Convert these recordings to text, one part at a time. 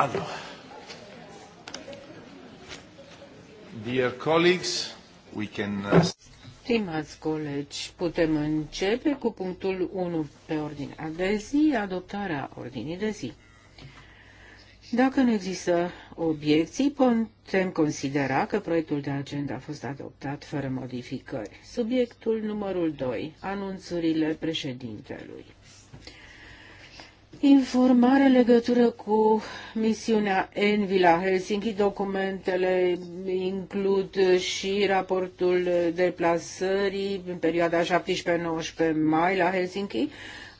Allora. Dear colleagues, we can... Uh, Stimați colegi, putem începe cu punctul 1 pe ordinea de zi, adoptarea ordinii de zi. Dacă nu există obiecții, putem considera că proiectul de agenda a fost adoptat fără modificări. Subiectul numărul 2. Anunțurile președintelui. Informare în legătură cu misiunea Envi la Helsinki. Documentele includ și raportul deplasării în perioada 17-19 mai la Helsinki.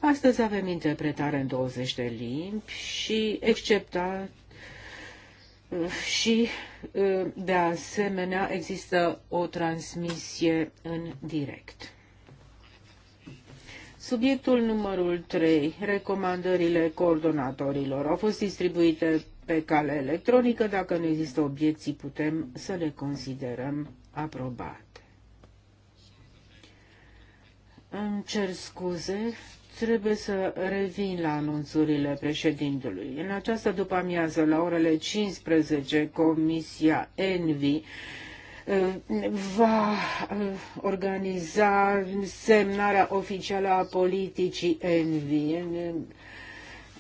Astăzi avem interpretare în 20 de limbi și exceptat și uh, de asemenea există o transmisie în direct. Subiectul numărul 3, recomandările coordonatorilor, au fost distribuite pe cale electronică. Dacă nu există obiecții, putem să le considerăm aprobate. Îmi cer scuze, trebuie să revin la anunțurile președintelui. În această după-amiază, la orele 15, Comisia ENVI va uh, organiza semnarea oficială a politicii Envi în uh,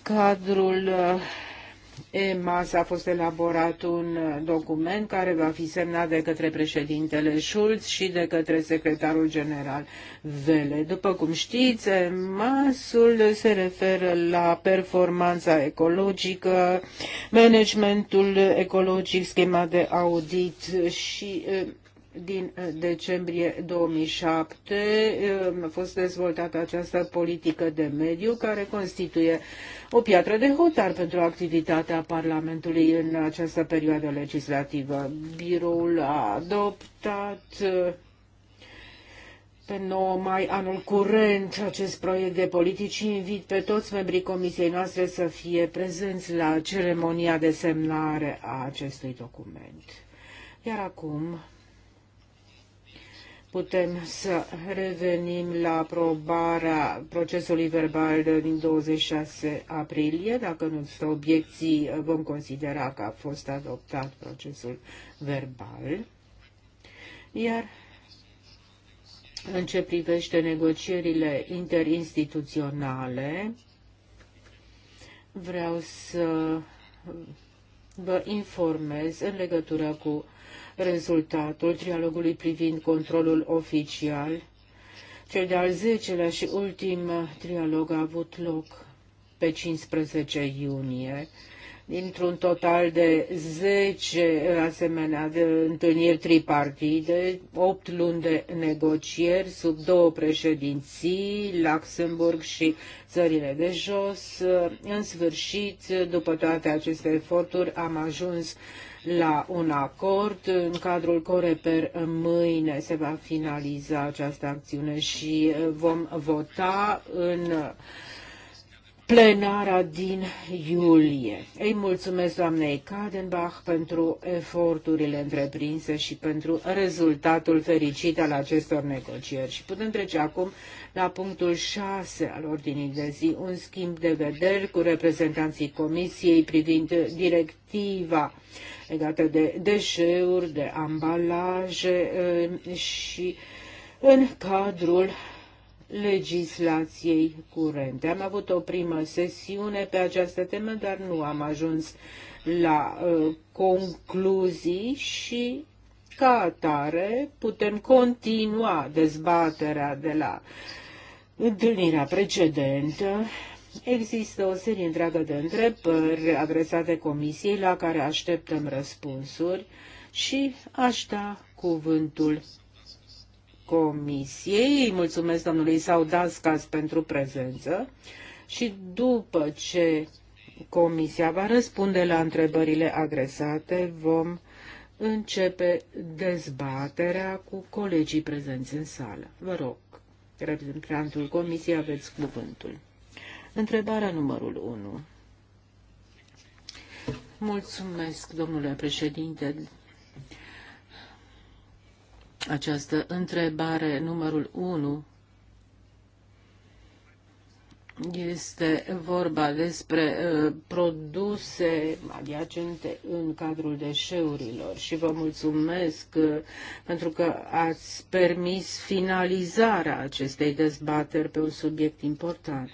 cadrul uh, EMAS a fost elaborat un document care va fi semnat de către președintele Schulz și de către secretarul general Vele. După cum știți, emas se referă la performanța ecologică, managementul ecologic, schema de audit și din eh, decembrie 2007 eh, a fost dezvoltată această politică de mediu care constituie o piatră de hotar pentru activitatea Parlamentului în această perioadă legislativă. Biroul a adoptat eh, pe 9 mai anul curent acest proiect de politici și invit pe toți membrii comisiei noastre să fie prezenți la ceremonia de semnare a acestui document. Iar acum putem să revenim la aprobarea procesului verbal din 26 aprilie. Dacă nu sunt obiecții, vom considera că a fost adoptat procesul verbal. Iar în ce privește negocierile interinstituționale, vreau să vă informez în legătură cu rezultatul trialogului privind controlul oficial. Cel de-al 10-lea și ultim trialog a avut loc pe 15 iunie dintr-un total de 10 asemenea de întâlniri tripartite, 8 luni de negocieri sub două președinții, Luxemburg și țările de jos. În sfârșit, după toate aceste eforturi, am ajuns la un acord. În cadrul Coreper mâine se va finaliza această acțiune și uh, vom vota în plenara din iulie. Îi mulțumesc doamnei Kadenbach pentru eforturile întreprinse și pentru rezultatul fericit al acestor negocieri. Și putem trece acum la punctul 6 al ordinii de zi, un schimb de vederi cu reprezentanții Comisiei privind directiva legate de deșeuri, de ambalaje și în cadrul legislației curente. Am avut o primă sesiune pe această temă, dar nu am ajuns la ă, concluzii și ca atare putem continua dezbaterea de la întâlnirea precedentă Există o serie întreagă de întrebări adresate Comisiei la care așteptăm răspunsuri și așta da cuvântul Comisiei. Îi mulțumesc domnului Saudascas pentru prezență și după ce Comisia va răspunde la întrebările adresate vom începe dezbaterea cu colegii prezenți în sală. Vă rog, reprezentantul Comisiei, aveți cuvântul. Întrebarea numărul 1. Mulțumesc, domnule președinte. Această întrebare numărul 1 este vorba despre uh, produse adiacente în cadrul deșeurilor și vă mulțumesc uh, pentru că ați permis finalizarea acestei dezbateri pe un subiect important.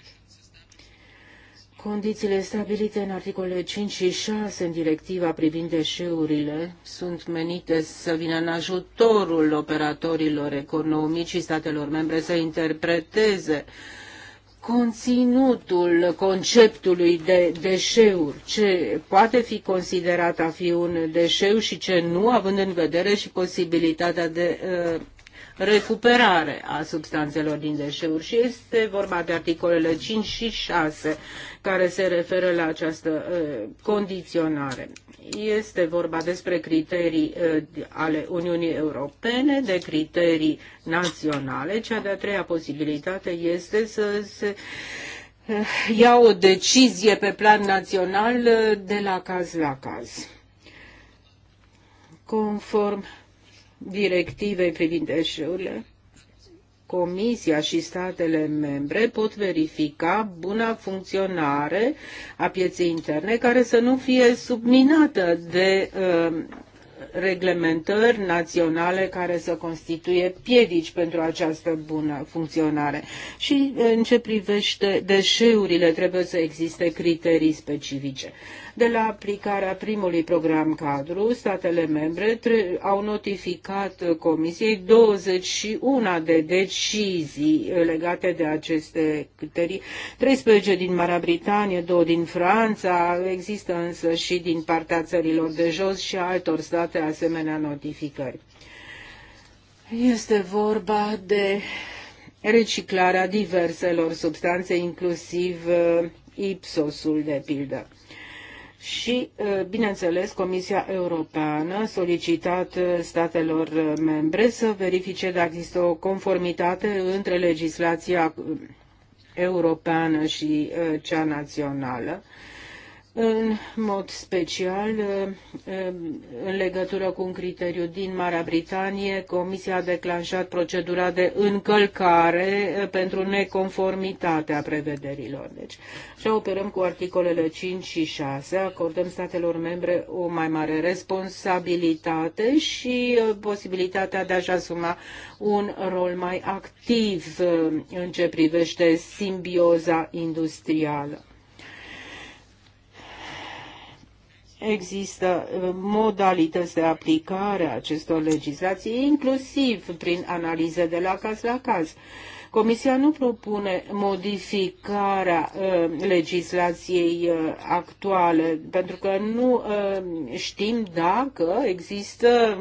Condițiile stabilite în articolele 5 și 6 în directiva privind deșeurile sunt menite să vină în ajutorul operatorilor economici și statelor membre să interpreteze conținutul conceptului de deșeuri, ce poate fi considerat a fi un deșeu și ce nu, având în vedere și posibilitatea de uh, recuperare a substanțelor din deșeuri și este vorba de articolele 5 și 6 care se referă la această uh, condiționare. Este vorba despre criterii uh, ale Uniunii Europene, de criterii naționale. Cea de-a treia posibilitate este să se uh, ia o decizie pe plan național uh, de la caz la caz. Conform directivei privind deșeurile, Comisia și statele membre pot verifica buna funcționare a pieței interne care să nu fie subminată de uh, reglementări naționale care să constituie piedici pentru această bună funcționare. Și uh, în ce privește deșeurile, trebuie să existe criterii specifice. Uh, de la aplicarea primului program cadru, statele membre au notificat Comisiei 21 de decizii legate de aceste criterii, 13 din Marea Britanie, 2 din Franța, există însă și din partea țărilor de jos și altor state asemenea notificări. Este vorba de reciclarea diverselor substanțe, inclusiv uh, ipsosul de pildă și, uh, bineînțeles, Comisia Europeană a solicitat uh, statelor uh, membre să verifice dacă există o conformitate între legislația europeană și cea națională în mod special uh, uh, în legătură cu un criteriu din Marea Britanie, Comisia a declanșat procedura de încălcare uh, pentru neconformitatea prevederilor. Deci, și operăm cu articolele 5 și 6, acordăm statelor membre o mai mare responsabilitate și posibilitatea de a-și asuma un rol mai activ în ce privește simbioza industrială. există uh, modalități de aplicare a acestor legislații, inclusiv prin analize de la caz la caz. Comisia nu propune modificarea uh, legislației uh, actuale, pentru că nu uh, știm dacă există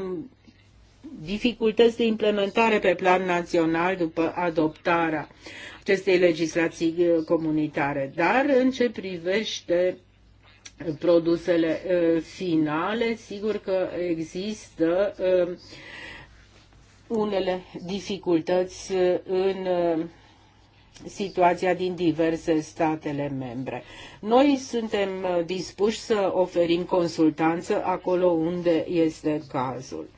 dificultăți de implementare pe plan național după adoptarea acestei legislații uh, comunitare. Dar în ce privește produsele finale, sigur că există unele dificultăți în situația din diverse statele membre. Noi suntem dispuși să oferim consultanță acolo unde este cazul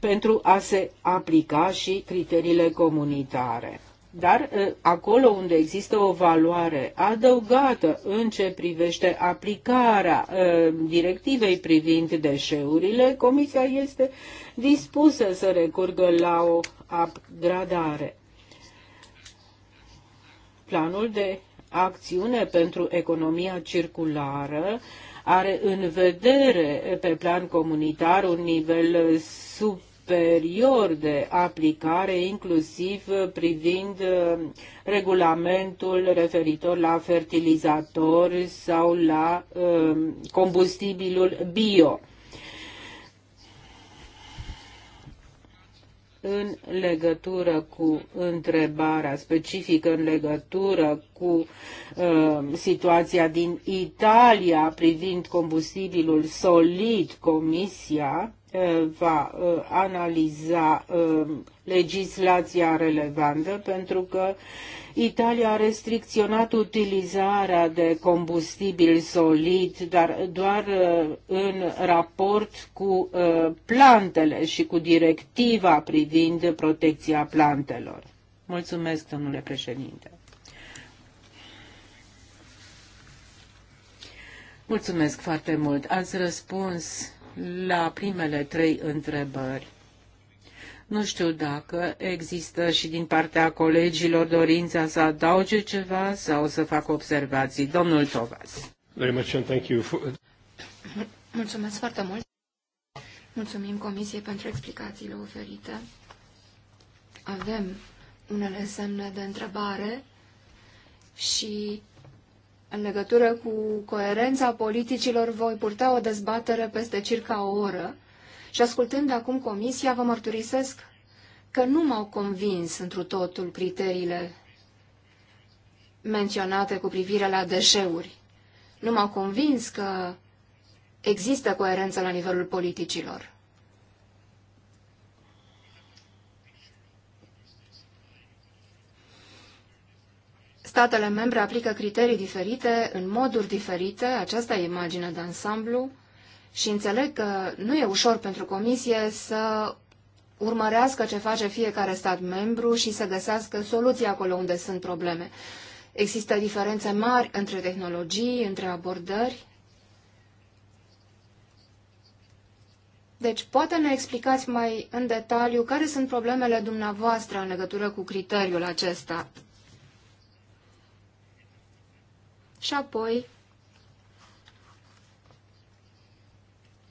pentru a se aplica și criteriile comunitare. Dar ă, acolo unde există o valoare adăugată în ce privește aplicarea ă, directivei privind deșeurile, Comisia este dispusă să recurgă la o upgradare. Planul de acțiune pentru economia circulară are în vedere pe plan comunitar un nivel sub superior de aplicare, inclusiv privind uh, regulamentul referitor la fertilizatori sau la um, combustibilul bio. în legătură cu întrebarea specifică în legătură cu uh, situația din Italia privind combustibilul solid, Comisia Eh, va eh, analiza eh, legislația relevantă pentru că Italia a restricționat utilizarea de combustibil solid, dar doar în raport cu plantele și cu directiva privind protecția plantelor. Mulțumesc, domnule președinte. Mulțumesc foarte mult. Ați răspuns la primele trei întrebări. Nu știu dacă există și din partea colegilor dorința să adauge ceva sau să fac observații. Domnul Tovas. Mulțumesc foarte mult. Mulțumim Comisiei pentru explicațiile oferite. Avem unele semne de întrebare și în legătură cu coerența politicilor voi purta o dezbatere peste circa o oră și ascultând acum comisia vă mărturisesc că nu m-au convins întru totul criteriile menționate cu privire la deșeuri. Nu m-au convins că există coerență la nivelul politicilor. statele membre aplică criterii diferite, în moduri diferite, aceasta e imaginea de ansamblu și înțeleg că nu e ușor pentru comisie să urmărească ce face fiecare stat membru și să găsească soluții acolo unde sunt probleme. Există diferențe mari între tehnologii, între abordări. Deci, poate ne explicați mai în detaliu care sunt problemele dumneavoastră în legătură cu criteriul acesta și apoi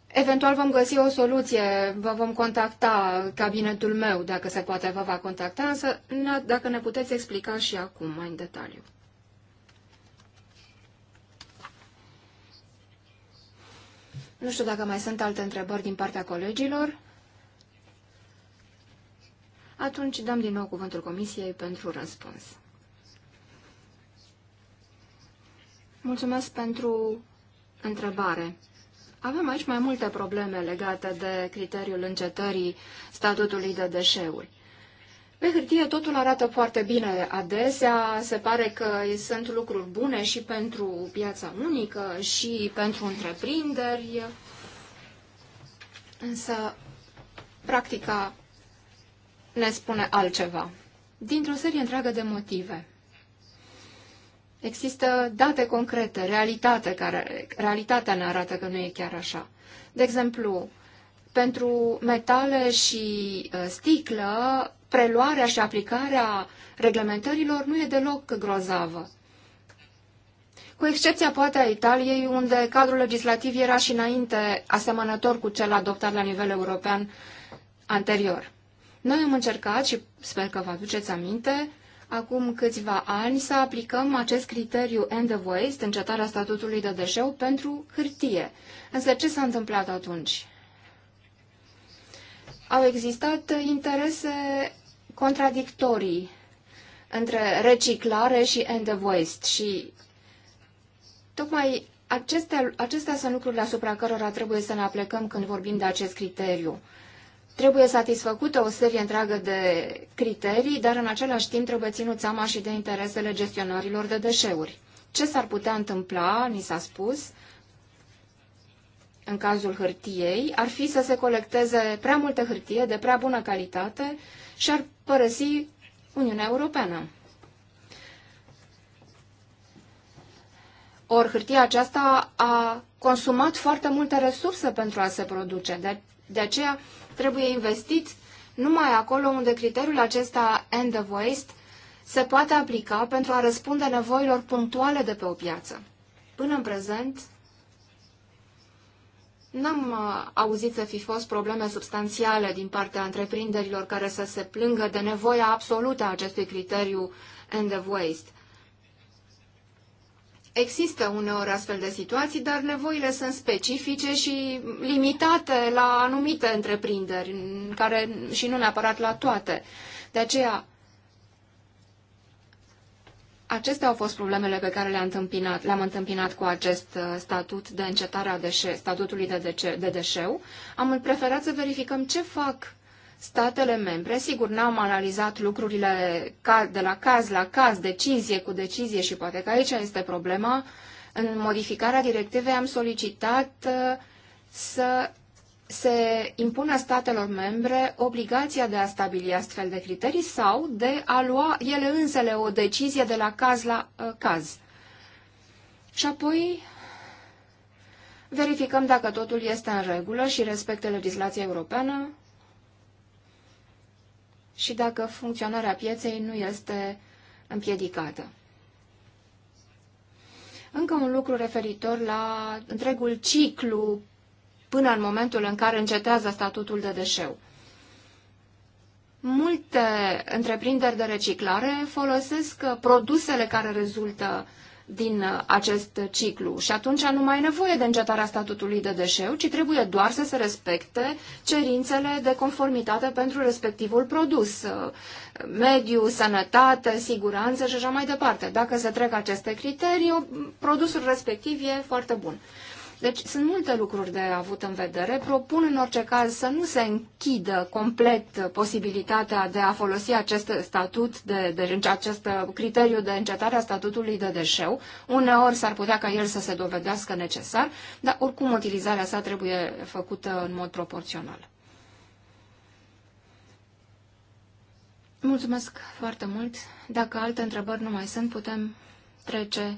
Eventual vom găsi o soluție, vă vom contacta cabinetul meu, dacă se poate vă va contacta, însă ne, dacă ne puteți explica și acum mai în detaliu. Nu știu dacă mai sunt alte întrebări din partea colegilor. Atunci dăm din nou cuvântul Comisiei pentru răspuns. Mulțumesc pentru întrebare. Avem aici mai multe probleme legate de criteriul încetării statutului de deșeuri. Pe hârtie totul arată foarte bine. Adesea se pare că sunt lucruri bune și pentru piața unică și pentru întreprinderi, însă practica ne spune altceva. Dintr-o serie întreagă de motive. Există date concrete, realitate care, realitatea ne arată că nu e chiar așa. De exemplu, pentru metale și uh, sticlă, preluarea și aplicarea reglementărilor nu e deloc grozavă. Cu excepția poate a Italiei, unde cadrul legislativ era și înainte asemănător cu cel adoptat la nivel european anterior. Noi am încercat și sper că vă aduceți aminte acum câțiva ani să aplicăm acest criteriu end of waste, încetarea statutului de deșeu, pentru hârtie. Însă ce s-a întâmplat atunci? Au existat interese contradictorii între reciclare și end of waste și tocmai acestea, acestea sunt lucrurile asupra cărora trebuie să ne aplecăm când vorbim de acest criteriu. Trebuie satisfăcută o serie întreagă de criterii, dar în același timp trebuie ținut seama și de interesele gestionarilor de deșeuri. Ce s-ar putea întâmpla, ni s-a spus, în cazul hârtiei, ar fi să se colecteze prea multă hârtie de prea bună calitate și ar părăsi Uniunea Europeană. Ori hârtia aceasta a consumat foarte multe resurse pentru a se produce. De, de aceea trebuie investit, numai acolo unde criteriul acesta end of waste se poate aplica pentru a răspunde nevoilor punctuale de pe o piață. Până în prezent, n-am uh, auzit să fi fost probleme substanțiale din partea întreprinderilor care să se plângă de nevoia absolută a acestui criteriu end of waste – Există uneori astfel de situații, dar nevoile sunt specifice și limitate la anumite întreprinderi care, și nu neapărat la toate. De aceea, acestea au fost problemele pe care le-am întâmpinat, le întâmpinat cu acest uh, statut de încetare a deșe, statutului de, dece, de deșeu. Am preferat să verificăm ce fac statele membre, sigur, n-am analizat lucrurile de la caz la caz, decizie cu decizie și poate că aici este problema, în modificarea directivei am solicitat uh, să se impună statelor membre obligația de a stabili astfel de criterii sau de a lua ele însele o decizie de la caz la uh, caz. Și apoi verificăm dacă totul este în regulă și respectă legislația europeană și dacă funcționarea pieței nu este împiedicată. Încă un lucru referitor la întregul ciclu până în momentul în care încetează statutul de deșeu. Multe întreprinderi de reciclare folosesc produsele care rezultă din uh, acest ciclu și atunci nu mai e nevoie de încetarea statutului de deșeu, ci trebuie doar să se respecte cerințele de conformitate pentru respectivul produs, uh, mediu, sănătate, siguranță și așa mai departe. Dacă se trec aceste criterii, produsul respectiv e foarte bun. Deci sunt multe lucruri de avut în vedere. Propun în orice caz să nu se închidă complet posibilitatea de a folosi acest statut, de, de, de acest criteriu de încetare a statutului de deșeu. Uneori s-ar putea ca el să se dovedească necesar, dar oricum utilizarea sa trebuie făcută în mod proporțional. Mulțumesc foarte mult. Dacă alte întrebări nu mai sunt, putem trece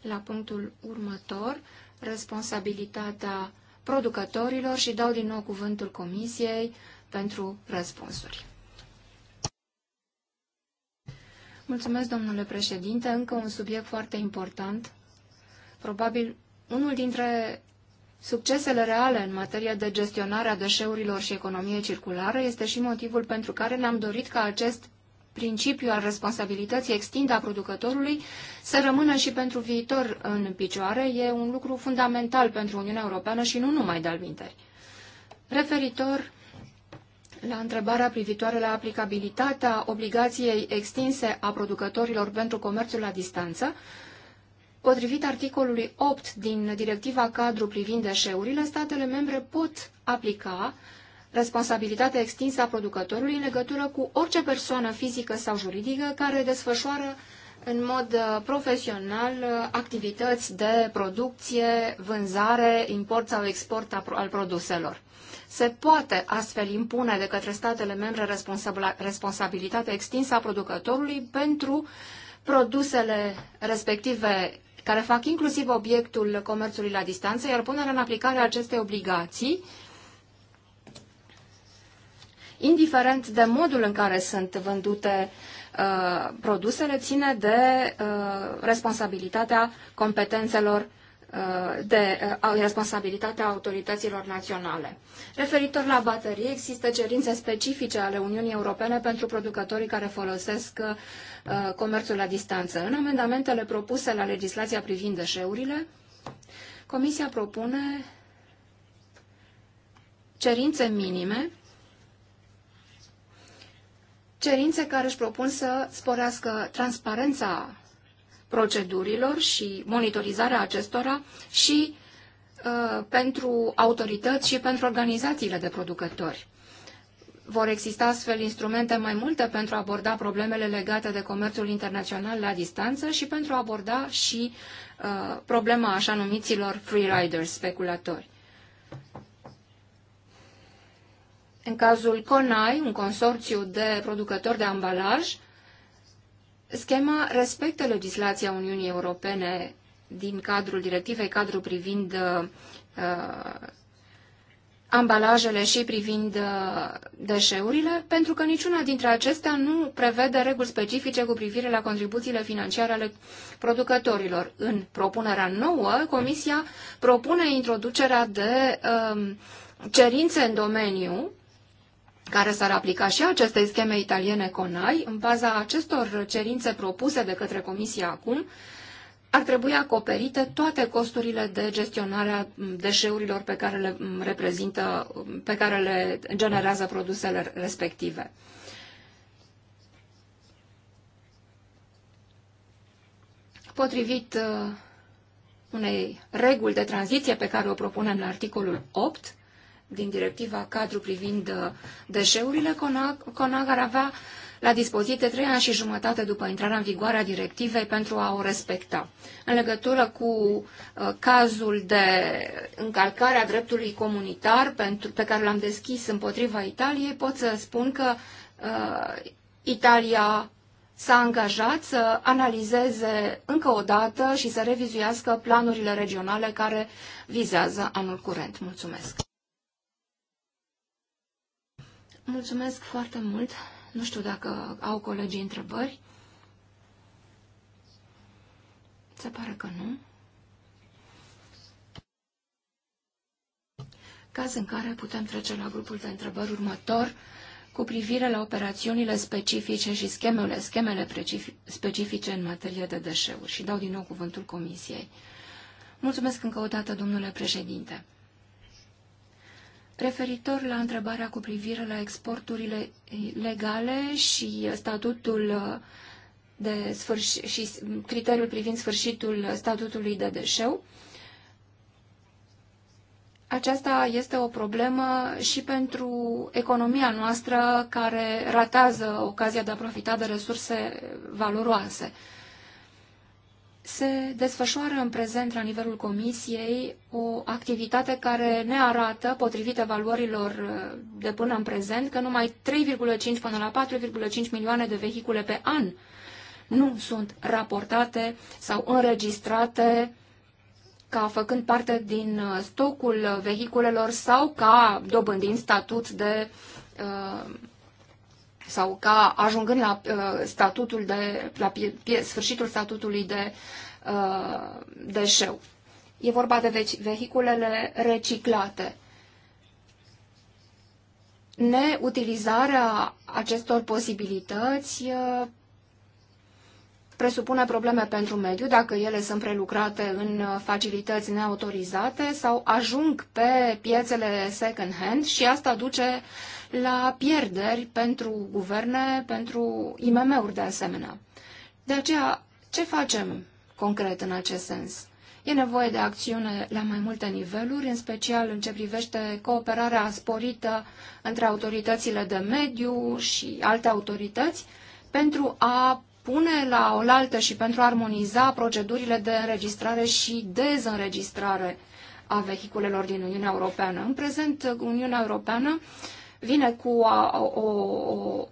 la punctul următor responsabilitatea producătorilor și dau din nou cuvântul Comisiei pentru răspunsuri. Mulțumesc, domnule președinte. Încă un subiect foarte important. Probabil unul dintre succesele reale în materie de gestionare a deșeurilor și economie circulară este și motivul pentru care ne-am dorit ca acest principiu al responsabilității extinde a producătorului să rămână și pentru viitor în picioare e un lucru fundamental pentru Uniunea Europeană și nu numai de alminteri. Referitor la întrebarea privitoare la aplicabilitatea obligației extinse a producătorilor pentru comerțul la distanță, Potrivit articolului 8 din Directiva Cadru privind deșeurile, statele membre pot aplica responsabilitate extinsă a producătorului în legătură cu orice persoană fizică sau juridică care desfășoară în mod uh, profesional uh, activități de producție, vânzare, import sau export al produselor. Se poate astfel impune de către statele membre responsabilitatea extinsă a producătorului pentru produsele respective care fac inclusiv obiectul comerțului la distanță, iar punerea în aplicare a acestei obligații indiferent de modul în care sunt vândute uh, produsele, ține de uh, responsabilitatea competențelor uh, de responsabilitatea autorităților naționale. Referitor la baterii, există cerințe specifice ale Uniunii Europene pentru producătorii care folosesc comerțul la distanță. În amendamentele propuse la legislația privind deșeurile, Comisia propune cerințe minime cerințe care își propun să sporească transparența procedurilor și monitorizarea acestora și uh, pentru autorități și pentru organizațiile de producători. Vor exista astfel instrumente mai multe pentru a aborda problemele legate de comerțul internațional la distanță și pentru a aborda și uh, problema așa numiților freeriders, speculatori. În cazul CONAI, un consorțiu de producători de ambalaj, schema respectă legislația Uniunii Europene din cadrul directivei cadru privind uh, uh, ambalajele și privind uh, deșeurile, pentru că niciuna dintre acestea nu prevede reguli specifice cu privire la contribuțiile financiare ale producătorilor. În propunerea nouă, Comisia propune introducerea de uh, cerințe în domeniu care s-ar aplica și acestei scheme italiene CONAI, în baza acestor cerințe propuse de către Comisia acum, ar trebui acoperite toate costurile de gestionare a deșeurilor pe care le reprezintă, pe care le generează produsele respective. Potrivit uh, unei reguli de tranziție pe care o propunem la articolul 8, din directiva cadru privind uh, deșeurile, CONAG ar avea la dispoziție trei ani și jumătate după intrarea în vigoare a directivei pentru a o respecta. În legătură cu uh, cazul de încalcare a dreptului comunitar pentru, pe care l-am deschis împotriva Italiei, pot să spun că uh, Italia s-a angajat să analizeze încă o dată și să revizuiască planurile regionale care vizează anul curent. Mulțumesc! Mulțumesc foarte mult. Nu știu dacă au colegii întrebări. Se pare că nu. Caz în care putem trece la grupul de întrebări următor cu privire la operațiunile specifice și schemele, schemele specifice în materie de deșeuri. Și dau din nou cuvântul Comisiei. Mulțumesc încă o dată, domnule președinte. Referitor la întrebarea cu privire la exporturile legale și statutul uh, de sfârș- și criteriul privind sfârșitul statutului de deșeu, aceasta este o problemă și pentru economia noastră care ratează ocazia de a profita de resurse valoroase se desfășoară în prezent la nivelul comisiei o activitate care ne arată, potrivit evaluărilor uh, de până în prezent, că numai 3,5 până la 4,5 milioane de vehicule pe an nu sunt raportate sau înregistrate ca făcând parte din uh, stocul vehiculelor sau ca dobândind statut de uh, sau ca ajungând la uh, statutul de, la sfârșitul statutului de uh, deșeu. E vorba de vehiculele reciclate. Neutilizarea acestor posibilități uh, presupune probleme pentru mediu dacă ele sunt prelucrate în facilități neautorizate sau ajung pe piețele second-hand și asta duce la pierderi pentru guverne, pentru IMM-uri de asemenea. De aceea, ce facem concret în acest sens? E nevoie de acțiune la mai multe niveluri, în special în ce privește cooperarea sporită între autoritățile de mediu și alte autorități, pentru a pune la oaltă și pentru a armoniza procedurile de înregistrare și dezînregistrare a vehiculelor din Uniunea Europeană. În prezent, Uniunea Europeană uh, vine cu o, o, o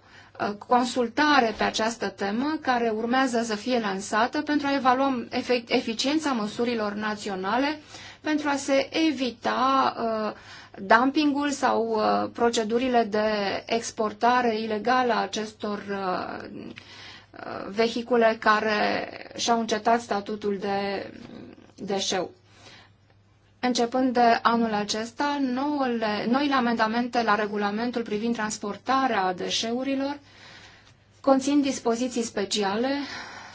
consultare pe această temă care urmează să fie lansată pentru a evalua eficiența măsurilor naționale pentru a se evita dumpingul sau procedurile de exportare ilegală a acestor vehicule care și-au încetat statutul de deșeu. Începând de anul acesta, noule, noile amendamente la regulamentul privind transportarea deșeurilor conțin dispoziții speciale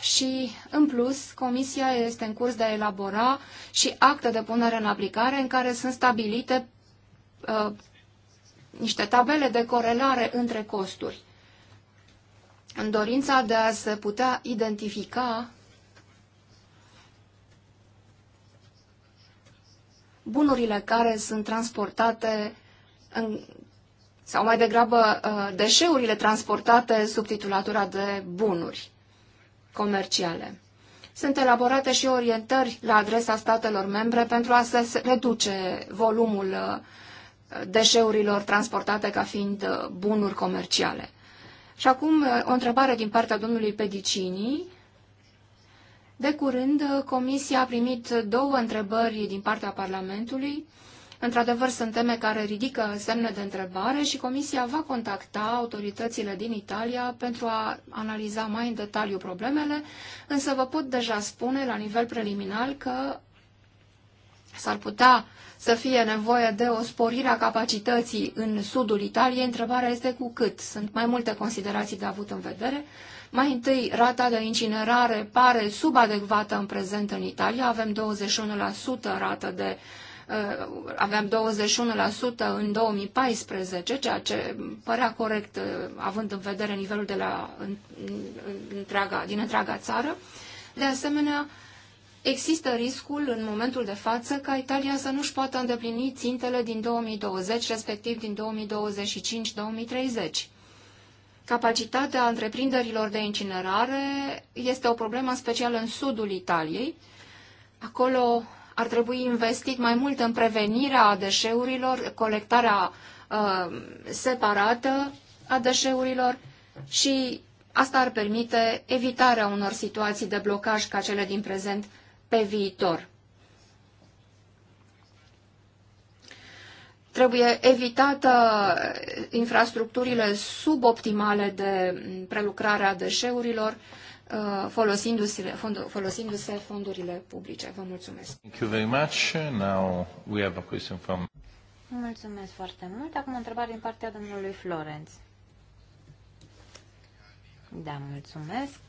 și, în plus, Comisia este în curs de a elabora și acte de punere în aplicare în care sunt stabilite uh, niște tabele de corelare între costuri. În dorința de a se putea identifica bunurile care sunt transportate în, sau mai degrabă uh, deșeurile transportate sub titulatura de bunuri comerciale. Sunt elaborate și orientări la adresa statelor membre pentru a se reduce volumul uh, deșeurilor transportate ca fiind uh, bunuri comerciale. Și acum o întrebare din partea domnului Pedicini de curând, uh, Comisia a primit două întrebări din partea Parlamentului. Într-adevăr, sunt teme care ridică semne de întrebare și Comisia va contacta autoritățile din Italia pentru a analiza mai în detaliu problemele, însă vă pot deja spune la nivel preliminar că s-ar putea să fie nevoie de o sporire a capacității în sudul Italiei. Întrebarea este cu cât. Sunt mai multe considerații de avut în vedere. Mai întâi, rata de incinerare pare subadecvată în prezent în Italia. Avem 21% rată de uh, aveam 21% în 2014, ceea ce părea corect uh, având în vedere nivelul de la întreaga, din întreaga țară. De asemenea, Există riscul, în momentul de față, ca Italia să nu-și poată îndeplini țintele din 2020, respectiv din 2025-2030. Capacitatea întreprinderilor de incinerare este o problemă specială în sudul Italiei. Acolo ar trebui investit mai mult în prevenirea deșeurilor, colectarea uh, separată a deșeurilor și asta ar permite evitarea unor situații de blocaj ca cele din prezent pe viitor. Trebuie evitată eh, infrastructurile suboptimale de prelucrare a deșeurilor, eh, folosindu-se, folosindu fondurile publice. Vă mulțumesc. Thank you very much. Now we have a question from... Mulțumesc foarte mult. Acum o întrebare din partea domnului Florenț. Da, mulțumesc.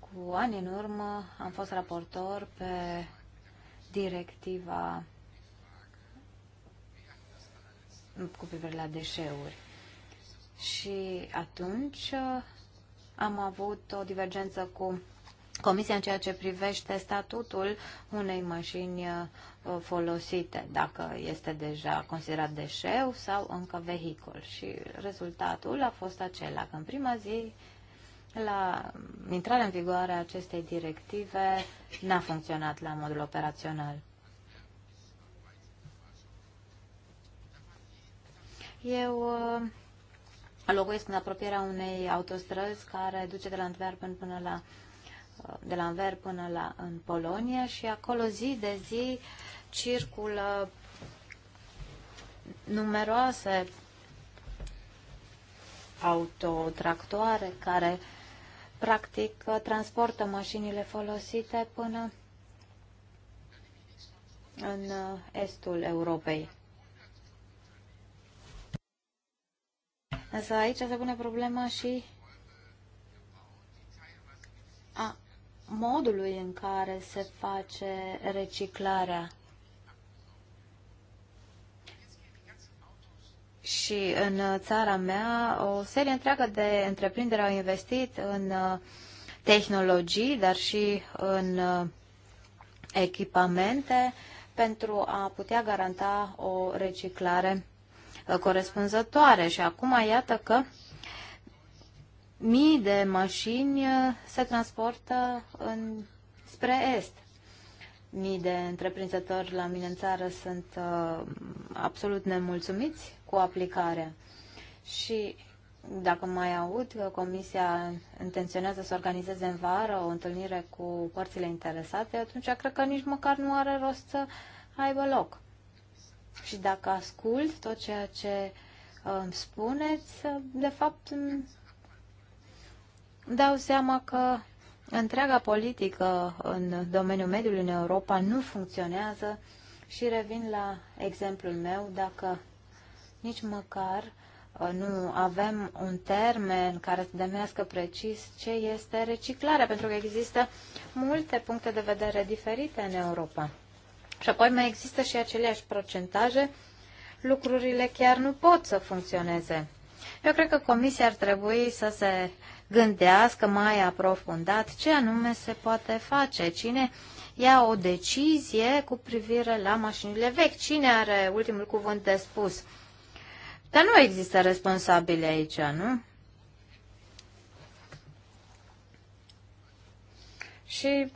Cu ani în urmă am fost raportor pe directiva cu privire la deșeuri. Și atunci uh, am avut o divergență cu Comisia în ceea ce privește statutul unei mașini uh, folosite, dacă este deja considerat deșeu sau încă vehicul. Și rezultatul a fost acela că în prima zi, la intrarea în vigoare a acestei directive, n-a funcționat la modul operațional. Eu uh, locuiesc în apropierea unei autostrăzi care duce de la Antwerpen până la uh, de la Anver până la în Polonia și acolo zi de zi circulă numeroase autotractoare care practic transportă mașinile folosite până în uh, estul Europei. Însă aici se pune problema și a modului în care se face reciclarea. Și în țara mea, o serie întreagă de întreprinderi au investit în uh, tehnologii, dar și în uh, echipamente pentru a putea garanta o reciclare Uh, corespunzătoare și acum iată că mii de mașini uh, se transportă în, spre est. Mii de întreprinzători la mine în țară sunt uh, absolut nemulțumiți cu aplicarea. Și dacă mai aud că Comisia intenționează să organizeze în vară o întâlnire cu părțile interesate, atunci cred că nici măcar nu are rost să aibă loc. Și dacă ascult tot ceea ce uh, îmi spuneți, uh, de fapt îmi dau seama că întreaga politică în domeniul mediului în Europa nu funcționează și revin la exemplul meu, dacă nici măcar uh, nu avem un termen care să demească precis ce este reciclarea, pentru că există multe puncte de vedere diferite în Europa. Și apoi mai există și aceleași procentaje, lucrurile chiar nu pot să funcționeze. Eu cred că comisia ar trebui să se gândească mai aprofundat ce anume se poate face, cine ia o decizie cu privire la mașinile vechi, cine are ultimul cuvânt de spus. Dar nu există responsabile aici, nu? Și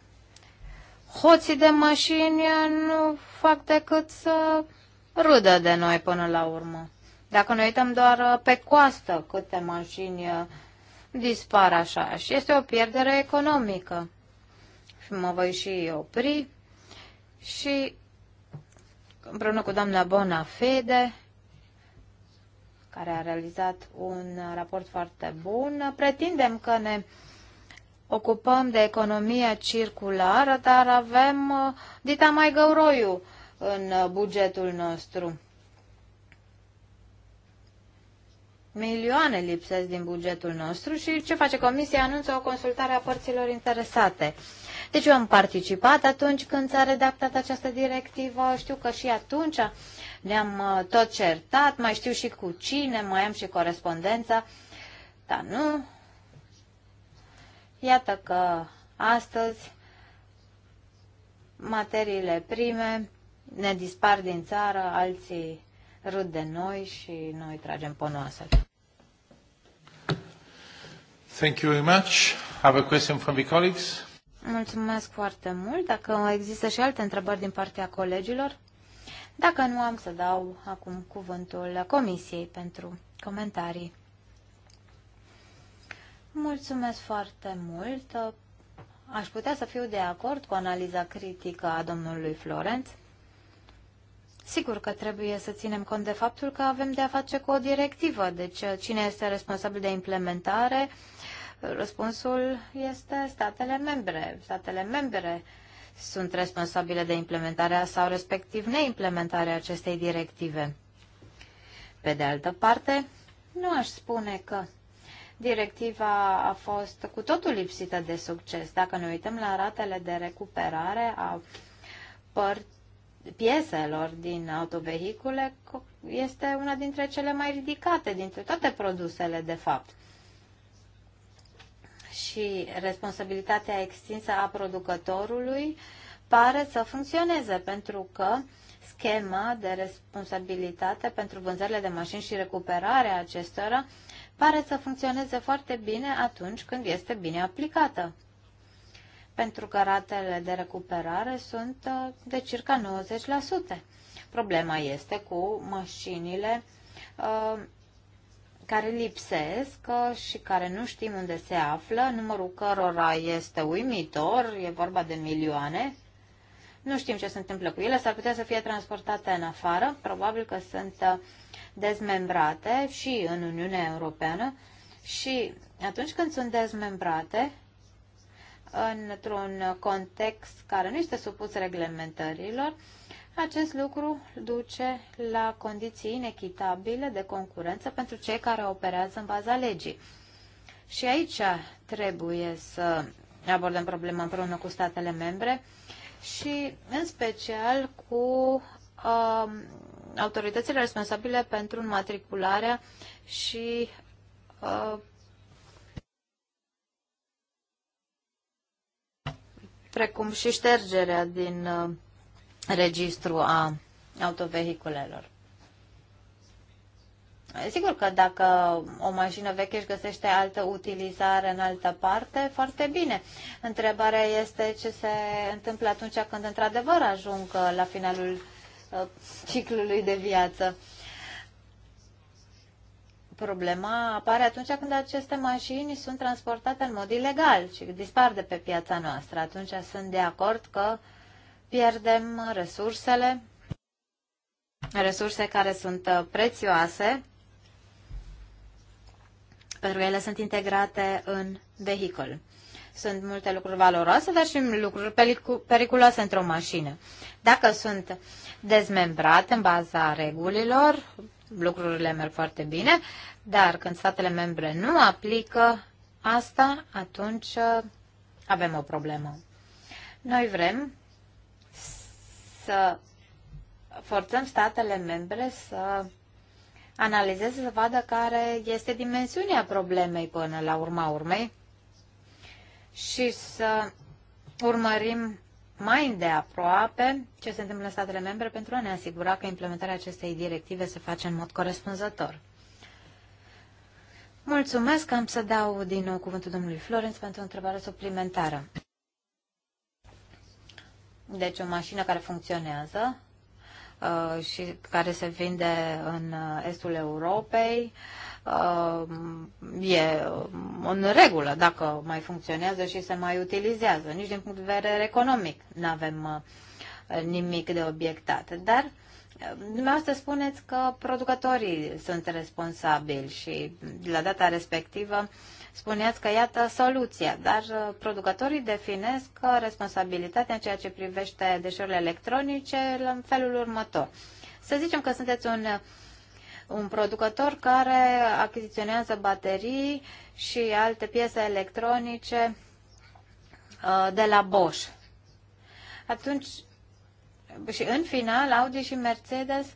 hoții de mașini nu fac decât să râdă de noi până la urmă. Dacă ne uităm doar pe coastă câte mașini dispar așa și este o pierdere economică. Și mă voi și opri și împreună cu doamna Bona Fede, care a realizat un raport foarte bun, pretindem că ne ocupăm de economia circulară, dar avem uh, dita mai găuroiu în uh, bugetul nostru. Milioane lipsesc din bugetul nostru și ce face Comisia? Anunță o consultare a părților interesate. Deci eu am participat atunci când s-a redactat această directivă, știu că și atunci ne-am uh, tot certat, mai știu și cu cine, mai am și corespondența, dar nu, Iată că astăzi materiile prime ne dispar din țară, alții râd de noi și noi tragem ponoasele. Thank you very much. Have a question from the colleagues. Mulțumesc foarte mult. Dacă există și alte întrebări din partea colegilor, dacă nu am să dau acum cuvântul Comisiei pentru comentarii. Mulțumesc foarte mult. Aș putea să fiu de acord cu analiza critică a domnului Florenț. Sigur că trebuie să ținem cont de faptul că avem de a face cu o directivă, deci cine este responsabil de implementare, răspunsul este statele membre. Statele membre sunt responsabile de implementarea sau respectiv neimplementarea acestei directive. Pe de altă parte, nu aș spune că directiva a fost cu totul lipsită de succes. Dacă ne uităm la ratele de recuperare a pieselor din autovehicule, este una dintre cele mai ridicate dintre toate produsele, de fapt și responsabilitatea extinsă a producătorului pare să funcționeze, pentru că schema de responsabilitate pentru vânzările de mașini și recuperarea acestora pare să funcționeze foarte bine atunci când este bine aplicată. Pentru că ratele de recuperare sunt uh, de circa 90%. Problema este cu mașinile uh, care lipsesc uh, și care nu știm unde se află, numărul cărora este uimitor, e vorba de milioane. Nu știm ce se întâmplă cu ele, s-ar putea să fie transportate în afară, probabil că sunt dezmembrate și în Uniunea Europeană și atunci când sunt dezmembrate, într-un context care nu este supus reglementărilor, acest lucru duce la condiții inechitabile de concurență pentru cei care operează în baza legii. Și aici trebuie să abordăm problema împreună cu statele membre și în special cu um, autoritățile responsabile pentru înmatricularea și uh, precum și ștergerea din uh, registru a autovehiculelor. Sigur că dacă o mașină veche își găsește altă utilizare în altă parte, foarte bine. Întrebarea este ce se întâmplă atunci când într-adevăr ajung uh, la finalul Uh, ciclului de viață. Problema apare atunci când aceste mașini sunt transportate în mod ilegal și dispar de pe piața noastră. Atunci sunt de acord că pierdem resursele, resurse care sunt uh, prețioase, pentru că ele sunt integrate în vehicul. Sunt multe lucruri valoroase, dar și lucruri periculoase într-o mașină. Dacă sunt dezmembrate în baza regulilor, lucrurile merg foarte bine, dar când statele membre nu aplică asta, atunci uh, avem o problemă. Noi vrem să forțăm statele membre să analizeze, să vadă care este dimensiunea problemei până la urma urmei și să urmărim mai îndeaproape ce se întâmplă în statele membre pentru a ne asigura că implementarea acestei directive se face în mod corespunzător. Mulțumesc, am să dau din nou cuvântul domnului Florence pentru o întrebare suplimentară. Deci o mașină care funcționează Uh, și care se vinde în uh, estul Europei uh, e în regulă dacă mai funcționează și se mai utilizează. Nici din punct de vedere economic nu avem nimic de obiectat. Dar dumneavoastră spuneți că producătorii sunt responsabili și la data respectivă uh, Spuneați că iată soluția, dar uh, producătorii definesc uh, responsabilitatea în ceea ce privește deșeurile electronice în felul următor. Să zicem că sunteți un, uh, un producător care achiziționează baterii și alte piese electronice de la Bosch. Atunci, și în final, Audi și Mercedes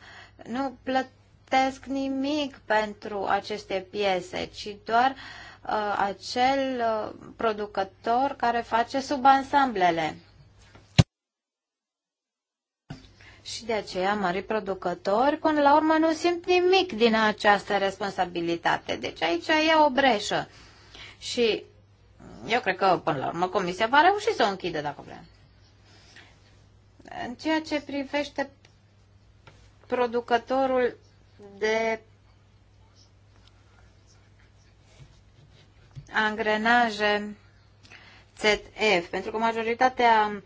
nu plătesc nimic pentru aceste piese, ci doar uh, Uh, acel uh, producător care face subansamblele. Și de aceea mari producători până la urmă nu simt nimic din această responsabilitate. Deci aici e o breșă. Și eu cred că până la urmă comisia va reuși să o închidă dacă vrea. În ceea ce privește producătorul de angrenaje ZF, pentru că majoritatea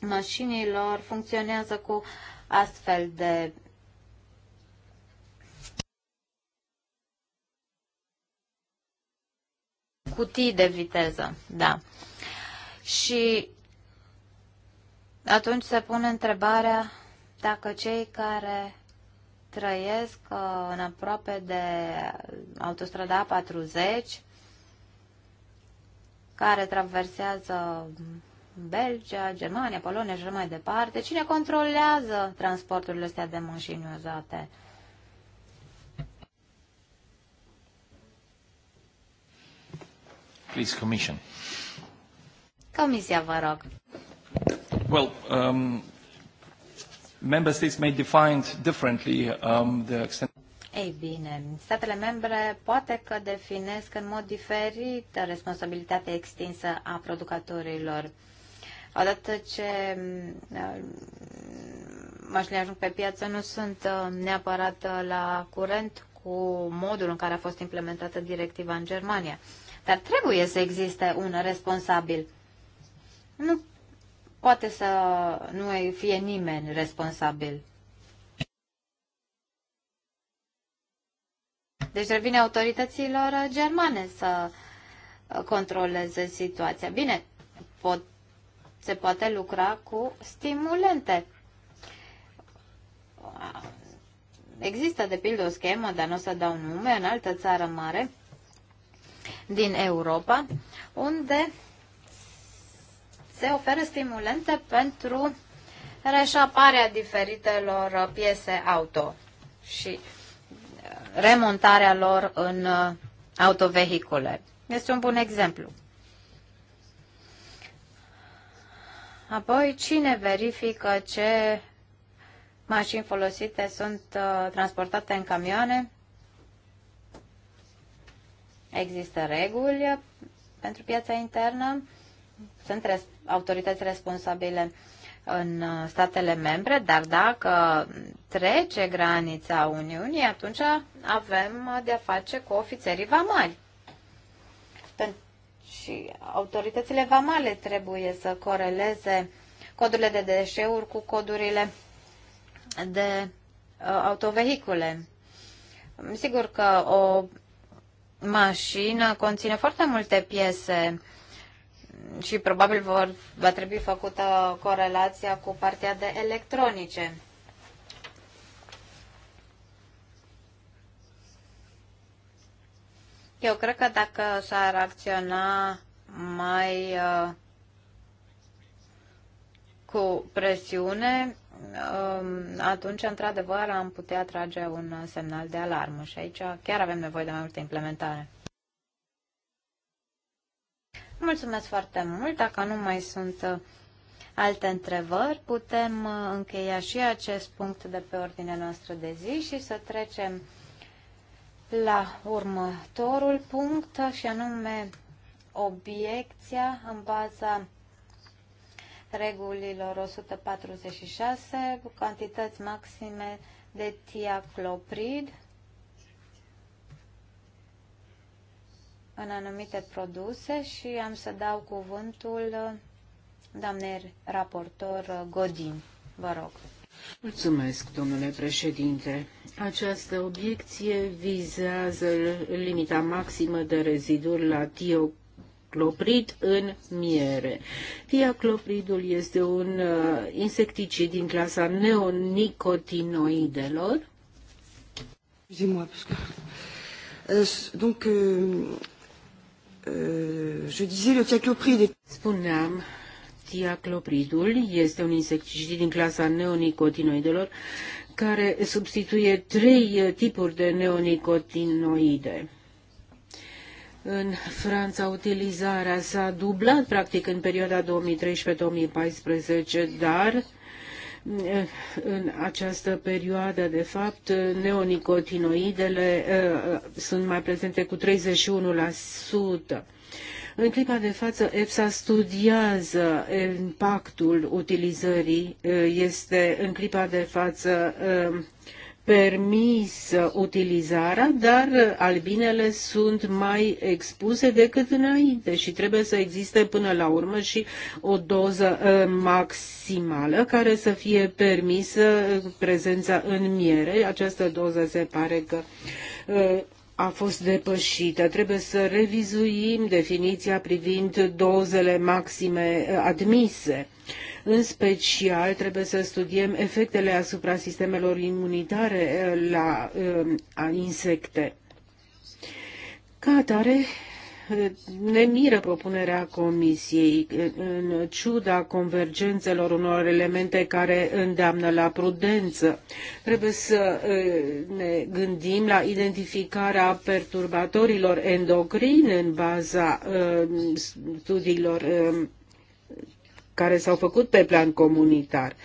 mașinilor funcționează cu astfel de cutii de viteză, da. Și atunci se pune întrebarea dacă cei care trăiesc uh, în aproape de autostrada 40 care traversează Belgia, Germania, Polonia și mai departe. Cine controlează transporturile astea de mașini uzate? Please, Commission. Comisia, vă rog. Well, um, member states may define differently um, the extent ei bine, statele membre poate că definesc în mod diferit responsabilitatea extinsă a producătorilor. Odată ce uh, mașinile ajung pe piață, nu sunt uh, neapărat uh, la curent cu modul în care a fost implementată directiva în Germania. Dar trebuie să existe un responsabil. Nu poate să nu fie nimeni responsabil. Deci revine autorităților germane să uh, controleze situația. Bine, pot, se poate lucra cu stimulente. Există, de pildă, o schemă, dar nu o să dau nume, în altă țară mare din Europa, unde se oferă stimulente pentru reșaparea diferitelor piese auto. Și remontarea lor în uh, autovehicule. Este un bun exemplu. Apoi, cine verifică ce mașini folosite sunt uh, transportate în camioane? Există reguli pentru piața internă? Sunt autorități responsabile în uh, statele membre, dar dacă trece granița Uniunii, atunci avem uh, de-a face cu ofițerii vamali. Și autoritățile vamale trebuie să coreleze codurile de deșeuri cu codurile de uh, autovehicule. Sigur că o mașină conține foarte multe piese și probabil vor, va trebui făcută corelația cu partea de electronice. Eu cred că dacă s-ar acționa mai uh, cu presiune, um, atunci, într-adevăr, am putea trage un semnal de alarmă și aici chiar avem nevoie de mai multă implementare. Mulțumesc foarte mult. Dacă nu mai sunt uh, alte întrebări, putem uh, încheia și acest punct de pe ordinea noastră de zi și să trecem la următorul punct și anume obiecția în baza regulilor 146, cantități maxime de tiacloprid în anumite produse și am să dau cuvântul doamnei raportor Godin. Vă rog. Mulțumesc, domnule președinte. Această obiecție vizează limita maximă de reziduri la tio Cloprid în miere. Tiaclopridul este un uh, insecticid din clasa neonicotinoidelor. Excusez-moi, parce que... Euh, donc, euh, Euh, je disais le tiaclopride. Spuneam, tiaclopridul este un insecticid din clasa neonicotinoidelor care substituie trei uh, tipuri de neonicotinoide. În Franța, utilizarea s-a dublat practic în perioada 2013-2014, dar în această perioadă, de fapt, neonicotinoidele uh, sunt mai prezente cu 31%. În clipa de față, EFSA studiază impactul utilizării, uh, este în clipa de față uh, permisă utilizarea, dar albinele sunt mai expuse decât înainte și trebuie să existe până la urmă și o doză uh, maximală care să fie permisă uh, prezența în miere. Această doză se pare că uh, a fost depășită. Trebuie să revizuim definiția privind dozele maxime admise în special, trebuie să studiem efectele asupra sistemelor imunitare eh, la eh, a insecte. Ca atare, eh, ne miră propunerea Comisiei, în ciuda convergențelor unor elemente care îndeamnă la prudență. Trebuie să ne gândim la identificarea perturbatorilor endocrini în baza studiilor care s-au făcut pe plan comunitar.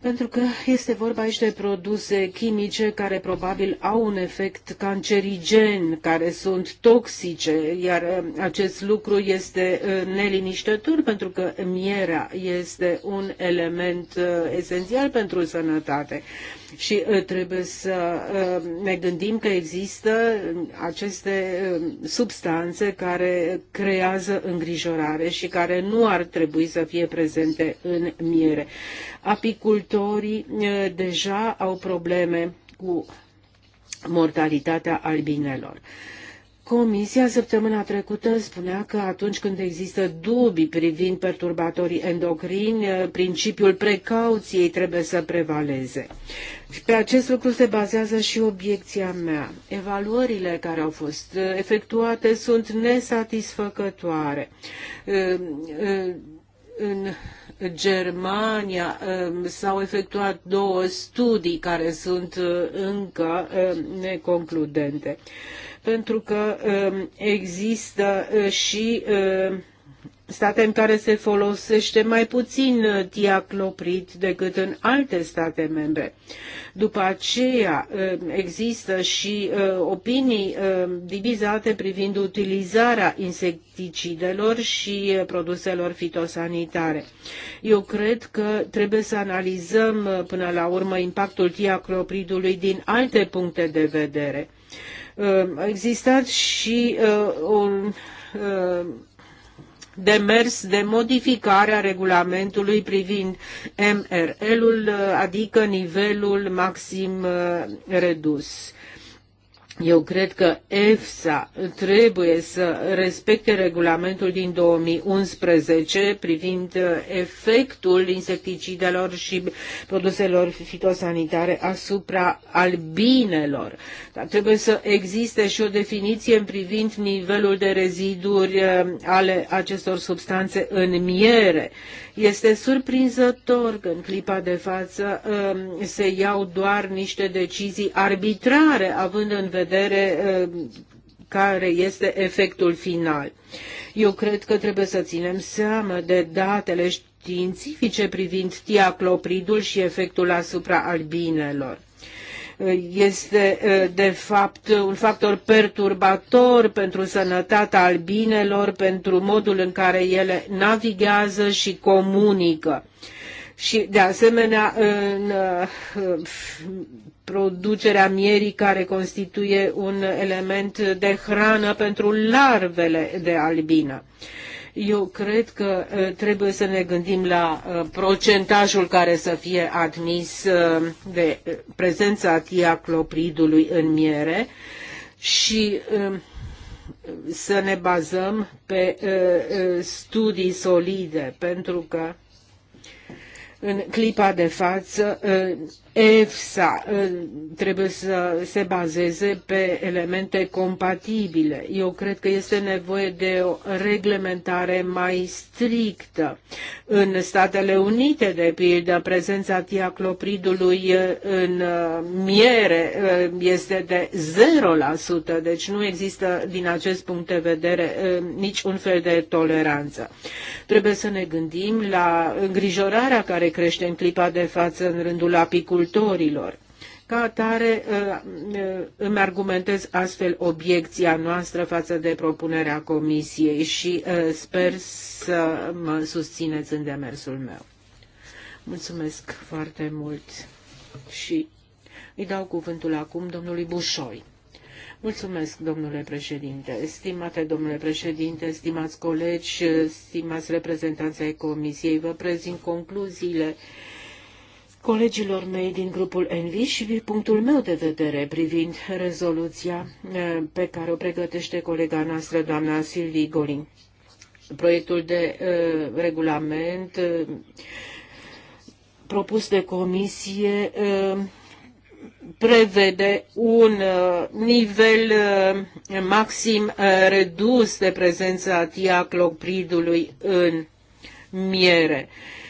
Pentru că este vorba aici de produse chimice care probabil au un efect cancerigen, care sunt toxice, iar uh, acest lucru este uh, neliniștător pentru că mierea este un element uh, esențial pentru sănătate și uh, trebuie să uh, ne gândim că există uh, aceste substanțe care creează îngrijorare și care nu ar trebui să fie prezente în miere. Apicultorii deja au probleme cu mortalitatea albinelor. Uh, Comisia săptămâna trecută spunea că atunci când există dubii privind perturbatorii endocrini, principiul precauției trebuie să prevaleze. Și pe acest lucru se bazează și obiecția mea. Evaluările care au fost uh, efectuate sunt nesatisfăcătoare. Uh, uh, în Germania um, s-au efectuat două studii care sunt încă um, neconcludente pentru că um, există uh, și um, state în care se folosește mai puțin tiacloprid uh, decât în alte state membre. După aceea um, există și uh, opinii divizate privind utilizarea insecticidelor și produselor fitosanitare. Eu cred că trebuie să analizăm până la urmă impactul tiaclopridului din alte puncte de vedere Um, a existat și uh, un uh, demers de modificare a regulamentului privind MRL-ul, uh, adică nivelul maxim redus. Eu cred că EFSA trebuie să respecte regulamentul din 2011 privind uh, efectul insecticidelor și produselor fitosanitare asupra albinelor. Dar trebuie să existe și o definiție privind nivelul de reziduri uh, ale acestor substanțe în miere. Este surprinzător că în clipa de față um, se iau doar niște decizii arbitrare, având în vedere um, care este efectul final. Eu cred că trebuie să ținem seama de datele științifice privind tiaclopridul și efectul asupra albinelor este eh, de fapt un factor perturbator pentru sănătatea albinelor, pentru modul în care ele navighează și comunică. Și de asemenea în eh, producerea mierii care constituie un element de hrană pentru larvele de albină. Eu cred că uh, trebuie să ne gândim la uh, procentajul care să fie admis uh, de prezența tiaclopridului în miere și um, să ne bazăm pe studii solide, pentru că în clipa de față EFSA ă, trebuie să se bazeze pe elemente compatibile. Eu cred că este nevoie de o reglementare mai strictă. În Statele Unite, de pildă, prezența tiaclopridului ă, în ă, miere este de 0%, deci nu există din acest punct de vedere nici un fel de toleranță. Trebuie să ne gândim la îngrijorarea care crește în clipa de față în rândul apicului agricultorilor. Ca atare uh, uh, îmi argumentez astfel obiecția noastră față de propunerea Comisiei și uh, sper să mă susțineți în demersul meu. Mulțumesc foarte mult și îi dau cuvântul acum domnului Bușoi. Mulțumesc, domnule președinte. Stimate domnule președinte, stimați colegi, stimați reprezentanți ai Comisiei, vă prezint concluziile uh, colegilor mei din grupul Envi și punctul meu de vedere privind rezoluția eh, pe care o pregătește colega noastră, doamna Silvii Golin. Proiectul de uh, regulament uh, propus de comisie uh, prevede un nivel maxim redus de prezența tiaclopridului în miere. Uh,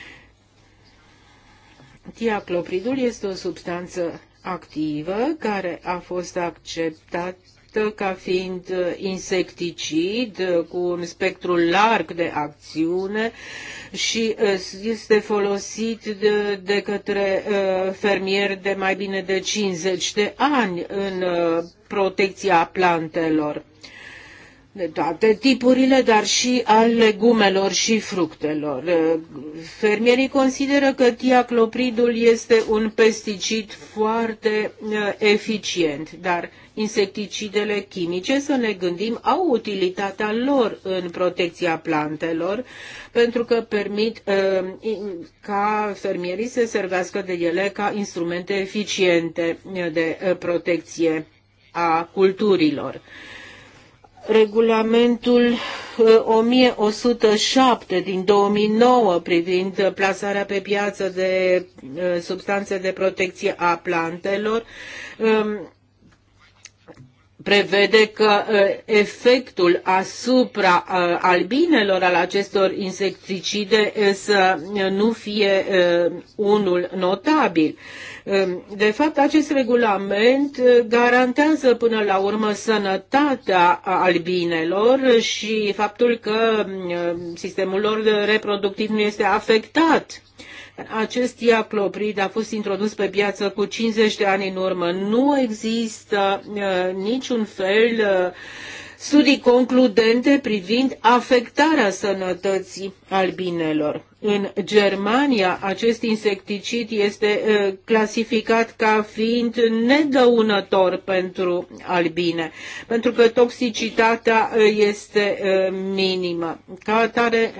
Tiaclopridul este o substanță activă care a fost acceptată ca fiind insecticid cu un spectru larg de acțiune și uh, este folosit de, de către uh, fermieri de mai bine de 50 de ani în uh, protecția plantelor de toate tipurile, dar și al legumelor și fructelor. Uh, fermierii consideră că tiaclopridul este un pesticid foarte uh, eficient, dar insecticidele chimice, să ne gândim, au utilitatea lor în protecția plantelor, pentru că permit uh, ca fermierii să servească de ele ca instrumente eficiente de protecție a culturilor regulamentul 1107 uh, din 2009 privind plasarea pe piață de uh, substanțe de protecție a plantelor um, prevede că uh, efectul asupra albinelor al acestor insecticide să nu fie unul notabil. Ehm, de fapt, acest regulament eh, garantează până la urmă sănătatea albinelor și faptul că mm, ehm, sistemul lor reproductiv nu este afectat. Acest iacloprid a fost introdus pe piață cu 50 de ani în urmă. Nu există eh, niciun fel eh, studii concludente privind afectarea sănătății albinelor. În Germania, acest insecticid este clasificat ca fiind nedăunător pentru albine, pentru că toxicitatea este minimă. Ca atare,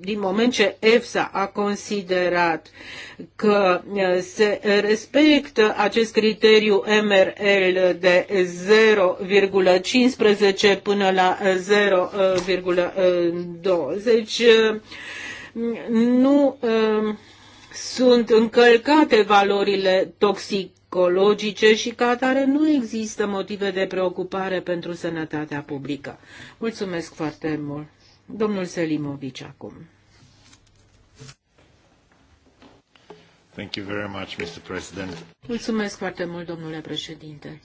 din moment ce EFSA a considerat că se respectă acest criteriu MRL de 0,15 până la 0,20, nu um, sunt încălcate valorile toxicologice și ca atare nu există motive de preocupare pentru sănătatea publică. Mulțumesc foarte mult. Domnul Selimovici acum. Thank you very much, Mr. President. Mulțumesc foarte mult, domnule președinte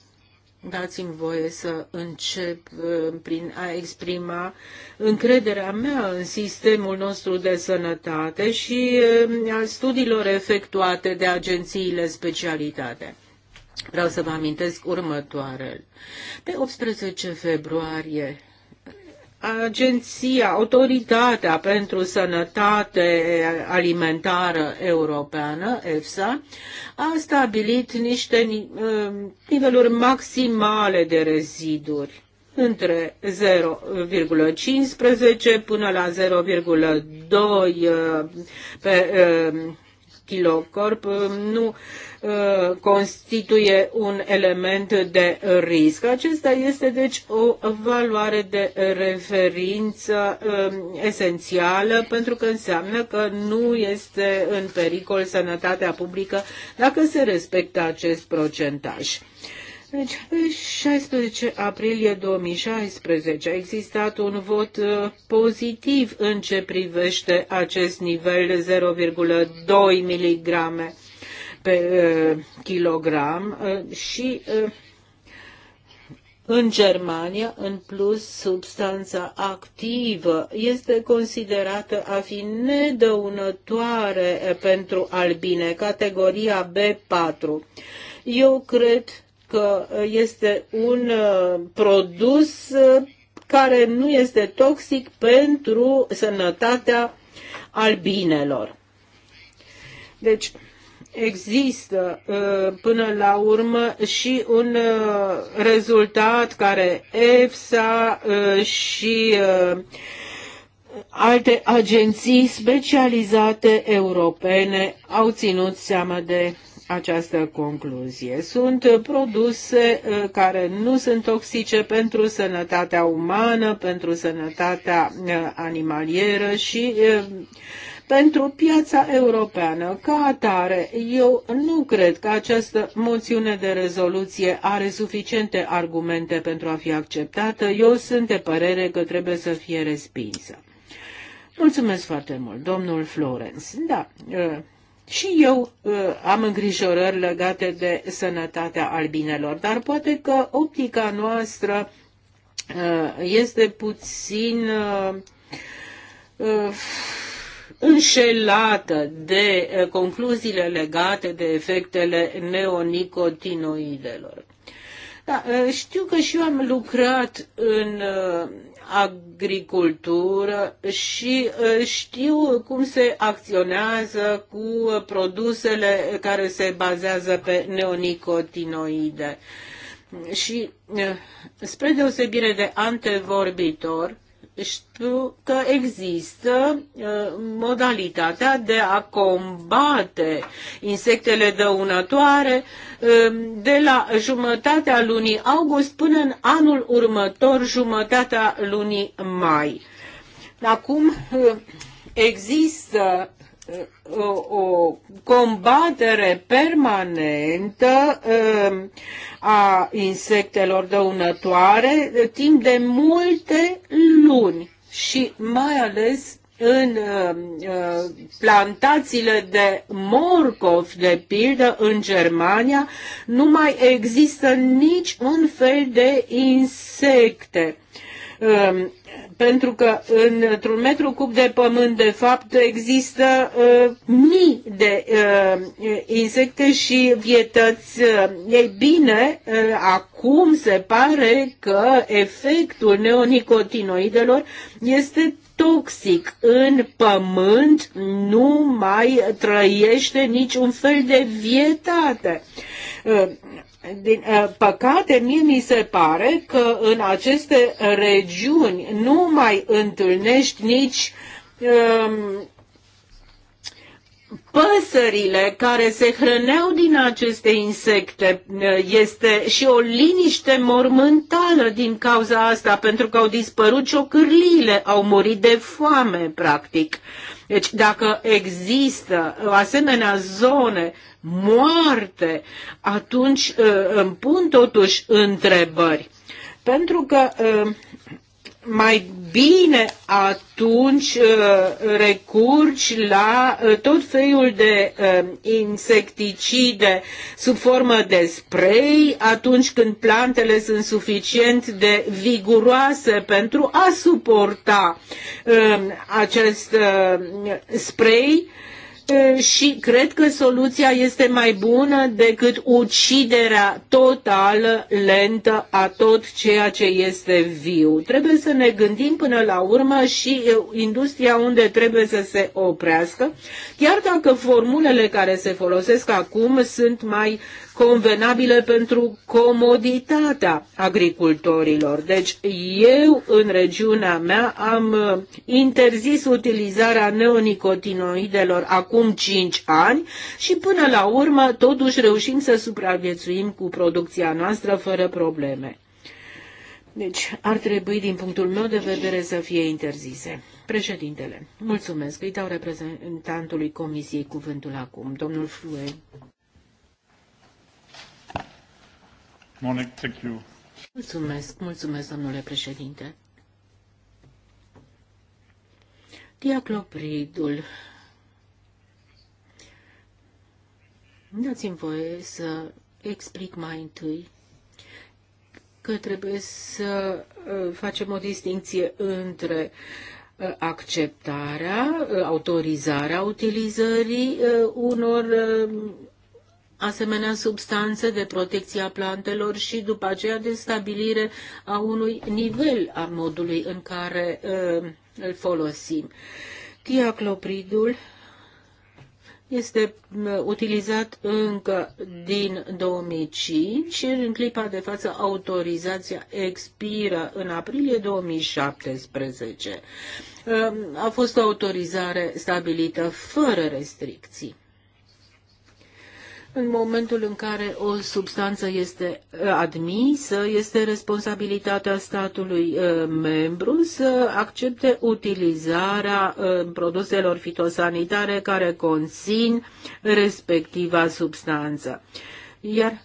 dați-mi voie să încep uh, prin a exprima încrederea mea în sistemul nostru de sănătate și uh, a studiilor efectuate de agențiile specialitate. Vreau să vă amintesc următoarele. Pe 18 februarie agenția, autoritatea pentru sănătate alimentară europeană, EFSA, a stabilit niște uh, niveluri maximale de reziduri între 0,15 până la 0,2 uh, pe uh, kilocorp nu uh, constituie un element de risc. Acesta este deci o valoare de referință um, esențială pentru că înseamnă că nu este în pericol sănătatea publică dacă se respectă acest procentaj. Deci, pe 16 aprilie 2016 a existat un vot uh, pozitiv în ce privește acest nivel de 0,2 mg pe uh, kilogram uh, și în Germania, în plus, substanța activă este considerată a fi nedăunătoare pentru albine, categoria B4. Eu cred că este un uh, produs uh, care nu este toxic pentru sănătatea albinelor. Deci, există uh, până la urmă și un rezultat care EFSA și alte agenții specializate europene au ținut seama de această concluzie. Sunt produse uh, care nu sunt toxice pentru sănătatea umană, pentru sănătatea uh, animalieră și uh, pentru piața europeană. Ca atare, eu nu cred că această moțiune de rezoluție are suficiente argumente pentru a fi acceptată. Eu sunt de părere că trebuie să fie respinsă. Mulțumesc foarte mult, domnul Florence. Da, și eu uh, am îngrijorări legate de sănătatea albinelor, dar poate că optica noastră uh, este puțin uh, uh, înșelată de uh, concluziile legate de efectele neonicotinoidelor. Da, uh, știu că și eu am lucrat în uh, agricultură și știu cum se acționează cu produsele care se bazează pe neonicotinoide. Și spre deosebire de antevorbitor, știu că există uh, modalitatea de a combate insectele dăunătoare um, de la jumătatea lunii august până în anul următor, jumătatea lunii mai. Acum uh, există o combatere permanentă um, a insectelor dăunătoare uh, timp de multe luni și mai ales în um, uh, plantațiile de morcov, de pildă, în Germania, nu mai există nici un fel de insecte. Uh, Um, pentru că într-un metru cub de pământ, de fapt, există uh, mii de uh, insecte și vietăți. Uh, ei bine, acum se pare că efectul neonicotinoidelor este toxic în pământ nu mai trăiește niciun fel de vietate din eh, păcate, mie mi se pare că în aceste regiuni nu mai întâlnești nici ehm, păsările care se hrăneau din aceste insecte. Eh, este și o liniște mormântală din cauza asta, pentru că au dispărut ciocârliile, au murit de foame, practic. Deci dacă există asemenea zone moarte, atunci eh, îmi pun totuși întrebări. Pentru că eh, mai bine atunci uh, recurgi la uh, tot felul de uh, insecticide sub formă de spray atunci când plantele sunt suficient de viguroase pentru a suporta acest spray și cred că soluția este mai bună decât uciderea totală, lentă a tot ceea ce este viu. Trebuie să ne gândim până la urmă și industria unde trebuie să se oprească, chiar dacă formulele care se folosesc acum sunt mai uh, convenabile pentru comoditatea agricultorilor. Deci eu în regiunea mea am uh, interzis utilizarea neonicotinoidelor acum 5 ani și până la urmă totuși reușim să supraviețuim cu producția noastră fără probleme. Deci ar trebui, din punctul meu de vedere, să fie interzise. Președintele, mulțumesc. Îi dau reprezentantului Comisiei cuvântul acum, domnul Flue. Monic, thank you. Mulțumesc, mulțumesc, domnule președinte. Diaclopridul. Dați-mi voie să explic mai întâi că trebuie să uh, facem o distinție între uh, acceptarea, uh, autorizarea utilizării unor asemenea substanțe de protecție a plantelor și după aceea de stabilire a unui nivel a modului în care uh, îl folosim. Tiaclopridul este uh, utilizat încă din 2005 și în clipa de față autorizația expiră în aprilie 2017. Uh, a fost o autorizare stabilită fără restricții. În momentul în care o substanță este uh, admisă, este responsabilitatea statului uh, membru să accepte utilizarea uh, produselor fitosanitare care conțin respectiva substanță. Iar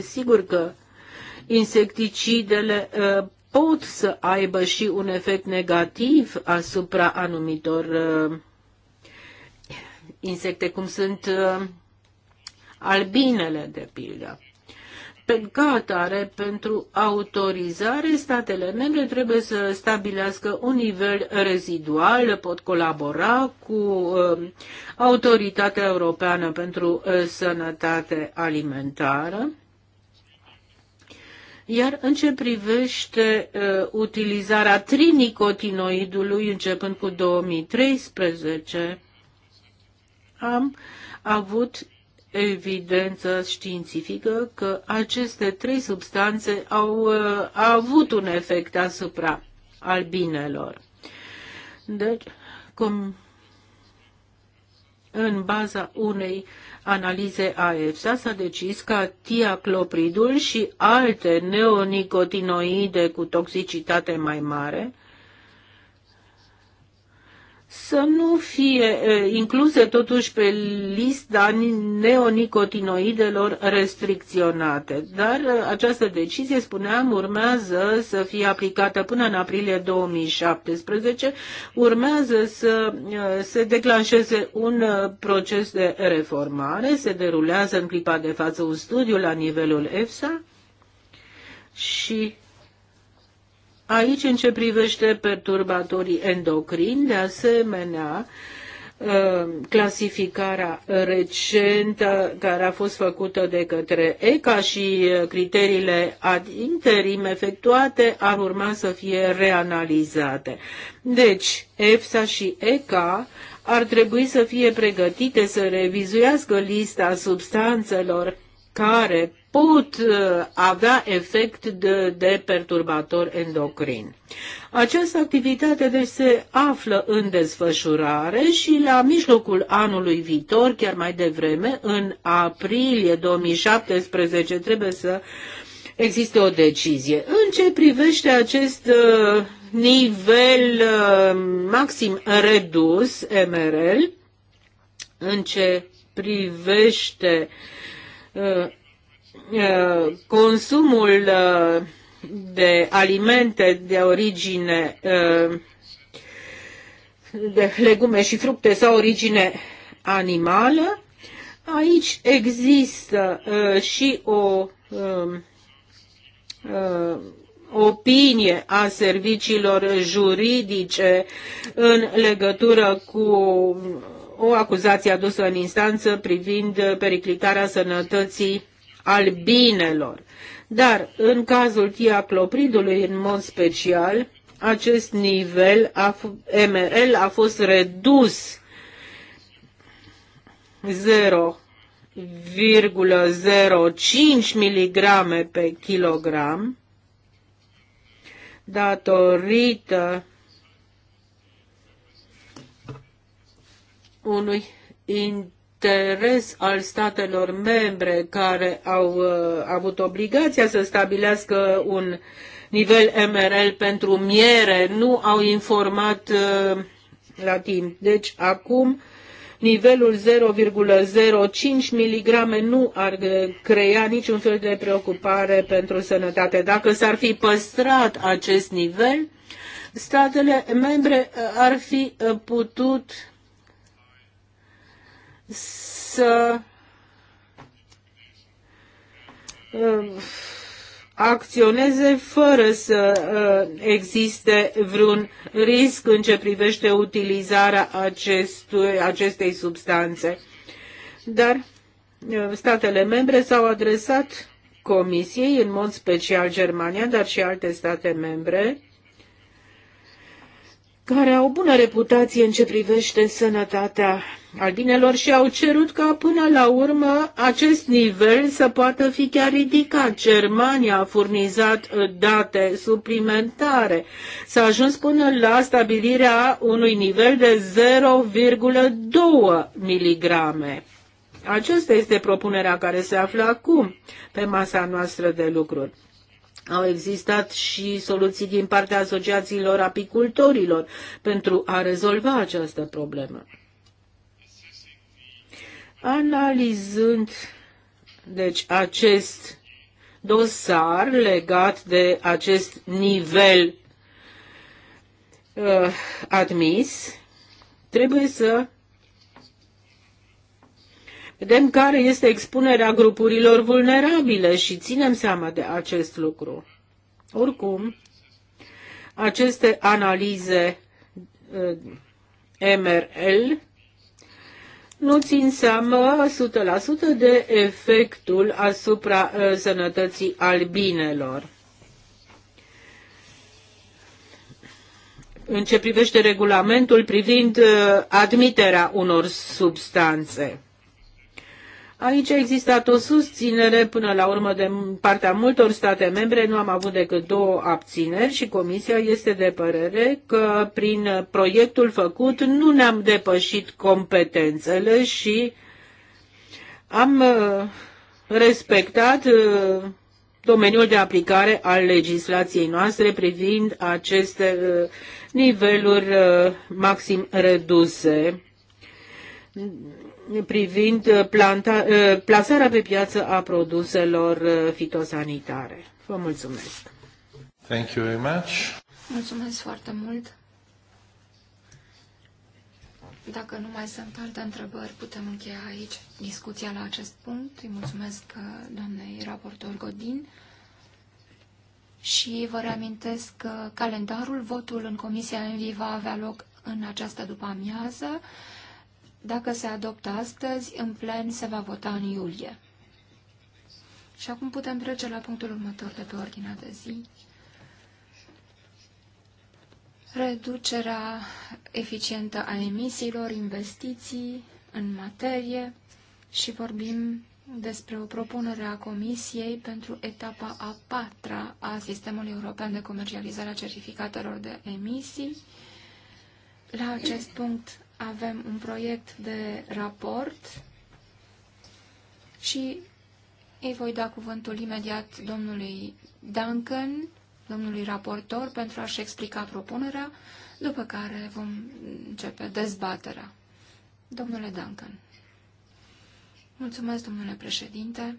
sigur că insecticidele pot să aibă și un efect negativ asupra anumitor insecte, cum sunt uh, albinele, de pildă. Pe, ca atare, pentru autorizare, statele membre trebuie să stabilească un nivel rezidual, pot colabora cu uh, Autoritatea Europeană pentru uh, Sănătate Alimentară. Iar în ce privește uh, utilizarea trinicotinoidului, începând cu 2013, am avut evidență științifică că aceste trei substanțe au, uh, au avut un efect asupra albinelor. Deci, cum în baza unei analize a EFSA s-a decis ca tiaclopridul și alte neonicotinoide cu toxicitate mai mare să nu fie incluse totuși pe lista neonicotinoidelor restricționate. Dar această decizie, spuneam, urmează să fie aplicată până în aprilie 2017, urmează să se declanșeze un proces de reformare, se derulează în clipa de față un studiu la nivelul EFSA și Aici, în ce privește perturbatorii endocrini, de asemenea, uh, clasificarea recentă care a fost făcută de către ECA și uh, criteriile ad interim efectuate ar urma să fie reanalizate. Deci, EFSA și ECA ar trebui să fie pregătite să revizuiască lista substanțelor care pot uh, avea efect de, de perturbator endocrin. Această activitate deci se află în desfășurare și la mijlocul anului viitor, chiar mai devreme, în aprilie 2017, trebuie să existe o decizie. În ce privește acest uh, nivel uh, maxim redus, MRL, în ce privește uh, Uh, uh, consumul uh, de alimente de origine de legume și fructe sau origine animală. Aici există și o um, opinie a serviciilor juridice în legătură cu o acuzație adusă în instanță privind periclitarea sănătății albinelor. Dar în cazul tiaclopridului în mod special, acest nivel a ML a fost redus 0,05 mg pe kilogram datorită unui interes al statelor membre care au uh, avut obligația să stabilească un nivel MRL pentru miere, nu au informat uh, la timp. Deci acum nivelul 0,05 mg nu ar uh, crea niciun fel de preocupare pentru sănătate. Dacă s-ar fi păstrat acest nivel, statele membre uh, ar fi uh, putut să um, acționeze fără să uh, existe vreun risc în ce privește utilizarea acestui, acestei substanțe. Dar uh, statele membre s-au adresat Comisiei, în mod special Germania, dar și alte state membre, care au bună reputație în ce privește sănătatea albinelor și au cerut ca până la urmă acest nivel să poată fi chiar ridicat. Germania a furnizat uh, date suplimentare. S-a ajuns până la stabilirea unui nivel de 0,2 miligrame. Aceasta este propunerea care se află acum pe masa noastră de lucruri. Au existat și soluții din partea asociațiilor apicultorilor pentru a rezolva această problemă. Analizând deci acest dosar legat de acest nivel uh, admis, trebuie să vedem care este expunerea grupurilor vulnerabile și ținem seama de acest lucru. Oricum, aceste analize uh, MRL nu țin seama 100% de efectul asupra uh, sănătății albinelor. În ce privește regulamentul privind uh, admiterea unor substanțe. Aici a existat o susținere până la urmă de partea multor state membre, nu am avut decât două abțineri și Comisia este de părere că prin proiectul făcut nu ne-am depășit competențele și am uh, respectat uh, domeniul de aplicare al legislației noastre privind aceste uh, niveluri maxim reduse privind uh, planta, uh, plasarea pe piață a produselor uh, fitosanitare. Vă mulțumesc! Thank you very much. Mulțumesc foarte mult! Dacă nu mai sunt alte întrebări, putem încheia aici discuția la acest punct. Îi mulțumesc doamnei raportor Godin și vă reamintesc că calendarul, votul în Comisia Envi va avea loc în această după amiază. Dacă se adoptă astăzi, în plen se va vota în iulie. Și acum putem trece la punctul următor de pe ordinea de zi. Reducerea eficientă a emisiilor, investiții în materie și vorbim despre o propunere a Comisiei pentru etapa a patra a Sistemului European de Comercializare a Certificatelor de Emisii. La acest punct avem un proiect de raport și îi voi da cuvântul imediat domnului Duncan, domnului raportor, pentru a-și explica propunerea, după care vom începe dezbaterea. Domnule Duncan. Mulțumesc, domnule președinte.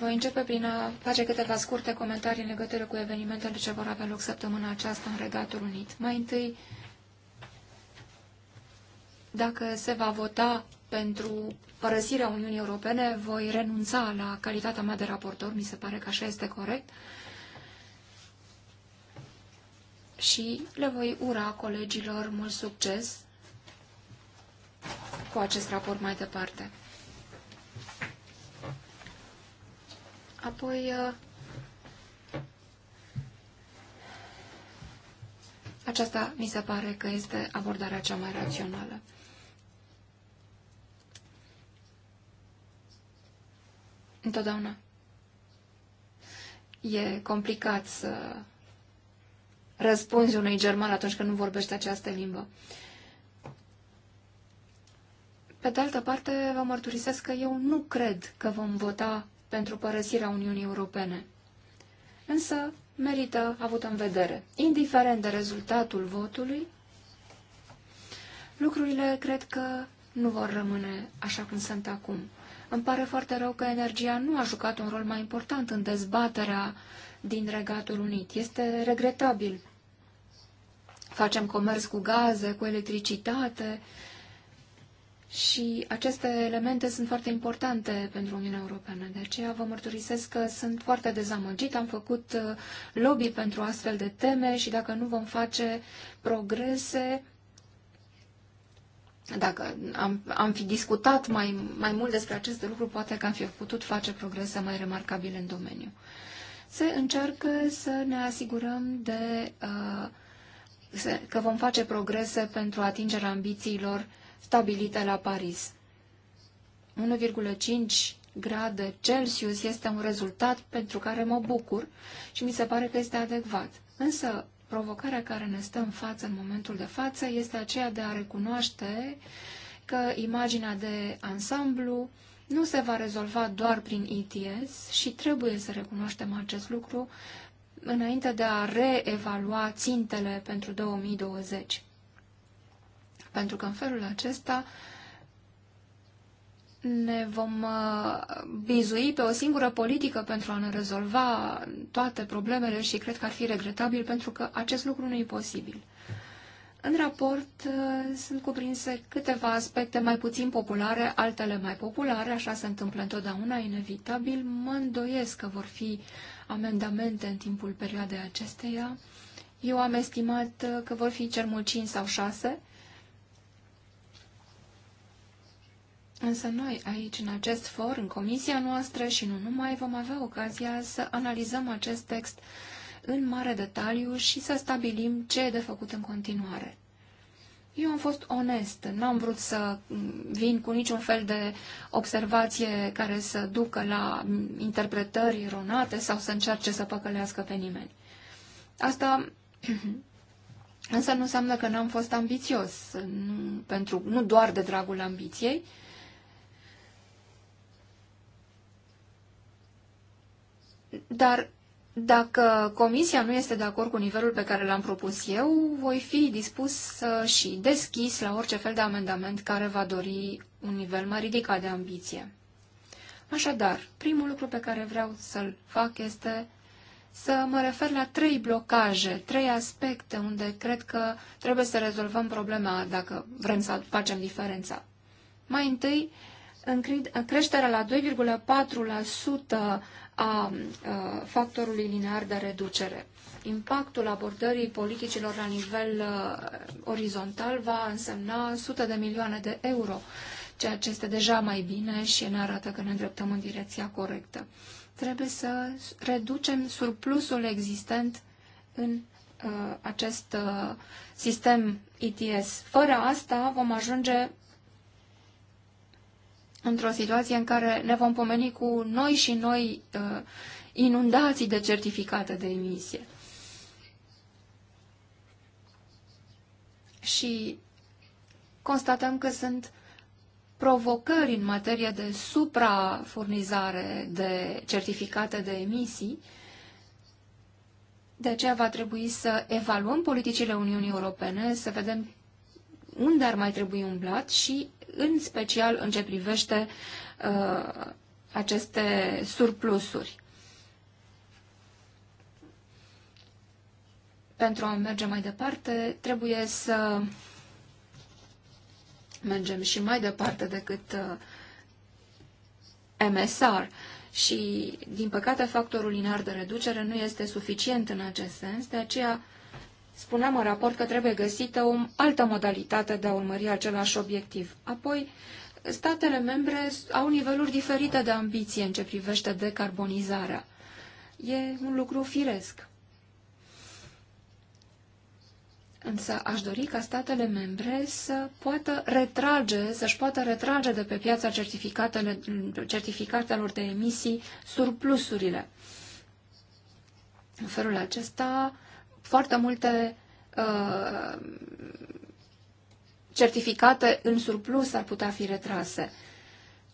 Voi începe prin a face câteva scurte comentarii în legătură cu evenimentele ce vor avea loc săptămâna aceasta în Regatul Unit. Mai întâi, dacă se va vota pentru părăsirea Uniunii Europene, voi renunța la calitatea mea de raportor, mi se pare că așa este corect, și le voi ura colegilor mult succes cu acest raport mai departe. Apoi, uh, aceasta mi se pare că este abordarea cea mai rațională. Întotdeauna. E complicat să răspunzi unui german atunci când nu vorbește această limbă. Pe de altă parte, vă mărturisesc că eu nu cred că vom vota pentru părăsirea Uniunii Europene. Însă merită avut în vedere, indiferent de rezultatul votului, lucrurile cred că nu vor rămâne așa cum sunt acum. Îmi pare foarte rău că energia nu a jucat un rol mai important în dezbaterea din Regatul Unit. Este regretabil. Facem comerț cu gaze, cu electricitate, și aceste elemente sunt foarte importante pentru Uniunea Europeană. De aceea vă mărturisesc că sunt foarte dezamăgit. Am făcut uh, lobby pentru astfel de teme și dacă nu vom face progrese, dacă am, am fi discutat mai, mai mult despre aceste lucruri, poate că am fi putut face progrese mai remarcabile în domeniu. Se încearcă să ne asigurăm de uh, că vom face progrese pentru atingerea ambițiilor uh, stabilite la Paris. 1,5 grade Celsius este un rezultat pentru care mă bucur și mi se pare că este adecvat. Însă, provocarea care ne stă în față în momentul de față este aceea de a recunoaște că imaginea de ansamblu nu se va rezolva doar prin ETS și trebuie să recunoaștem acest lucru înainte de a reevalua țintele pentru 2020 pentru că în felul acesta ne vom uh, bizui pe o singură politică pentru a ne rezolva toate problemele și cred că ar fi regretabil pentru că acest lucru nu e posibil. În raport uh, sunt cuprinse câteva aspecte mai puțin populare, altele mai populare, așa se întâmplă întotdeauna, inevitabil. Mă îndoiesc că vor fi amendamente în timpul perioadei acesteia. Eu am estimat uh, că vor fi cel mult 5 sau 6 Însă noi, aici, în acest for, în comisia noastră și nu numai, vom avea ocazia să analizăm acest text în mare detaliu și să stabilim ce e de făcut în continuare. Eu am fost onest, n-am vrut să vin cu niciun fel de observație care să ducă la interpretări eronate sau să încerce să păcălească pe nimeni. Asta însă nu înseamnă că n-am fost ambițios, nu, pentru, nu doar de dragul ambiției, Dar dacă comisia nu este de acord cu nivelul pe care l-am propus eu, voi fi dispus și deschis la orice fel de amendament care va dori un nivel mai ridicat de ambiție. Așadar, primul lucru pe care vreau să-l fac este să mă refer la trei blocaje, trei aspecte unde cred că trebuie să rezolvăm problema dacă vrem să facem diferența. Mai întâi, în creșterea la 2,4% a factorului linear de reducere. Impactul abordării politicilor la nivel orizontal va însemna sute de milioane de euro, ceea ce este deja mai bine și ne arată că ne îndreptăm în direcția corectă. Trebuie să reducem surplusul existent în acest sistem ETS. Fără asta vom ajunge într-o situație în care ne vom pomeni cu noi și noi uh, inundații de certificate de emisie. Și constatăm că sunt provocări în materie de suprafurnizare de certificate de emisii, de aceea va trebui să evaluăm politicile Uniunii Europene, să vedem unde ar mai trebui umblat și în special în ce privește uh, aceste surplusuri. Pentru a merge mai departe, trebuie să mergem și mai departe decât uh, MSR. Și, din păcate, factorul linear de reducere nu este suficient în acest sens, de aceea Spuneam în raport că trebuie găsită o altă modalitate de a urmări același obiectiv. Apoi, statele membre au niveluri diferite de ambiție în ce privește decarbonizarea. E un lucru firesc. Însă aș dori ca statele membre să poată retrage, să-și poată retrage de pe piața certificatelor de emisii surplusurile. În felul acesta foarte multe uh, certificate în surplus ar putea fi retrase.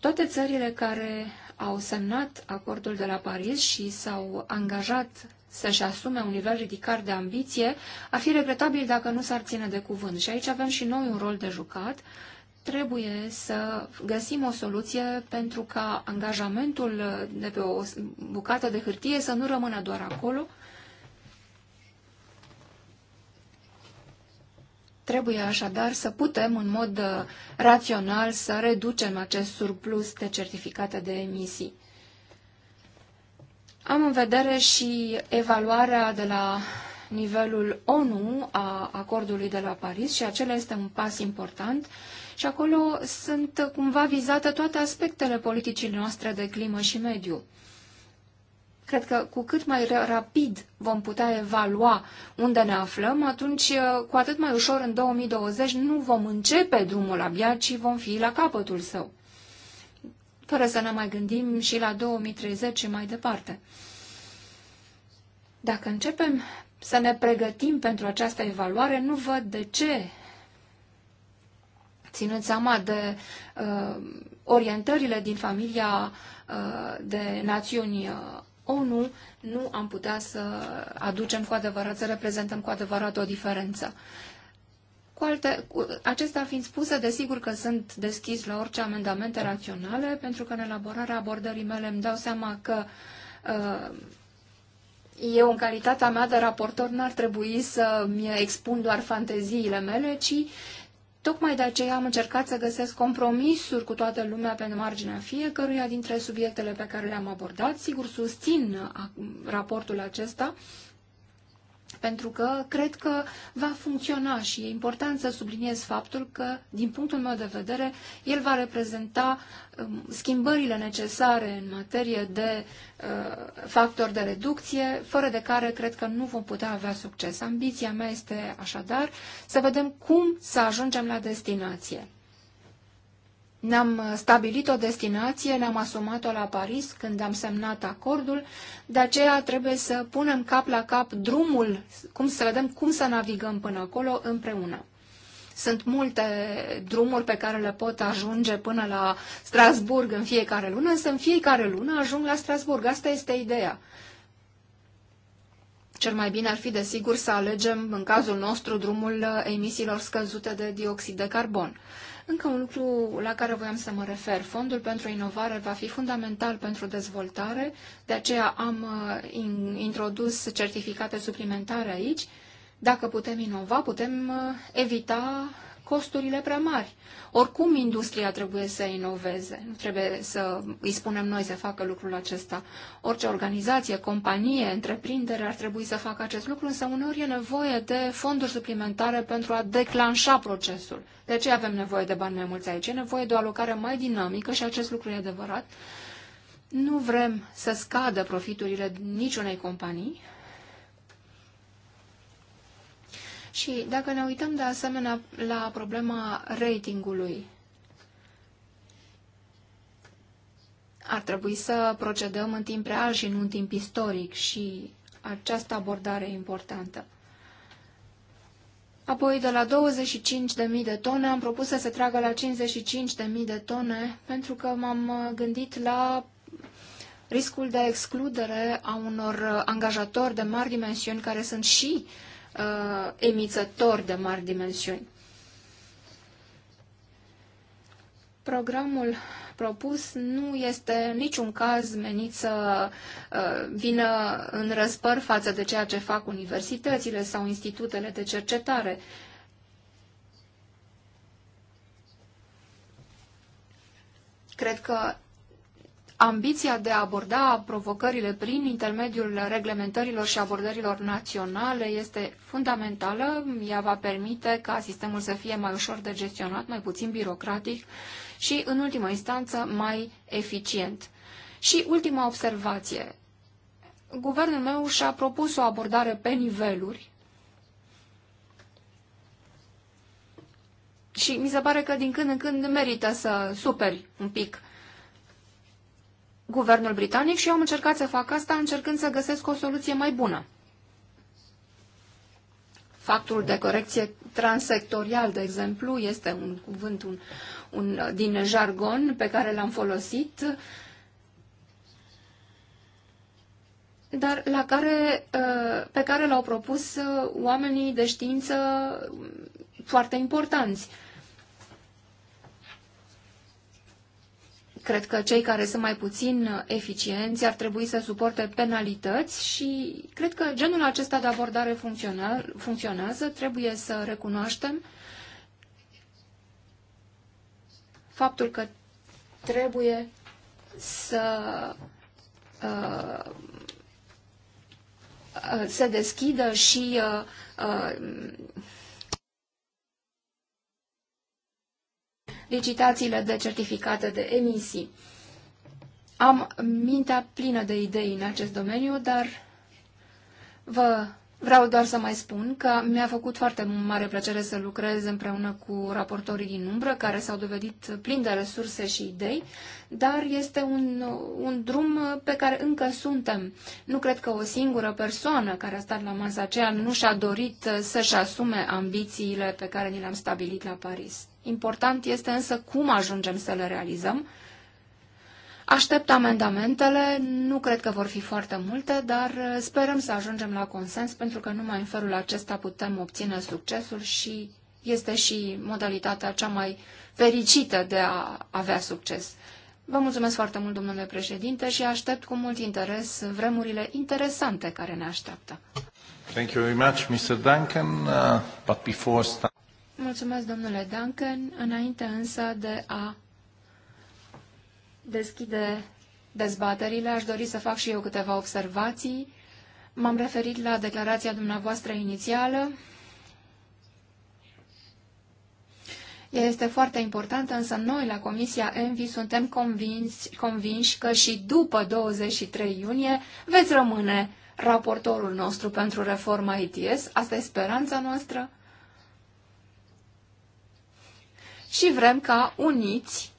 Toate țările care au semnat acordul de la Paris și s-au angajat să-și asume un nivel ridicat de ambiție, ar fi regretabil dacă nu s-ar ține de cuvânt. Și aici avem și noi un rol de jucat. Trebuie să găsim o soluție pentru ca angajamentul de pe o bucată de hârtie să nu rămână doar acolo, Trebuie așadar să putem în mod uh, rațional să reducem acest surplus de certificate de emisii. Am în vedere și evaluarea de la nivelul ONU a acordului de la Paris și acela este un pas important și acolo sunt cumva vizate toate aspectele politicii noastre de climă și mediu. Cred că cu cât mai rapid vom putea evalua unde ne aflăm, atunci uh, cu atât mai ușor în 2020 nu vom începe drumul abia, ci vom fi la capătul său. Fără să ne mai gândim și la 2030 și mai departe. Dacă începem să ne pregătim pentru această evaluare, nu văd de ce, ținând seama de uh, orientările din familia uh, de națiuni uh, ONU, nu am putea să aducem cu adevărat, să reprezentăm cu adevărat o diferență. Cu alte, cu, acestea fiind spuse, desigur că sunt deschis la orice amendamente raționale, pentru că în elaborarea abordării mele îmi dau seama că uh, eu, în calitatea mea de raportor, n-ar trebui să-mi expun doar fanteziile mele, ci Tocmai de aceea am încercat să găsesc compromisuri cu toată lumea pe marginea fiecăruia dintre subiectele pe care le-am abordat. Sigur, susțin uh, raportul acesta, pentru că cred că va funcționa și e important să subliniez faptul că, din punctul meu de vedere, el va reprezenta um, schimbările necesare în materie de uh, factor factori de reducție, fără de care cred că nu vom putea avea succes. Ambiția mea este așadar să vedem cum să ajungem la destinație. Ne-am uh, stabilit o destinație, ne-am asumat-o la Paris când am semnat acordul, de aceea trebuie să punem cap la cap drumul, cum să vedem cum să navigăm până acolo împreună. Sunt multe drumuri pe care le pot ajunge până la Strasburg în fiecare lună, însă în fiecare lună ajung la Strasburg. Asta este ideea. Cel mai bine ar fi, desigur, să alegem, în cazul nostru, drumul uh, emisiilor scăzute de dioxid de carbon. Încă un lucru la care voiam să mă refer. Fondul pentru inovare va fi fundamental pentru dezvoltare, de aceea am uh, introdus certificate suplimentare aici. Dacă putem inova, putem uh, evita costurile prea mari. Oricum, industria trebuie să inoveze. Nu trebuie să îi spunem noi să facă lucrul acesta. Orice organizație, companie, întreprindere ar trebui să facă acest lucru, însă uneori e nevoie de fonduri suplimentare pentru a declanșa procesul. De ce avem nevoie de bani mai mulți aici? E nevoie de o alocare mai dinamică și acest lucru e adevărat. Nu vrem să scadă profiturile niciunei companii, Și dacă ne uităm de asemenea la problema ratingului, ar trebui să procedăm în timp real și nu în timp istoric și această abordare e importantă. Apoi, de la 25.000 de tone, am propus să se tragă la 55.000 de tone, pentru că m-am gândit la riscul de excludere a unor angajatori de mari dimensiuni care sunt și uh, uh, emițător de mari dimensiuni. Programul propus nu este în niciun caz menit să uh, vină în răspăr față de ceea ce fac universitățile sau institutele de cercetare. Cred că ambiția de a aborda provocările prin intermediul reglementărilor și abordărilor naționale este fundamentală. Ea va permite ca sistemul să fie mai ușor de gestionat, mai puțin birocratic și, în ultima instanță, mai eficient. Și ultima observație. Guvernul meu și-a propus o abordare pe niveluri și mi se pare că din când în când merită să superi un pic guvernul britanic și eu am încercat să fac asta încercând să găsesc o soluție mai bună. Factul de corecție transectorial, de exemplu, este un cuvânt un, un, din jargon pe care l-am folosit dar la care, uh, pe care l-au propus uh, oamenii de știință foarte importanți. Cred că cei care sunt mai puțin uh, eficienți ar trebui să suporte penalități și cred că genul acesta de abordare funcționează. Trebuie să recunoaștem faptul că trebuie să uh, uh se deschidă și uh, uh, licitațiile de certificate de emisii. Am mintea plină de idei în acest domeniu, dar vă vreau doar să mai spun că mi-a făcut foarte mare plăcere să lucrez împreună cu raportorii din umbră, care s-au dovedit plini de resurse și idei, dar este un, un drum pe care încă suntem. Nu cred că o singură persoană care a stat la masa aceea nu și-a dorit să-și asume ambițiile pe care ni le-am stabilit la Paris. Important este însă cum ajungem să le realizăm. Aștept amendamentele, nu cred că vor fi foarte multe, dar uh, sperăm să ajungem la consens, pentru că numai în felul acesta putem obține succesul și este și modalitatea cea mai fericită de a avea succes. Vă mulțumesc foarte mult, domnule președinte, și aștept cu mult interes vremurile interesante care ne așteaptă. Thank you very much, Mr. Duncan. Uh, but before Mulțumesc, domnule Duncan. Înainte însă de a deschide dezbaterile, aș dori să fac și eu câteva observații. M-am referit la declarația dumneavoastră inițială. Ea este foarte importantă, însă noi la Comisia ENVI suntem convinși, convinși că și după 23 iunie veți rămâne raportorul nostru pentru reforma ITS. Asta e speranța noastră. și vrem ca uniți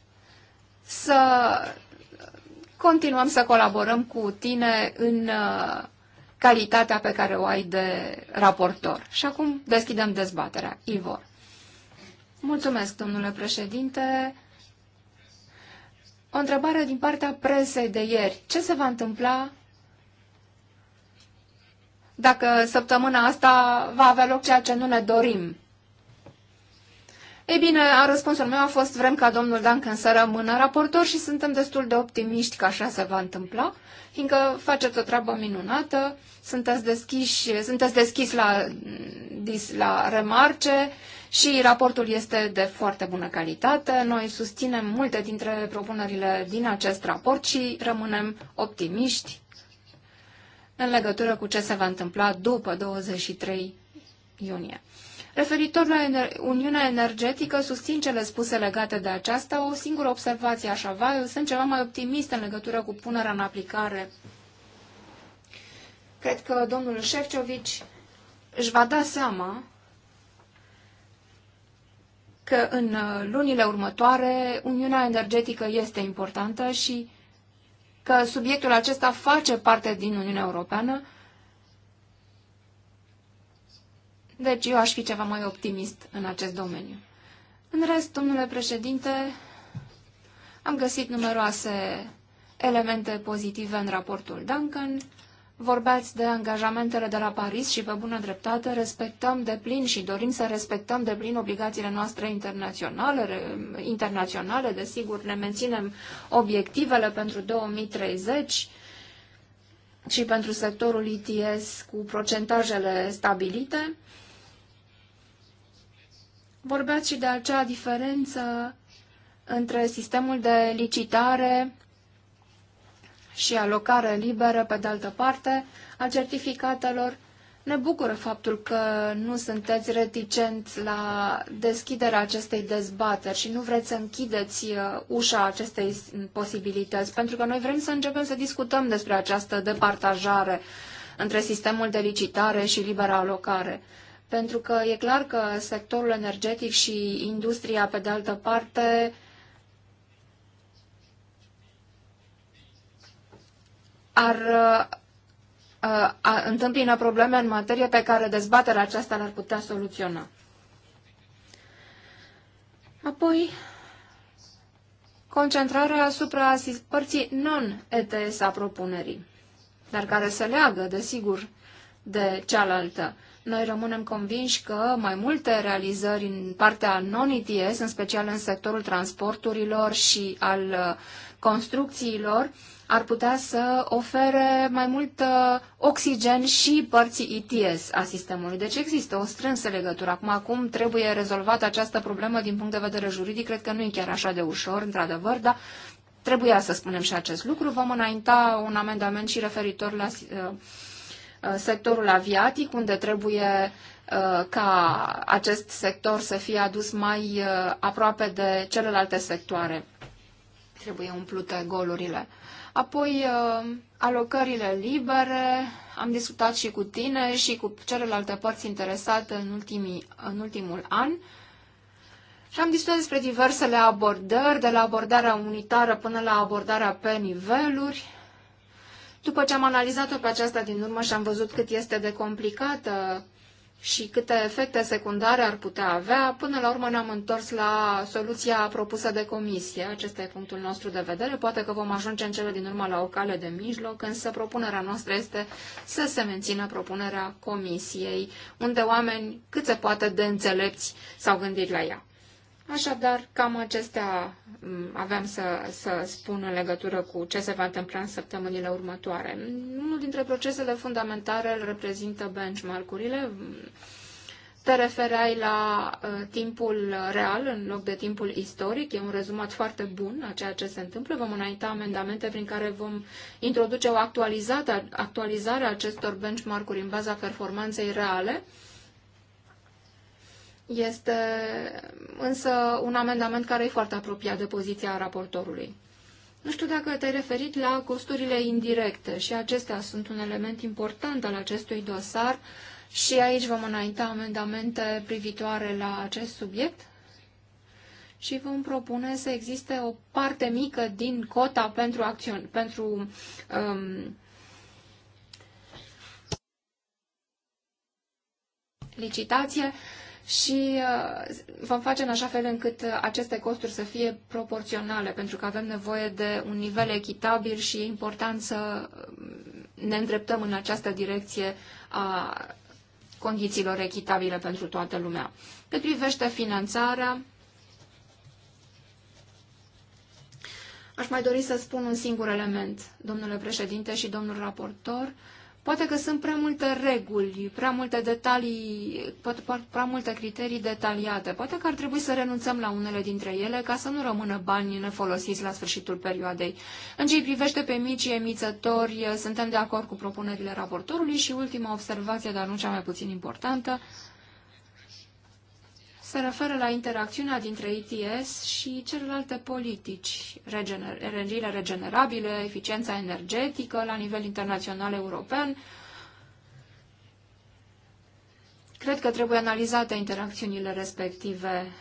să continuăm să colaborăm cu tine în uh, calitatea pe care o ai de raportor. Și acum deschidem dezbaterea. Ivor. Mulțumesc, domnule președinte. O întrebare din partea presei de ieri. Ce se va întâmpla dacă săptămâna asta va avea loc ceea ce nu ne dorim? Ei bine, a răspunsul meu a fost vrem ca domnul Duncan să rămână raportor și suntem destul de optimiști că așa se va întâmpla, fiindcă faceți o treabă minunată, sunteți deschiși, sunteți deschis la, la remarce și raportul este de foarte bună calitate. Noi susținem multe dintre propunerile din acest raport și rămânem optimiști în legătură cu ce se va întâmpla după 23 iunie. Referitor la Uniunea Energetică, susțin cele spuse legate de aceasta. O singură observație aș avea. Eu sunt ceva mai optimist în legătură cu punerea în aplicare. Cred că domnul Șefcovici își va da seama că în uh, lunile următoare Uniunea Energetică este importantă și că subiectul acesta face parte din Uniunea Europeană, Deci eu aș fi ceva mai optimist în acest domeniu. În rest, domnule președinte, am găsit numeroase elemente pozitive în raportul Duncan. Vorbeați de angajamentele de la Paris și, pe bună dreptate, respectăm de plin și dorim să respectăm de plin obligațiile noastre internaționale, internaționale desigur, ne menținem obiectivele pentru 2030 și pentru sectorul ITS cu procentajele stabilite. Vorbeați și de acea diferență între sistemul de licitare și alocare liberă, pe de altă parte, a certificatelor. Ne bucură faptul că nu sunteți reticent la deschiderea acestei dezbateri și nu vreți să închideți uh, ușa acestei posibilități, pentru că noi vrem să începem să discutăm despre această departajare între sistemul de licitare și libera alocare pentru că e clar că sectorul energetic și industria, pe de altă parte, ar uh, a, întâmpină probleme în materie pe care dezbaterea aceasta l-ar putea soluționa. Apoi, concentrarea asupra părții non-ETS a propunerii, dar care se leagă, desigur, de cealaltă. Noi rămânem convinși că mai multe realizări în partea non-ETS, în special în sectorul transporturilor și al uh, construcțiilor, ar putea să ofere mai mult uh, oxigen și părții ETS a sistemului. Deci există o strânsă legătură. Acum, acum trebuie rezolvată această problemă din punct de vedere juridic. Cred că nu e chiar așa de ușor, într-adevăr, dar trebuia să spunem și acest lucru. Vom înainta un amendament și referitor la uh, Uh, sectorul aviatic, unde trebuie uh, ca acest sector să fie adus mai uh, aproape de celelalte sectoare. Trebuie umplute golurile. Apoi, alocările libere, am discutat și cu tine și cu celelalte părți interesate în, ultimii, în ultimul an. Și am discutat despre diversele abordări, de la abordarea unitară până la abordarea pe niveluri. După ce am analizat-o pe aceasta din urmă și am văzut cât este de complicată și câte efecte secundare ar putea avea, până la urmă ne-am întors la soluția propusă de comisie. Acesta e punctul nostru de vedere. Poate că vom ajunge în cele din urmă la o cale de mijloc, însă propunerea noastră este să se mențină propunerea comisiei, unde oameni cât se poate de înțelepți s-au gândit la ea. Așadar, cam acestea mm, aveam să, să spun în legătură cu ce se va întâmpla în săptămânile următoare. Unul dintre procesele fundamentale îl reprezintă benchmark-urile. Te refereai la uh, timpul real în loc de timpul istoric. E un rezumat foarte bun a ceea ce se întâmplă. Vom înainta amendamente prin care vom introduce o actualizare a acestor benchmark-uri în baza performanței reale. Uh, este însă un amendament care e foarte apropiat de poziția raportorului. Nu știu dacă te-ai referit la costurile indirecte și acestea sunt un element important al acestui dosar și aici vom înainta amendamente privitoare la acest subiect și vom propune să existe o parte mică din cota pentru acțiuni, pentru um, licitație și uh, vom face în așa fel încât aceste costuri să fie proporționale, pentru că avem nevoie de un nivel echitabil și e important să um, ne îndreptăm în această direcție a condițiilor echitabile pentru toată lumea. Cât privește finanțarea, aș mai dori să spun un singur element, domnule președinte și domnul raportor, Poate că sunt prea multe reguli, prea multe detalii, prea multe criterii detaliate. Poate că ar trebui să renunțăm la unele dintre ele ca să nu rămână bani nefolosiți la sfârșitul perioadei. În ce privește pe micii emițători, suntem de acord cu propunerile raportorului și ultima observație, dar nu cea mai puțin importantă, se referă la interacțiunea dintre ETS și celelalte politici, regener energiile regenerabile, eficiența energetică la nivel internațional european. Cred că trebuie analizate interacțiunile respective.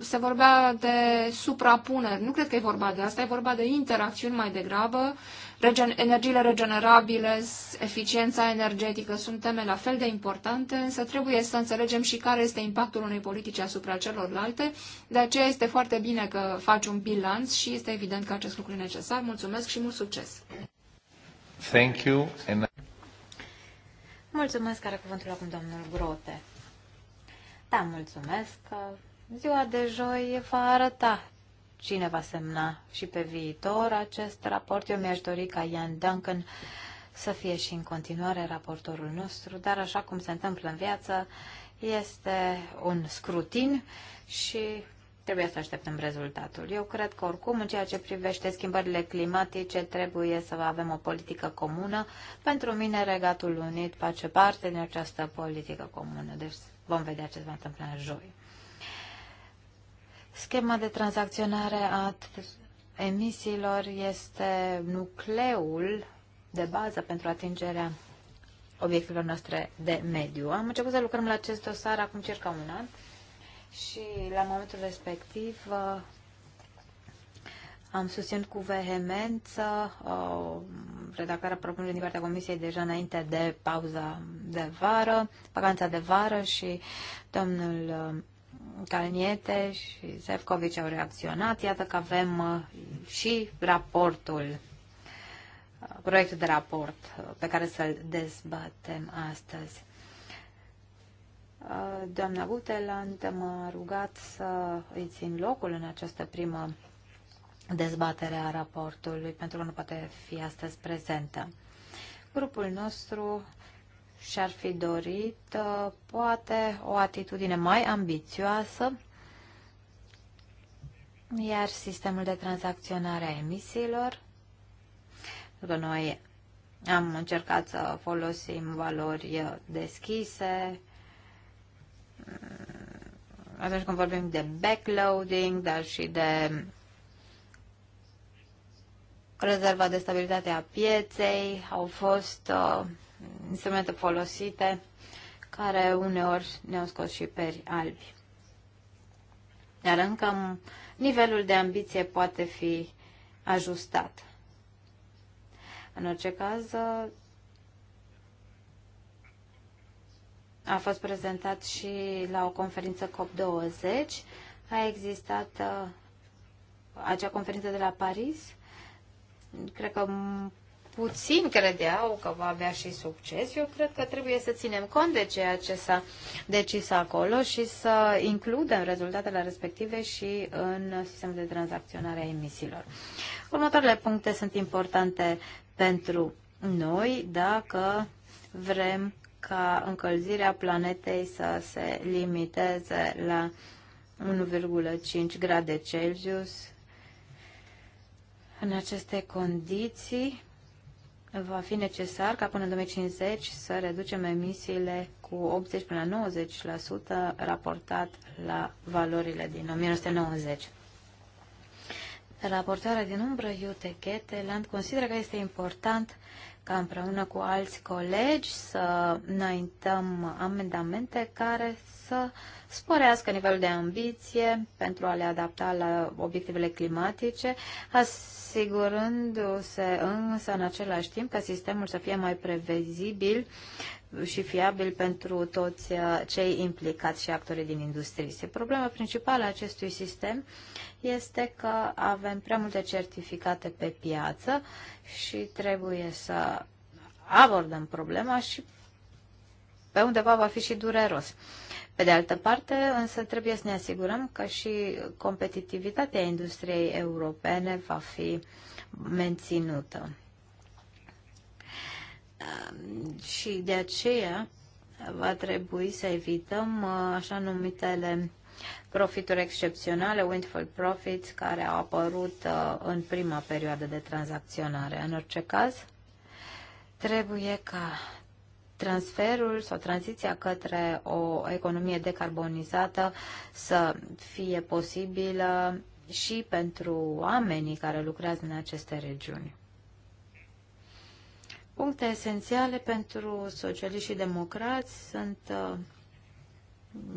Se vorbea de suprapuneri. Nu cred că e vorba de asta, e vorba de interacțiuni mai degrabă Regen energiile regenerabile, eficiența energetică sunt teme la fel de importante, însă trebuie să înțelegem și care este impactul unei politici asupra celorlalte. De aceea este foarte bine că faci un bilanț și este evident că acest lucru e necesar. Mulțumesc și mult succes! Thank you. And... Mulțumesc, are cuvântul acum domnul Grote. Da, mulțumesc. Ziua de joi va arăta cine va semna și pe viitor acest raport. Eu mi-aș dori ca Ian Duncan să fie și în continuare raportorul nostru, dar așa cum se întâmplă în viață, este un scrutin și trebuie să așteptăm rezultatul. Eu cred că oricum, în ceea ce privește schimbările climatice, trebuie să avem o politică comună. Pentru mine, Regatul Unit face parte din această politică comună, deci vom vedea ce se va întâmpla în joi. Schema de tranzacționare a emisiilor este nucleul de bază pentru atingerea obiectivelor noastre de mediu. Am început să lucrăm la acest dosar acum circa un an și la momentul respectiv uh, am susținut cu vehemență uh, redactarea propunerii din partea Comisiei deja înainte de pauza de vară, vacanța de vară și domnul uh, Calniete și Sefcovici au reacționat. Iată că avem uh, și raportul, uh, proiectul de raport uh, pe care să-l dezbatem astăzi. Doamna Guteland m-a rugat să îi țin locul în această primă dezbatere a raportului, pentru că nu poate fi astăzi prezentă. Grupul nostru și-ar fi dorit uh, poate o atitudine mai ambițioasă, iar sistemul de tranzacționare a emisiilor, că noi am încercat să folosim valori uh, deschise, mm, atunci când vorbim de backloading, dar și de rezerva de stabilitate a pieței, au fost uh, instrumente folosite care uneori ne-au scos și peri albi. Dar încă nivelul de ambiție poate fi ajustat. În orice caz, a fost prezentat și la o conferință COP20. A existat uh, acea conferință de la Paris. Cred că puțin credeau că va avea și succes, eu cred că trebuie să ținem cont de ceea ce s-a decis acolo și să includem rezultatele respective și în sistemul de tranzacționare a emisiilor. Următoarele puncte sunt importante pentru noi dacă vrem ca încălzirea planetei să se limiteze la 1,5 grade Celsius. În aceste condiții, va fi necesar ca până în 2050 să reducem emisiile cu 80 până la 90% raportat la valorile din 1990. Raportarea din umbră, Iute Cheteland, consideră că este important ca împreună cu alți colegi să înaintăm amendamente care să sporească nivelul de ambiție pentru a le adapta la obiectivele climatice, asigurându-se însă în același timp ca sistemul să fie mai previzibil și fiabil pentru toți uh, cei implicați și actorii din industrie. Problema principală a acestui sistem este că avem prea multe certificate pe piață și trebuie să abordăm problema și pe undeva va fi și dureros. Pe de altă parte, însă trebuie să ne asigurăm că și competitivitatea industriei europene va fi menținută. Și de aceea va trebui să evităm uh, așa numitele profituri excepționale, windfall profits, care au apărut uh, în prima perioadă de tranzacționare. În orice caz, trebuie ca transferul sau tranziția către o economie decarbonizată să fie posibilă și pentru oamenii care lucrează în aceste regiuni. Puncte esențiale pentru socialiști și democrați sunt uh,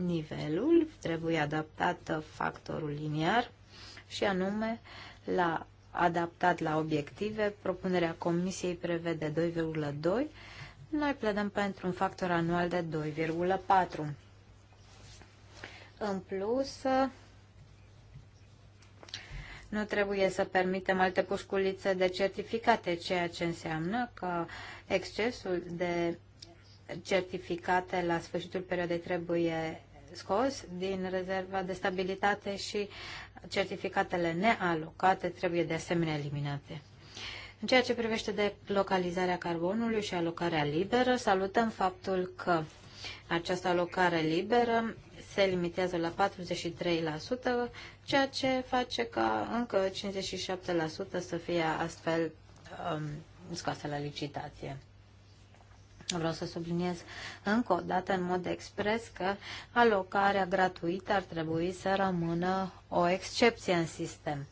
nivelul, trebuie adaptat uh, factorul liniar și anume la adaptat la obiective, propunerea comisiei prevede 2,2 noi pledăm pentru un factor anual de 2,4. În plus, nu trebuie să permitem alte pușculițe de certificate, ceea ce înseamnă că excesul de certificate la sfârșitul perioadei trebuie scos din rezerva de stabilitate și certificatele nealocate trebuie de asemenea eliminate. În ceea ce privește de localizarea carbonului și alocarea liberă, salutăm faptul că această alocare liberă se limitează la 43%, ceea ce face ca încă 57% să fie astfel um, scoase la licitație. Vreau să subliniez încă o dată în mod expres că alocarea gratuită ar trebui să rămână o excepție în sistem.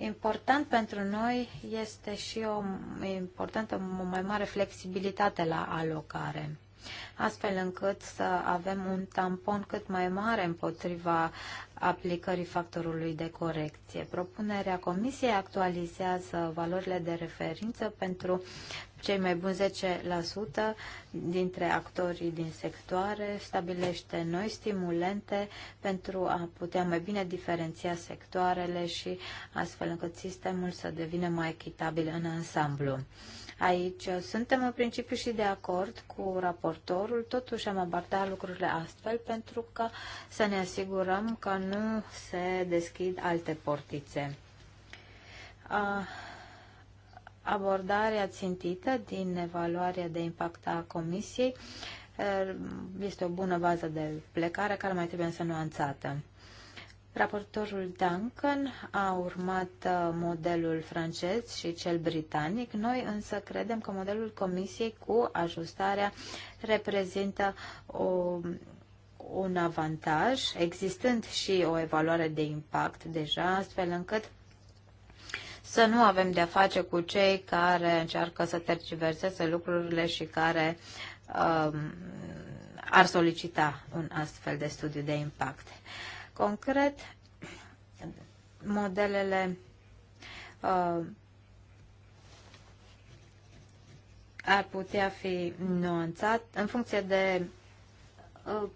Important pentru noi este și o importantă, o mai mare flexibilitate la alocare, astfel încât să avem un tampon cât mai mare împotriva aplicării factorului de corecție. Propunerea Comisiei actualizează valorile de referință pentru cei mai buni 10% dintre actorii din sectoare, stabilește noi stimulente pentru a putea mai bine diferenția sectoarele și astfel încât sistemul să devină mai echitabil în ansamblu. Aici suntem în principiu și de acord cu raportorul, totuși am abordat lucrurile astfel pentru că să ne asigurăm că nu se deschid alte portițe. Uh, abordarea țintită din evaluarea de impact a Comisiei eh, este o bună bază de plecare care mai trebuie însă nuanțată. Raportorul Duncan a urmat eh, modelul francez și cel britanic. Noi însă credem că modelul Comisiei cu ajustarea reprezintă o un avantaj, existând și o evaluare de impact deja, astfel încât să nu avem de-a face cu cei care încearcă să tergiverseze lucrurile și care um, ar solicita un astfel de studiu de impact. Concret, modelele uh, ar putea fi nuanțat în funcție de uh,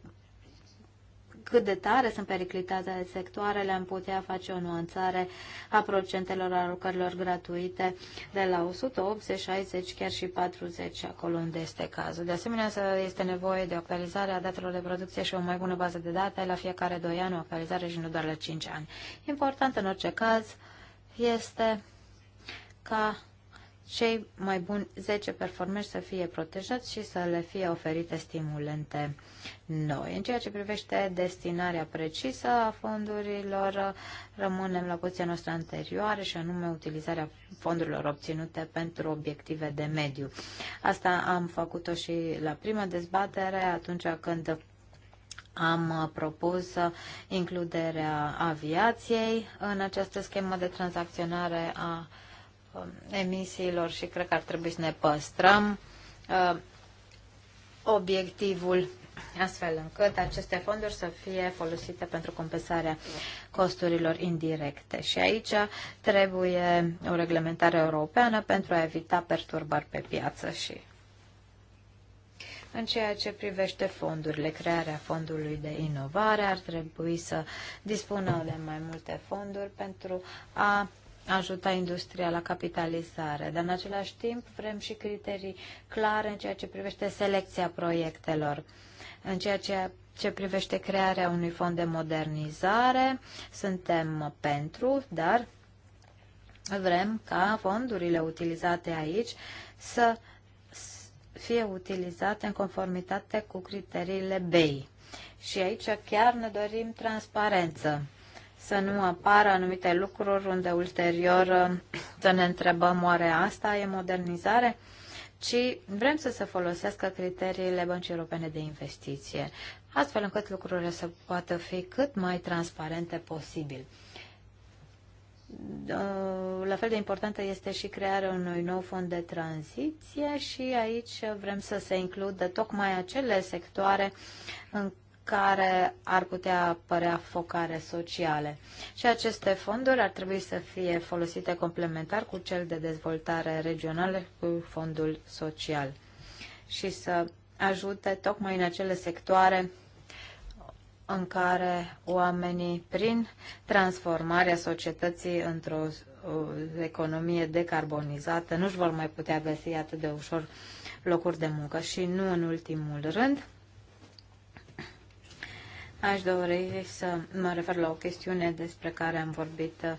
cât de tare sunt periclitate sectoarele, am putea face o nuanțare a procentelor alocărilor gratuite de la 180, 60, chiar și 40, acolo unde este cazul. De asemenea, este nevoie de actualizare a datelor de producție și o mai bună bază de date la fiecare 2 ani, o actualizare și nu doar la 5 ani. Important în orice caz este ca cei mai buni 10 performeri să fie protejați și să le fie oferite stimulente noi. În ceea ce privește destinarea precisă a fondurilor, rămânem la poziția noastră anterioară și anume utilizarea fondurilor obținute pentru obiective de mediu. Asta am făcut-o și la prima dezbatere, atunci când am propus includerea aviației în această schemă de tranzacționare a emisiilor și cred că ar trebui să ne păstrăm uh, obiectivul astfel încât aceste fonduri să fie folosite pentru compensarea costurilor indirecte. Și aici trebuie o reglementare europeană pentru a evita perturbări pe piață și în ceea ce privește fondurile, crearea fondului de inovare ar trebui să dispună de mai multe fonduri pentru a ajuta industria la capitalizare, dar în același timp vrem și criterii clare în ceea ce privește selecția proiectelor, în ceea ce, ce privește crearea unui fond de modernizare, suntem pentru, dar vrem ca fondurile utilizate aici să fie utilizate în conformitate cu criteriile BEI. Și aici chiar ne dorim transparență să nu apară anumite lucruri unde ulterior să ne întrebăm oare asta e modernizare, ci vrem să se folosească criteriile Băncii Europene de Investiție, astfel încât lucrurile să poată fi cât mai transparente posibil. La fel de importantă este și crearea unui nou fond de tranziție și aici vrem să se includă tocmai acele sectoare în care ar putea părea focare sociale. Și aceste fonduri ar trebui să fie folosite complementar cu cel de dezvoltare regională și cu fondul social și să ajute tocmai în acele sectoare în care oamenii, prin transformarea societății într-o economie decarbonizată, nu-și vor mai putea găsi atât de ușor locuri de muncă. Și nu în ultimul rând, Aș dori să mă refer la o chestiune despre care am vorbit uh,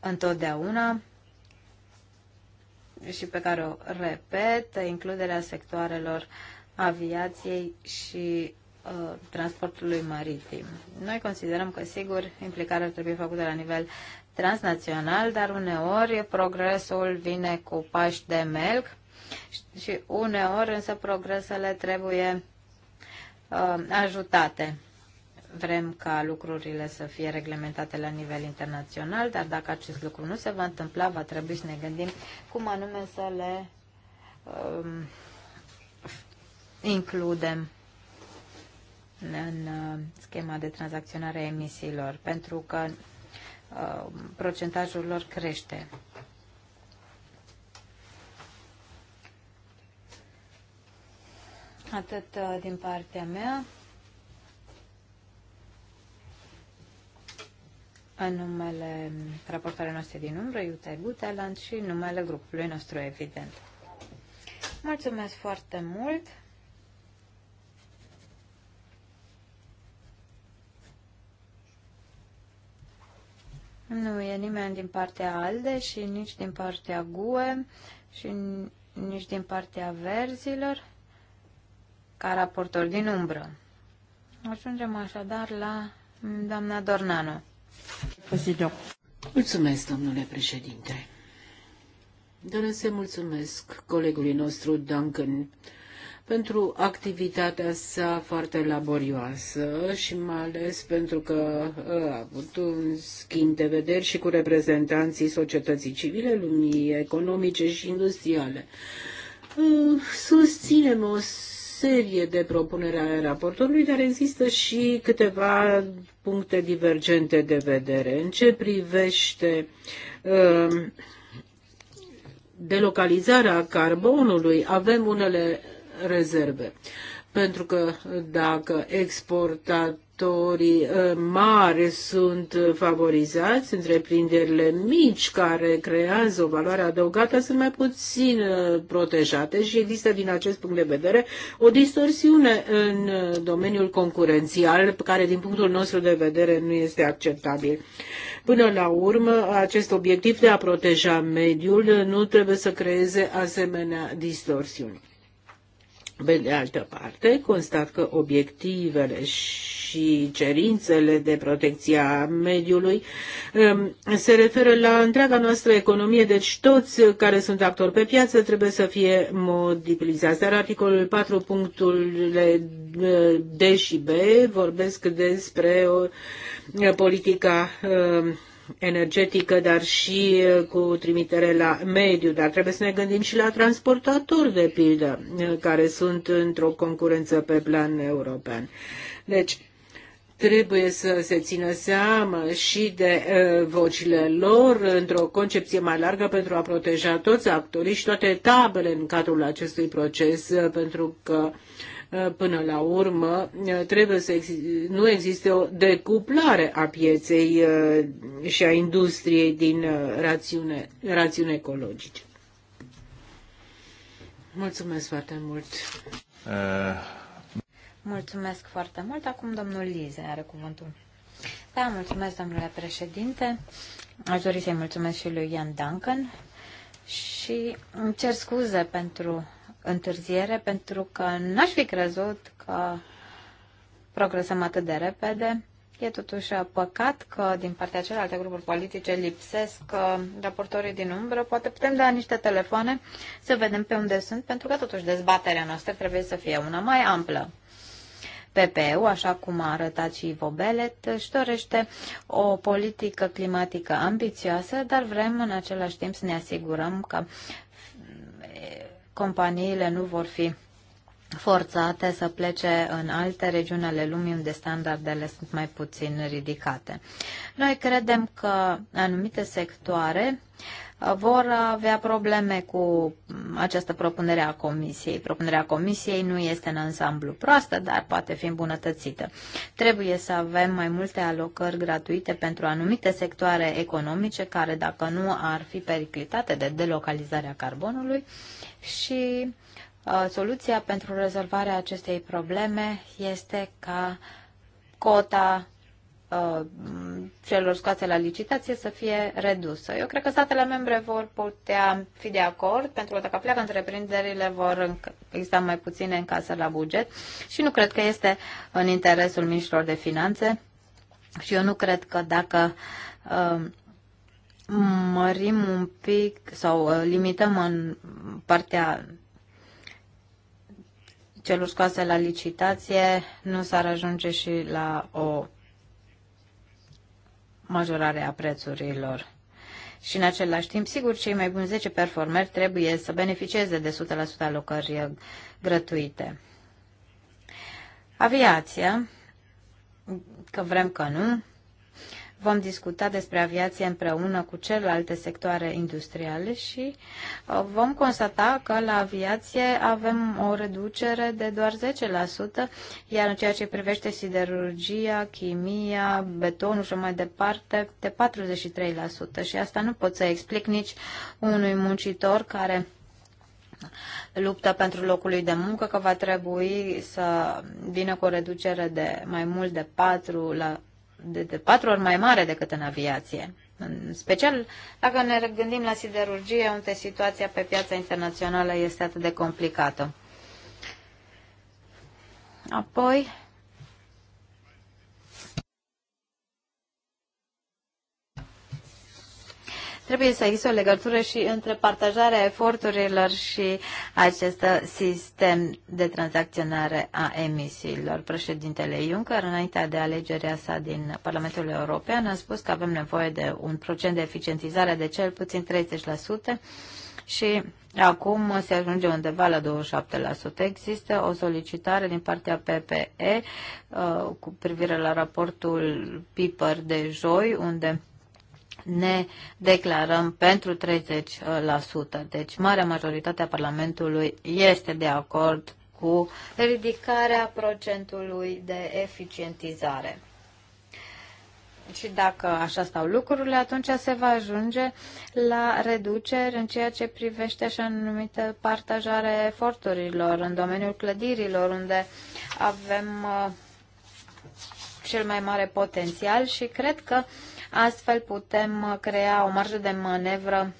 întotdeauna și pe care o repet, includerea sectoarelor aviației și uh, transportului maritim. Noi considerăm că, sigur, implicarea trebuie făcută la nivel transnațional, dar uneori progresul vine cu pași de melc și uneori însă progresele trebuie uh, ajutate. Vrem ca lucrurile să fie reglementate la nivel internațional, dar dacă acest lucru nu se va întâmpla, va trebui să ne gândim cum anume să le um, includem în uh, schema de tranzacționare a emisiilor, pentru că uh, procentajul lor crește. Atât uh, din partea mea. în numele raportarea noastră din umbră, Iuta Guteland, și în numele grupului nostru, evident. Mulțumesc foarte mult! Nu e nimeni din partea ALDE și nici din partea GUE și nici din partea verzilor ca raportor din umbră. Ajungem așadar la doamna Dornanu. Mulțumesc, domnule președinte. Doresc să mulțumesc colegului nostru Duncan pentru activitatea sa foarte laborioasă și mai ales pentru că uh, a avut un schimb de vederi și cu reprezentanții societății civile, lumii economice și industriale. Uh, susținem o serie de propuneri ale raportorului, dar există și câteva puncte divergente de vedere. În ce privește um, delocalizarea carbonului, avem unele rezerve pentru că dacă exportat actorii uh, mari sunt favorizați, întreprinderile mici care creează o valoare adăugată sunt mai puțin uh, protejate și există din acest punct de vedere o distorsiune în uh, domeniul concurențial care din punctul nostru de vedere nu este acceptabil. Până la urmă, acest obiectiv de a proteja mediul nu trebuie să creeze asemenea distorsiuni. Pe de altă parte, constat că obiectivele și cerințele de protecție a mediului um, se referă la întreaga noastră economie, deci toți care sunt actori pe piață trebuie să fie mobilizați. Dar articolul 4, punctul uh, D și B vorbesc despre o uh, politica um, energetică, dar și uh, cu trimitere la mediu, dar trebuie să ne gândim și la transportatori, de pildă, uh, care sunt într-o concurență pe plan european. Deci, trebuie să se țină seama și de uh, vocile lor într-o concepție mai largă pentru a proteja toți actorii și toate etapele în cadrul acestui proces, uh, pentru că uh, Eh, până la urmă, eh, trebuie să exi- nu existe o decuplare a pieței eh, și a industriei din rațiune, rațiune ecologice. Mulțumesc foarte mult. Mulțumesc foarte mult. Acum domnul Lize are cuvântul. Da, mulțumesc, domnule președinte. Aș dori să-i mulțumesc și lui Ian Duncan și îmi cer scuze pentru întârziere pentru că n-aș fi crezut că progresăm atât de repede. E totuși păcat că din partea celelalte grupuri politice lipsesc uh, raportorii din umbră. Poate putem da niște telefoane să vedem pe unde sunt, pentru că totuși dezbaterea noastră trebuie să fie una mai amplă. PPU, așa cum a arătat și Ivo Belet, își dorește o politică climatică ambițioasă, dar vrem în același timp să ne asigurăm că companiile nu vor fi forțate să plece în alte regiuni ale lumii unde standardele sunt mai puțin ridicate. Noi credem că anumite sectoare uh, vor avea probleme cu această propunere a Comisiei. Propunerea Comisiei nu este în ansamblu proastă, dar poate fi îmbunătățită. Trebuie să avem mai multe alocări gratuite pentru anumite sectoare economice care, dacă nu ar fi periclitate de delocalizarea carbonului, și uh, soluția pentru rezolvarea acestei probleme este ca cota uh, celor scoase la licitație să fie redusă. Eu cred că statele membre vor putea fi de acord, pentru că dacă pleacă întreprinderile, vor exista mai puține în casă la buget și nu cred că este în interesul miștilor de finanțe și eu nu cred că dacă uh, mărim un pic sau uh, limităm în partea celor scoase la licitație, nu s-ar ajunge și la o majorare a prețurilor. Și în același timp, sigur, cei mai buni 10 performeri trebuie să beneficieze de 100% alocări uh, gratuite. Aviația, că vrem că nu, vom discuta despre aviație împreună cu celelalte sectoare industriale și uh, vom constata că la aviație avem o reducere de doar 10%, iar în ceea ce privește siderurgia, chimia, betonul și mai departe, de 43%. Și asta nu pot să explic nici unui muncitor care luptă pentru locul lui de muncă, că va trebui să vină cu o reducere de mai mult de 4 la de, de patru ori mai mare decât în aviație. În special dacă ne gândim la siderurgie, unde situația pe piața internațională este atât de complicată. Apoi, Trebuie să există o legătură și între partajarea eforturilor și acest sistem de tranzacționare a emisiilor. Președintele Juncker, înaintea de alegerea sa din Parlamentul European, a spus că avem nevoie de un procent de eficientizare de cel puțin 30% și acum se ajunge undeva la 27%. Există o solicitare din partea PPE uh, cu privire la raportul PIPER de joi, unde ne declarăm pentru 30%. Deci, marea majoritate a Parlamentului este de acord cu ridicarea procentului de eficientizare. Și dacă așa stau lucrurile, atunci se va ajunge la reduceri în ceea ce privește așa numită partajare eforturilor în domeniul clădirilor, unde avem uh, cel mai mare potențial și cred că uh, Astfel putem crea o marjă de manevră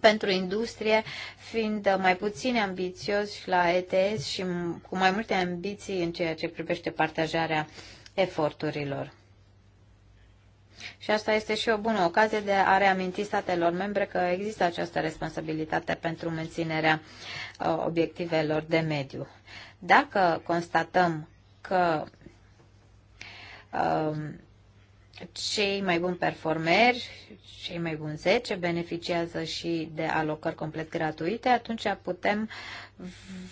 pentru industrie, fiind mai puțin ambițioși la ETS și cu mai multe ambiții în ceea ce privește partajarea eforturilor. Și asta este și o bună ocazie de a reaminti statelor membre că există această responsabilitate pentru menținerea uh, obiectivelor de mediu. Dacă constatăm că um, cei mai buni performeri, cei mai buni 10, beneficiază și de alocări complet gratuite, atunci putem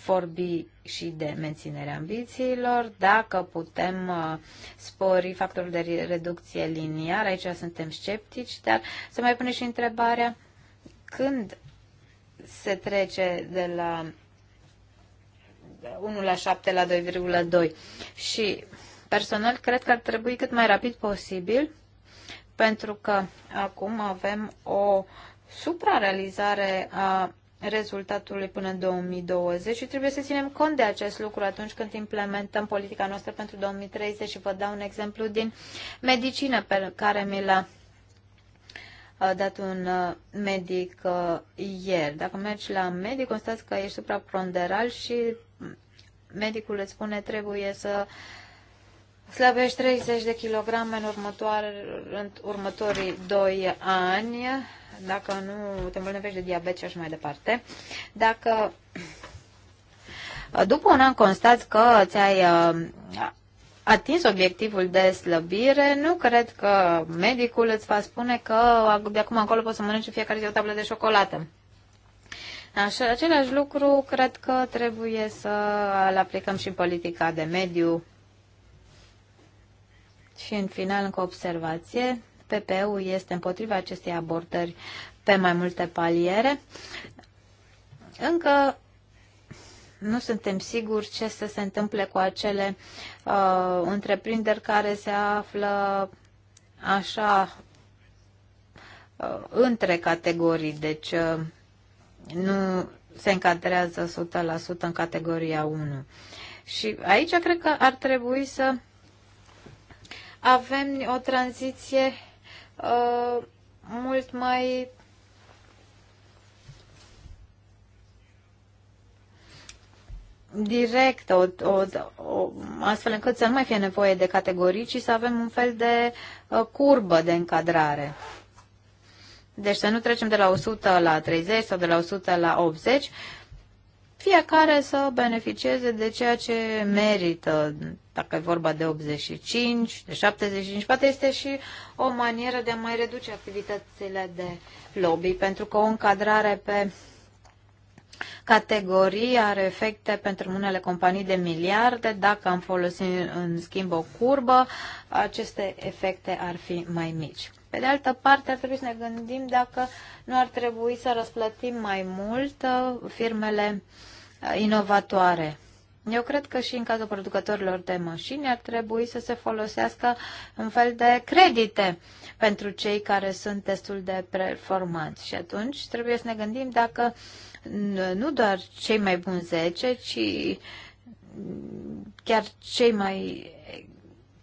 vorbi și de menținerea ambițiilor, dacă putem uh, spori factorul de reducție liniar, aici suntem sceptici, dar se mai pune și întrebarea când se trece de la 1 la 7 la 2,2 și Personal, cred că ar trebui cât mai rapid posibil, pentru că acum avem o suprarealizare a rezultatului până în 2020 și trebuie să ținem cont de acest lucru atunci când implementăm politica noastră pentru 2030 și vă dau un exemplu din medicină pe care mi l-a uh, dat un uh, medic uh, ieri. Dacă mergi la medic, constați că ești supraponderal și mm, medicul îți spune trebuie să uh, slăbești 30 de kilograme în, următoare, în următorii 2 ani, dacă nu te îmbolnăvești de diabet și așa mai departe. Dacă după un an constați că ți-ai uh, atins obiectivul de slăbire, nu cred că medicul îți va spune că de acum încolo poți să mănânci în fiecare zi o tablă de ciocolată. Așa, același lucru cred că trebuie să-l aplicăm și în politica de mediu și în final, încă o observație, PPU este împotriva acestei abordări pe mai multe paliere. Încă nu suntem siguri ce să se întâmple cu acele uh, întreprinderi care se află așa uh, între categorii, deci uh, nu se încadrează 100% în categoria 1. Și aici cred că ar trebui să avem o tranziție uh, mult mai direct, o, o, o, astfel încât să nu mai fie nevoie de categorii, ci să avem un fel de uh, curbă de încadrare. Deci să nu trecem de la 100 la 30 sau de la 100 la 80, fiecare să beneficieze de ceea ce merită, dacă e vorba de 85, de 75, poate este și o manieră de a mai reduce activitățile de lobby, pentru că o încadrare pe categorie are efecte pentru unele companii de miliarde. Dacă am folosit în schimb o curbă, aceste efecte ar fi mai mici. Pe de altă parte, ar trebui să ne gândim dacă nu ar trebui să răsplătim mai mult uh, firmele uh, inovatoare. Eu cred că și în cazul producătorilor de mașini ar trebui să se folosească un fel de credite pentru cei care sunt destul de performanți. Și atunci trebuie să ne gândim dacă nu doar cei mai buni 10, ci chiar cei mai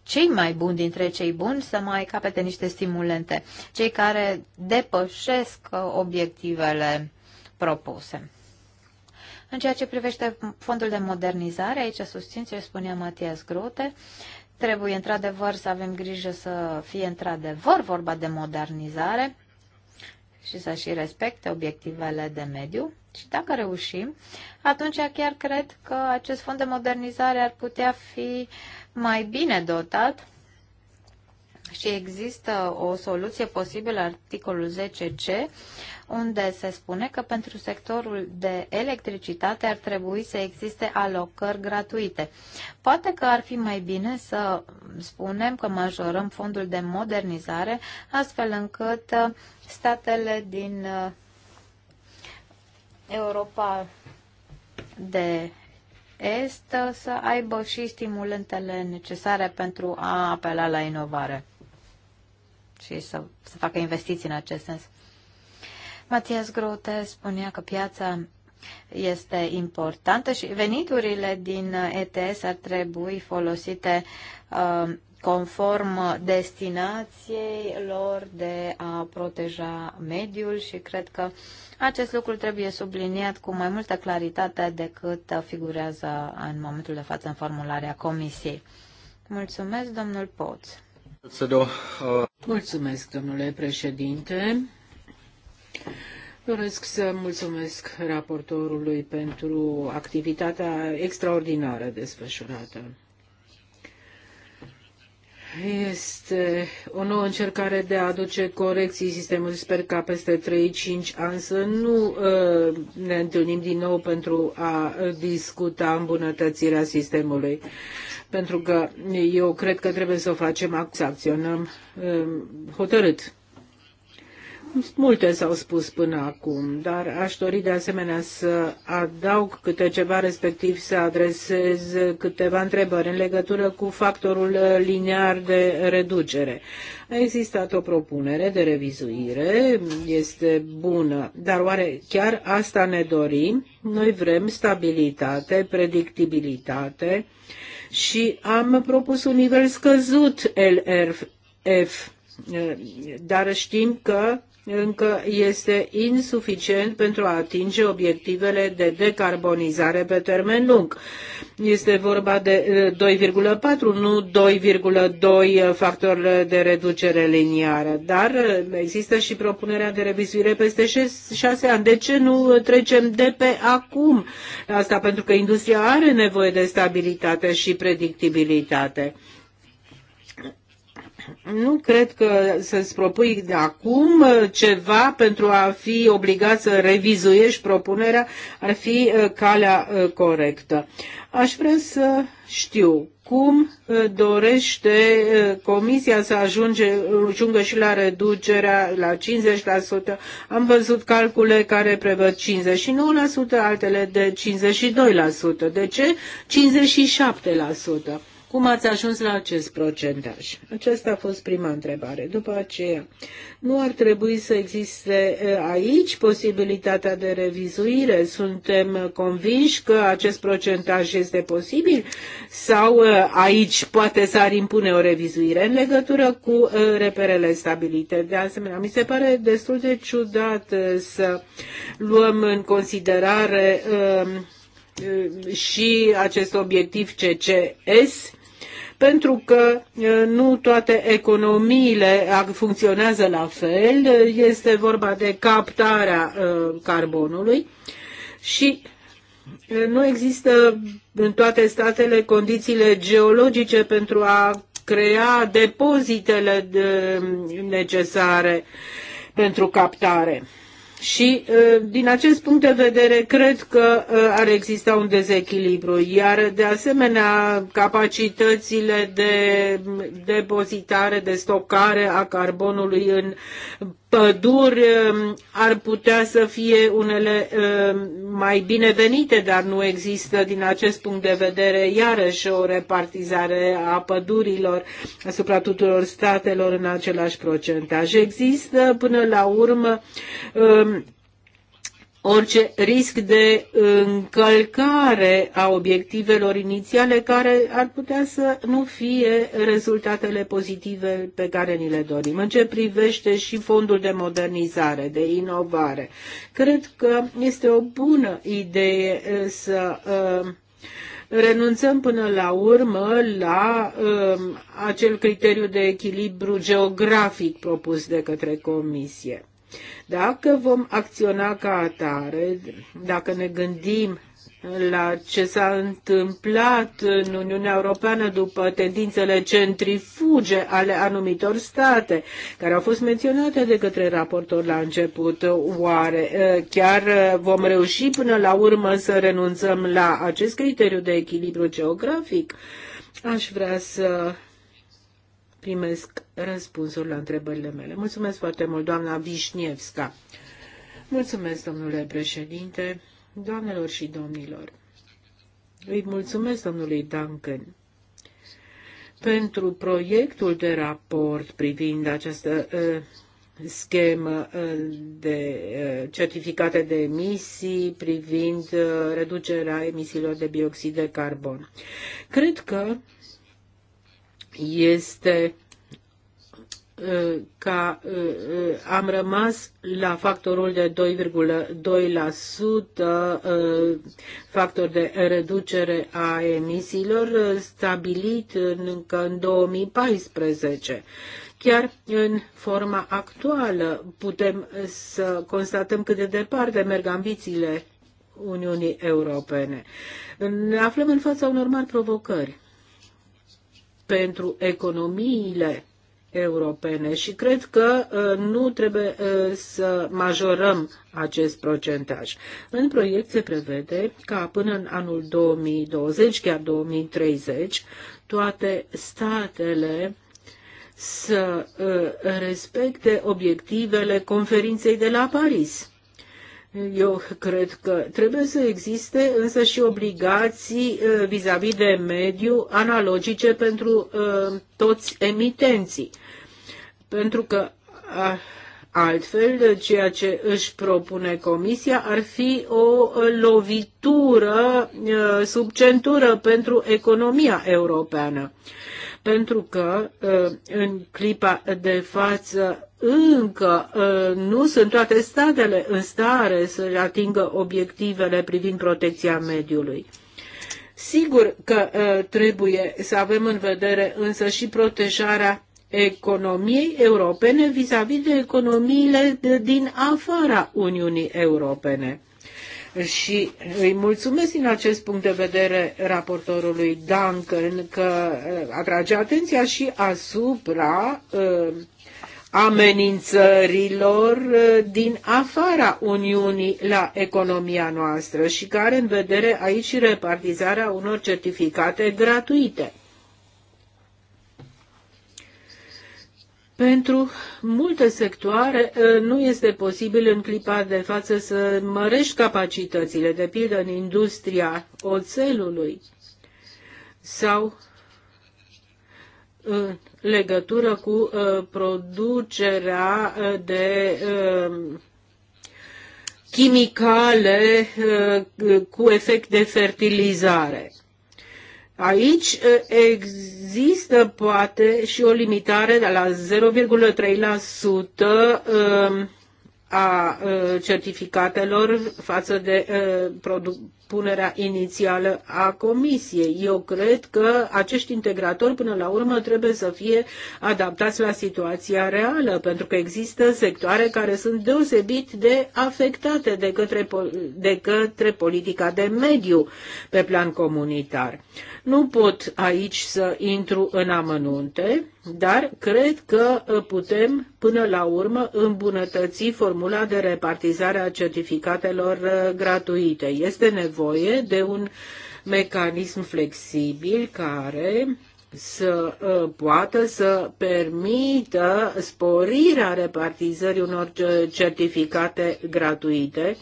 cei mai buni dintre cei buni să mai capete niște stimulente, cei care depășesc obiectivele propuse. În ceea ce privește fondul de modernizare, aici susțin ce spunea Matias Grote, trebuie într-adevăr să avem grijă să fie într-adevăr vorba de modernizare și să și respecte obiectivele de mediu. Și dacă reușim, atunci chiar cred că acest fond de modernizare ar putea fi mai bine dotat și există o soluție posibilă, articolul 10c, unde se spune că pentru sectorul de electricitate ar trebui să existe alocări gratuite. Poate că ar fi mai bine să spunem că majorăm fondul de modernizare, astfel încât uh, statele din uh, Europa de Est să aibă și stimulentele necesare pentru a apela la inovare și să, să facă investiții în acest sens. Matias Grote spunea că piața este importantă și veniturile din ETS ar trebui folosite uh, conform destinației lor de a proteja mediul și cred că acest lucru trebuie subliniat cu mai multă claritate decât figurează în momentul de față în formularea comisiei. Mulțumesc, domnul Poț. Eh, mulțumesc, domnule președinte. Doresc să mulțumesc raportorului pentru activitatea extraordinară desfășurată. Este o nouă încercare de a aduce corecții sistemului. Sper ca peste 3-5 ani să nu eh, ne întâlnim din nou pentru a eh, discuta îmbunătățirea sistemului pentru că eu cred că trebuie să o facem, să acționăm um, hotărât. Multe s-au spus până acum, dar aș dori de asemenea să adaug câte ceva, respectiv să adresez câteva întrebări în legătură cu factorul linear de reducere. A existat o propunere de revizuire, este bună, dar oare chiar asta ne dorim? Noi vrem stabilitate, predictibilitate și am propus un nivel scăzut LRF, dar știm că încă este insuficient pentru a atinge obiectivele de decarbonizare pe termen lung. Este vorba de 2,4, nu 2,2 factor de reducere liniară, dar există și propunerea de revizuire peste 6 ani. De ce nu trecem de pe acum? Asta pentru că industria are nevoie de stabilitate și predictibilitate nu cred că să-ți propui de acum ceva pentru a fi obligat să revizuiești propunerea ar fi uh, calea uh, corectă. Aș vrea să știu cum uh, dorește Comisia să ajunge, ajungă și la reducerea la 50%. Am văzut calcule care prevăd 59%, altele de 52%. De ce? 57%. Cum ați ajuns la acest procentaj? Aceasta a fost prima întrebare. După aceea, nu ar trebui să existe aici posibilitatea de revizuire? Suntem convinși că acest procentaj este posibil sau aici poate s-ar impune o revizuire în legătură cu reperele stabilite? De asemenea, mi se pare destul de ciudat să luăm în considerare și acest obiectiv CCS pentru că nu toate economiile funcționează la fel, este vorba de captarea carbonului și nu există în toate statele condițiile geologice pentru a crea depozitele necesare pentru captare. Și din acest punct de vedere, cred că ar exista un dezechilibru, iar de asemenea capacitățile de depozitare, de stocare a carbonului în păduri um, ar putea să fie unele um, mai binevenite, dar nu există din acest punct de vedere iarăși o repartizare a pădurilor asupra tuturor statelor în același procentaj. Există până la urmă um, orice risc de încălcare a obiectivelor inițiale care ar putea să nu fie rezultatele pozitive pe care ni le dorim. În ce privește și fondul de modernizare, de inovare, cred că este o bună idee eh, să eh, renunțăm până la urmă la eh, acel criteriu de echilibru geografic propus de către Comisie. Dacă vom acționa ca atare, dacă ne gândim la ce s-a întâmplat în Uniunea Europeană după tendințele centrifuge ale anumitor state, care au fost menționate de către raportor la început. Oare chiar vom reuși până la urmă să renunțăm la acest criteriu de echilibru geografic? Aș vrea să primesc răspunsuri la întrebările mele. Mulțumesc foarte mult, doamna Vișnievska. Mulțumesc, domnule președinte, doamnelor și domnilor. Îi mulțumesc domnului Duncan pentru proiectul de raport privind această uh, schemă uh, de uh, certificate de emisii privind uh, reducerea emisiilor de bioxid de carbon. Cred că este Uh, ca uh, uh, am rămas la factorul de 2,2% factor de reducere a emisiilor stabilit încă în 2014. Chiar în forma actuală putem să constatăm cât de departe merg ambițiile Uniunii Europene. Ne aflăm în fața unor mari provocări pentru economiile europene și cred că uh, nu trebuie uh, să majorăm acest procentaj. În proiect se prevede ca până în anul 2020, chiar 2030, toate statele să uh, respecte obiectivele conferinței de la Paris. Eu cred că trebuie să existe însă și obligații uh, vis-a-vis -vis de mediu analogice pentru uh, toți emitenții. Pentru că uh, altfel ceea ce își propune Comisia ar fi o lovitură sub centură pentru economia europeană pentru că ă, în clipa de față încă ă, nu sunt toate statele în stare să atingă obiectivele privind protecția mediului. Sigur că ă, trebuie să avem în vedere însă și protejarea economiei europene vis-a-vis -vis de economiile din afara Uniunii Europene și îi mulțumesc din acest punct de vedere raportorului Duncan că uh, atrage atenția și asupra uh, amenințărilor uh, din afara Uniunii la economia noastră și care în vedere aici repartizarea unor certificate gratuite. Pentru multe sectoare nu este posibil în clipa de față să mărești capacitățile, de pildă în industria oțelului sau în legătură cu producerea de chimicale cu efect de fertilizare. Aici există poate și o limitare de la 0,3% a certificatelor față de produ- propunerea inițială a Comisiei. Eu cred că acești integratori, până la urmă, trebuie să fie adaptați la situația reală, pentru că există sectoare care sunt deosebit de afectate de către, de către politica de mediu pe plan comunitar. Nu pot aici să intru în amănunte, dar cred că putem până la urmă îmbunătăți formula de repartizare a certificatelor uh, gratuite. Este nevoie nevoie de un mecanism flexibil care să uh, poată să permită sporirea repartizării unor certificate gratuite.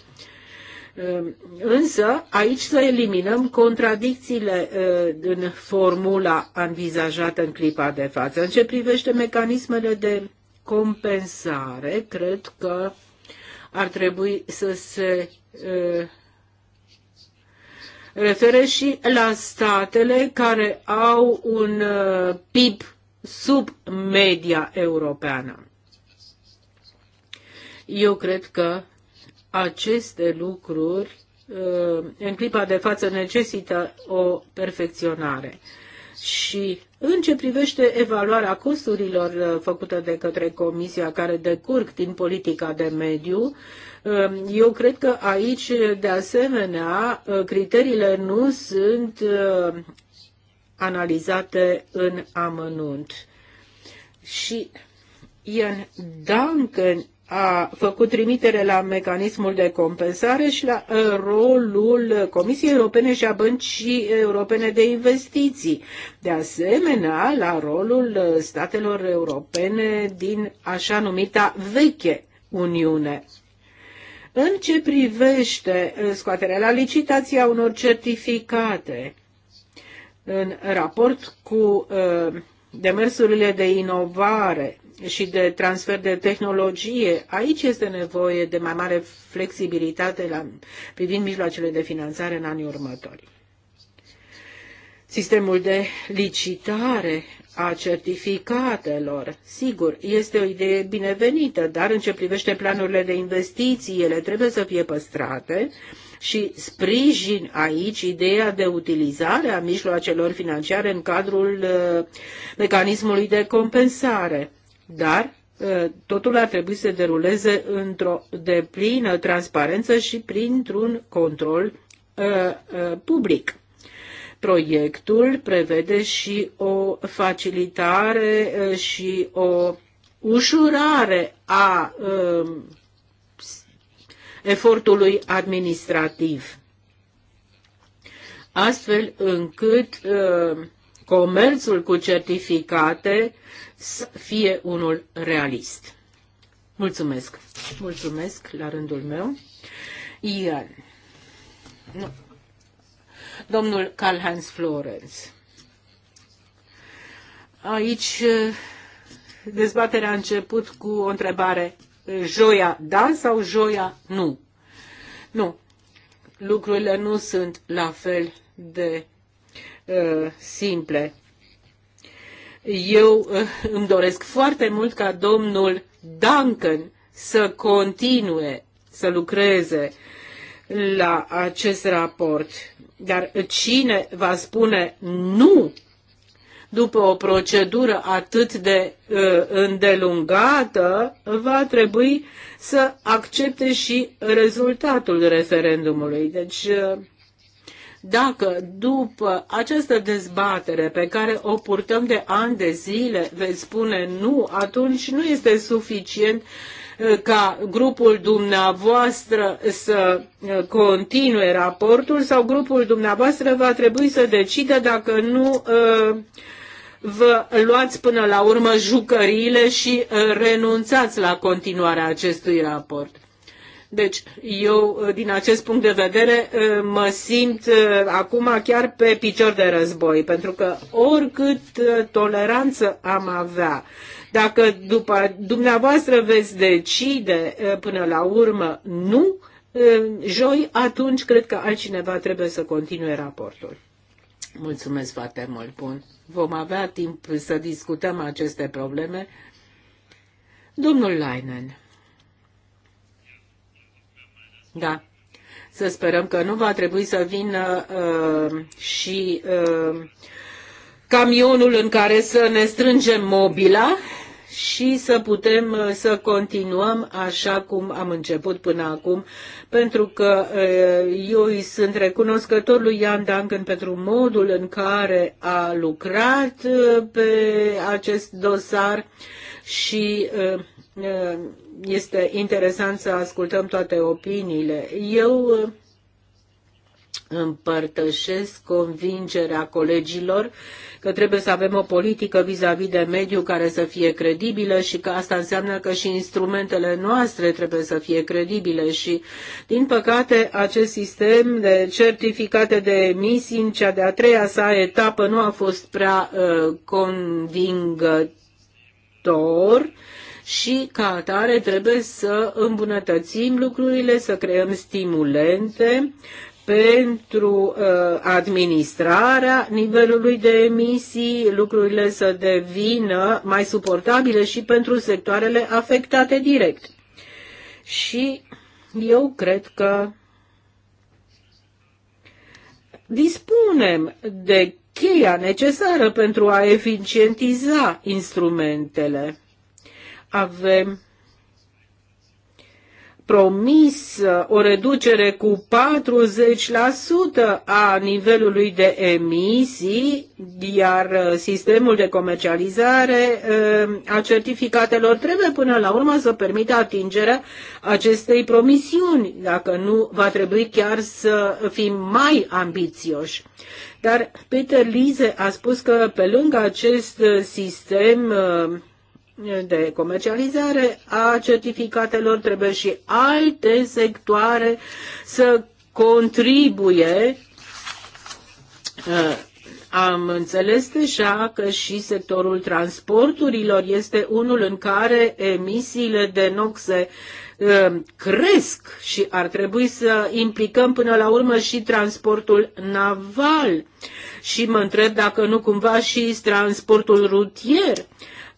Uh, însă, aici să eliminăm contradicțiile uh, în formula anvizajată în clipa de față. În ce privește mecanismele de compensare, cred că ar trebui să se uh, referă și la statele care au un uh, PIB sub media europeană. Eu cred că aceste lucruri uh, în clipa de față necesită o perfecționare. Și în ce privește evaluarea costurilor uh, făcută de către Comisia care decurg din politica de mediu, Ehm, eu cred că aici, de asemenea, eh, criteriile nu sunt eh, analizate în amănunt. Și Ian Duncan a făcut trimitere la mecanismul de compensare și la eh, rolul Comisiei Europene și a Băncii Europene de Investiții. De asemenea, la rolul statelor europene din așa numita veche Uniune. În ce privește uh, scoaterea la licitația unor certificate în raport cu uh, demersurile de inovare și de transfer de tehnologie, aici este nevoie de mai mare flexibilitate la, privind mijloacele de finanțare în anii următori sistemul de licitare a certificatelor. Sigur, este o idee binevenită, dar în ce privește planurile de investiții, ele trebuie să fie păstrate și sprijin aici ideea de utilizare a mijloacelor financiare în cadrul uh, mecanismului de compensare. Dar uh, totul ar trebui să deruleze într-o deplină transparență și printr-un control uh, public. Proiectul prevede și o facilitare eh, și o ușurare a eh, efortului administrativ, astfel încât eh, comerțul cu certificate să fie unul realist. Mulțumesc. Mulțumesc la rândul meu. Ian. Nu domnul Karl-Heinz Florenz. Aici dezbaterea a început cu o întrebare. Joia da sau joia nu? Nu. Lucrurile nu sunt la fel de uh, simple. Eu uh, îmi doresc foarte mult ca domnul Duncan să continue să lucreze uh, la acest raport. Dar cine va spune nu după o procedură atât de uh, îndelungată, va trebui să accepte și rezultatul referendumului. Deci, uh, dacă după această dezbatere pe care o purtăm de ani de zile veți spune nu, atunci nu este suficient uh, ca grupul dumneavoastră să uh, continue raportul sau grupul dumneavoastră va trebui să decidă dacă nu uh, vă luați până la urmă jucăriile și uh, renunțați la continuarea acestui raport. Deci, eu, din acest punct de vedere, mă simt acum chiar pe picior de război, pentru că oricât toleranță am avea dacă după dumneavoastră veți decide eh, până la urmă nu, eh, joi, atunci cred că altcineva trebuie să continue raportul. Mulțumesc foarte mult, bun. Vom avea timp să discutăm aceste probleme. Domnul Leinen. Da. Să sperăm că nu va trebui să vină uh, și uh, camionul în care să ne strângem mobila și să putem uh, să continuăm așa cum am început până acum, pentru că uh, eu îi sunt recunoscător lui Ian Duncan pentru modul în care a lucrat uh, pe acest dosar și este interesant să ascultăm toate opiniile. Eu Împărtășesc convingerea colegilor că trebuie să avem o politică vis-a-vis -vis de mediu care să fie credibilă și că asta înseamnă că și instrumentele noastre trebuie să fie credibile și, din păcate, acest sistem de certificate de emisii în cea de-a treia sa etapă nu a fost prea uh, convingător și ca atare trebuie să îmbunătățim lucrurile, să creăm stimulente pentru uh, administrarea nivelului de emisii, lucrurile să devină mai suportabile și pentru sectoarele afectate direct. Și eu cred că dispunem de cheia necesară pentru a eficientiza instrumentele. Avem promis uh, o reducere cu 40% a nivelului de emisii, iar uh, sistemul de comercializare uh, a certificatelor trebuie până la urmă să permită atingerea acestei promisiuni, dacă nu va trebui chiar să fim mai ambițioși. Dar Peter Lise a spus că pe lângă acest sistem de comercializare a certificatelor, trebuie și alte sectoare să contribuie. Uh, am înțeles deja că și sectorul transporturilor este unul în care emisiile de noxe uh, cresc și ar trebui să implicăm până la urmă și transportul naval. Și mă întreb dacă nu cumva și transportul rutier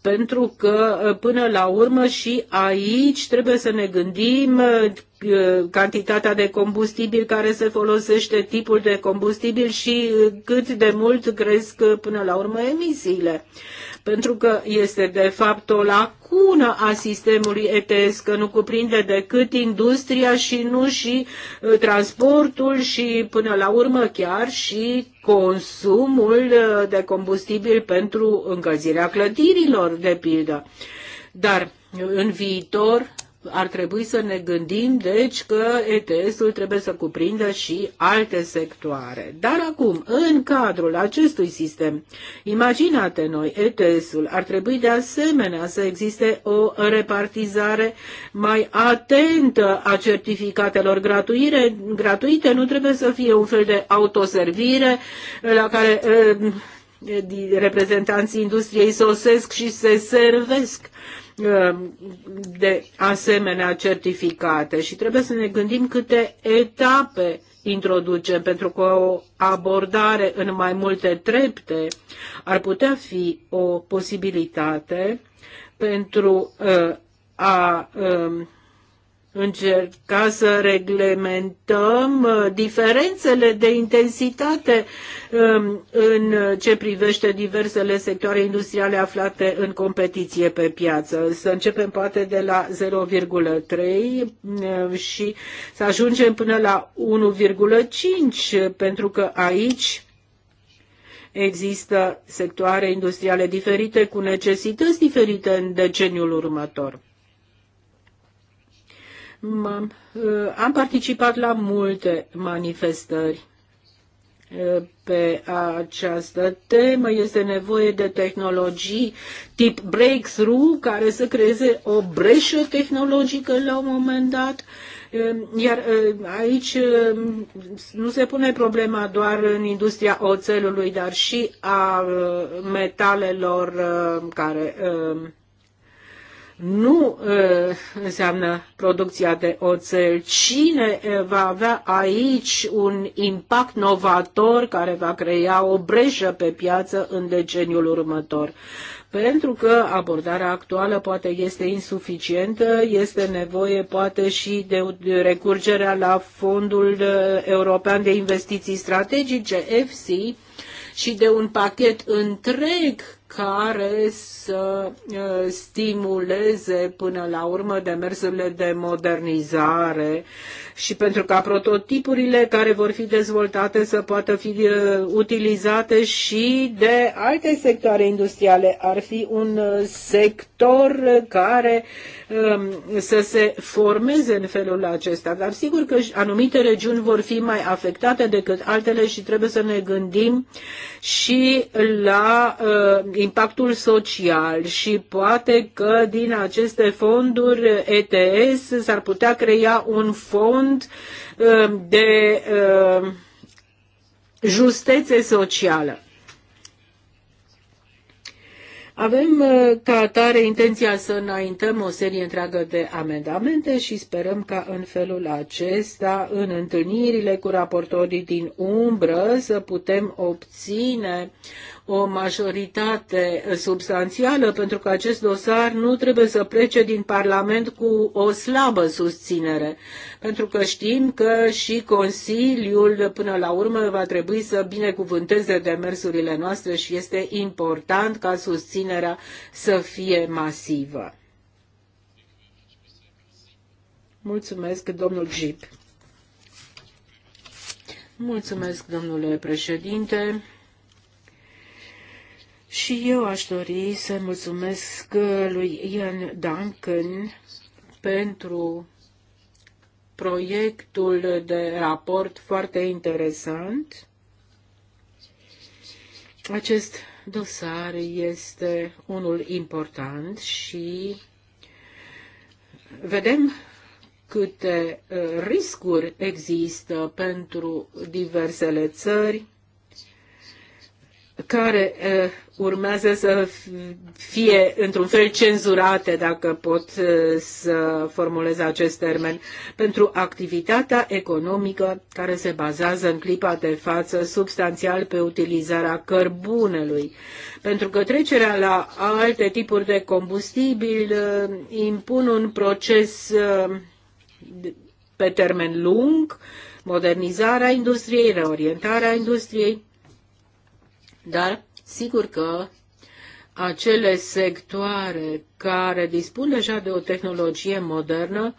pentru că uh, până la urmă și aici trebuie să ne gândim uh, uh, cantitatea de combustibil care se folosește, tipul de combustibil și cât de mult cresc până la urmă emisiile pentru că este de fapt o lacună a sistemului ETS, că nu cuprinde decât industria și nu și uh, transportul și până la urmă chiar și consumul uh, de combustibil pentru încălzirea clădirilor, de pildă. Dar în viitor ar trebui să ne gândim, deci, că ETS-ul trebuie să cuprindă și alte sectoare. Dar acum, în cadrul acestui sistem, imaginate noi, ETS-ul ar trebui de asemenea să existe o repartizare mai atentă a certificatelor gratuire, gratuite. Nu trebuie să fie un fel de autoservire la care reprezentanții industriei sosesc și se servesc uh, de asemenea certificate și trebuie să ne gândim câte etape introducem, pentru că o abordare în mai multe trepte ar putea fi o posibilitate pentru uh, a um, încerca să reglementăm uh, diferențele de intensitate um, în ce privește diversele sectoare industriale aflate în competiție pe piață. Să începem poate de la 0,3 uh, și să ajungem până la 1,5 pentru că aici există sectoare industriale diferite cu necesități diferite în deceniul următor am uh, am participat la multe manifestări uh, pe această temă. Este nevoie de tehnologii tip breakthrough care să creeze o breșă tehnologică la un moment dat. Uh, iar aici nu se pune problema doar în industria oțelului, dar și a metalelor care nu înseamnă producția de oțel. Cine va avea aici un impact novator care va crea o brejă pe piață în deceniul următor? Pentru că abordarea actuală poate este insuficientă, este nevoie poate și de recurgerea la Fondul European de Investiții Strategice, EFSI, și de un pachet întreg care să stimuleze până la urmă demersurile de modernizare și pentru ca prototipurile care vor fi dezvoltate să poată fi utilizate și de alte sectoare industriale. Ar fi un sector care să se formeze în felul acesta, dar sigur că anumite regiuni vor fi mai afectate decât altele și trebuie să ne gândim și la impactul social și poate că din aceste fonduri ETS s-ar putea crea un fond uh, de uh, justețe socială. Avem uh, ca atare intenția să înaintăm o serie întreagă de amendamente și sperăm ca în felul acesta, în întâlnirile cu raportorii din umbră, să putem obține o majoritate substanțială, pentru că acest dosar nu trebuie să plece din Parlament cu o slabă susținere, pentru că știm că și Consiliul până la urmă va trebui să binecuvânteze demersurile noastre și este important ca susținerea să fie masivă. Mulțumesc, domnul Gip. Mulțumesc, domnule președinte. Și eu aș dori să mulțumesc uh, lui Ian Duncan pentru proiectul de raport foarte interesant. Acest dosar este unul important și vedem câte uh, riscuri există pentru diversele țări care eh, urmează să fie într-un fel cenzurate, dacă pot eh, să formulez acest termen, pentru activitatea economică care se bazează în clipa de față substanțial pe utilizarea cărbunelui. Pentru că trecerea la alte tipuri de combustibil eh, impun un proces pe termen lung, modernizarea industriei, reorientarea industriei, dar sigur că acele sectoare care dispun deja de o tehnologie modernă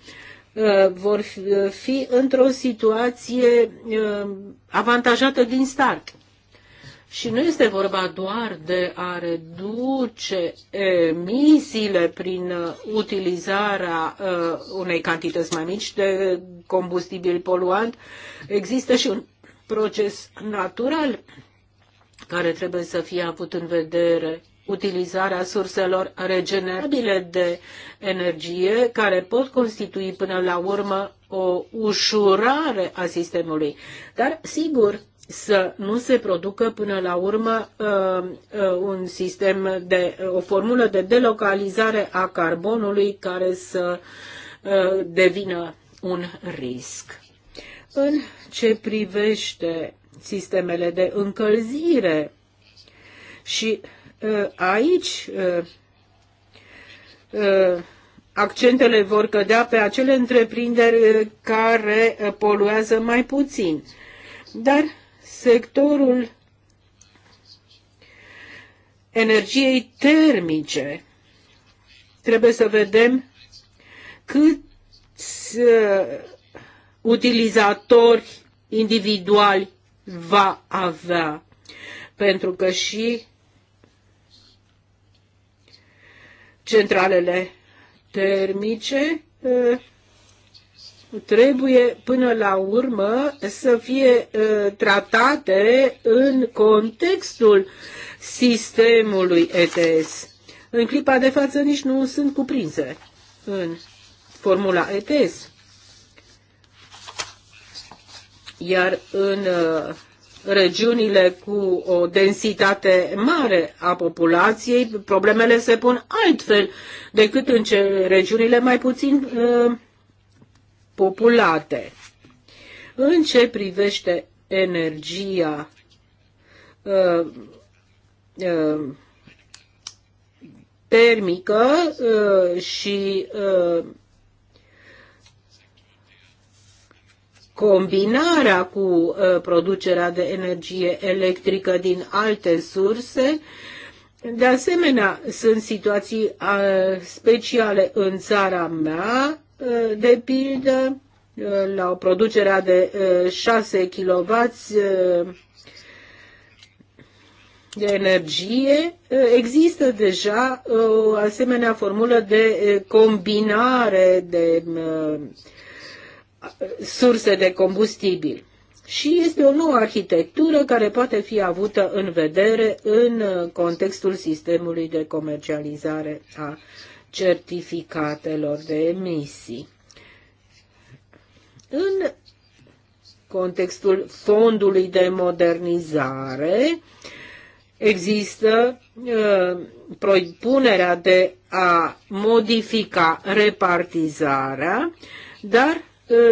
uh, vor uh, fi într-o situație uh, avantajată din start. Și nu este vorba doar de a reduce emisiile prin utilizarea unei cantități mai mici de combustibil poluant. Există și un proces natural care trebuie să fie avut în vedere utilizarea surselor regenerabile de energie, care pot constitui până la urmă o ușurare a sistemului. Dar, sigur, să nu se producă până la urmă uh, uh, un sistem de o formulă de delocalizare a carbonului care să uh, devină un risc. În ce privește sistemele de încălzire. Și uh, aici uh, uh, accentele vor cădea pe acele întreprinderi care poluează mai puțin. Dar sectorul energiei termice trebuie să vedem câți utilizatori individuali va avea. Pentru că și centralele termice trebuie până la urmă să fie tratate în contextul sistemului ETS. În clipa de față nici nu sunt cuprinse în formula ETS. iar în uh, regiunile cu o densitate mare a populației, problemele se pun altfel decât în ce, regiunile mai puțin uh, populate. În ce privește energia, uh, uh termică și uh, combinarea cu uh, producerea de energie electrică din alte surse. De asemenea, sunt situații uh, speciale în țara mea, uh, de pildă, la o producerea de 6 kW de energie, există deja o asemenea formulă de combinare de surse de combustibil. Și este o nouă arhitectură care poate fi avută în vedere în uh, contextul sistemului de comercializare a certificatelor de emisii. În contextul fondului de modernizare, există uh, propunerea de a modifica repartizarea, dar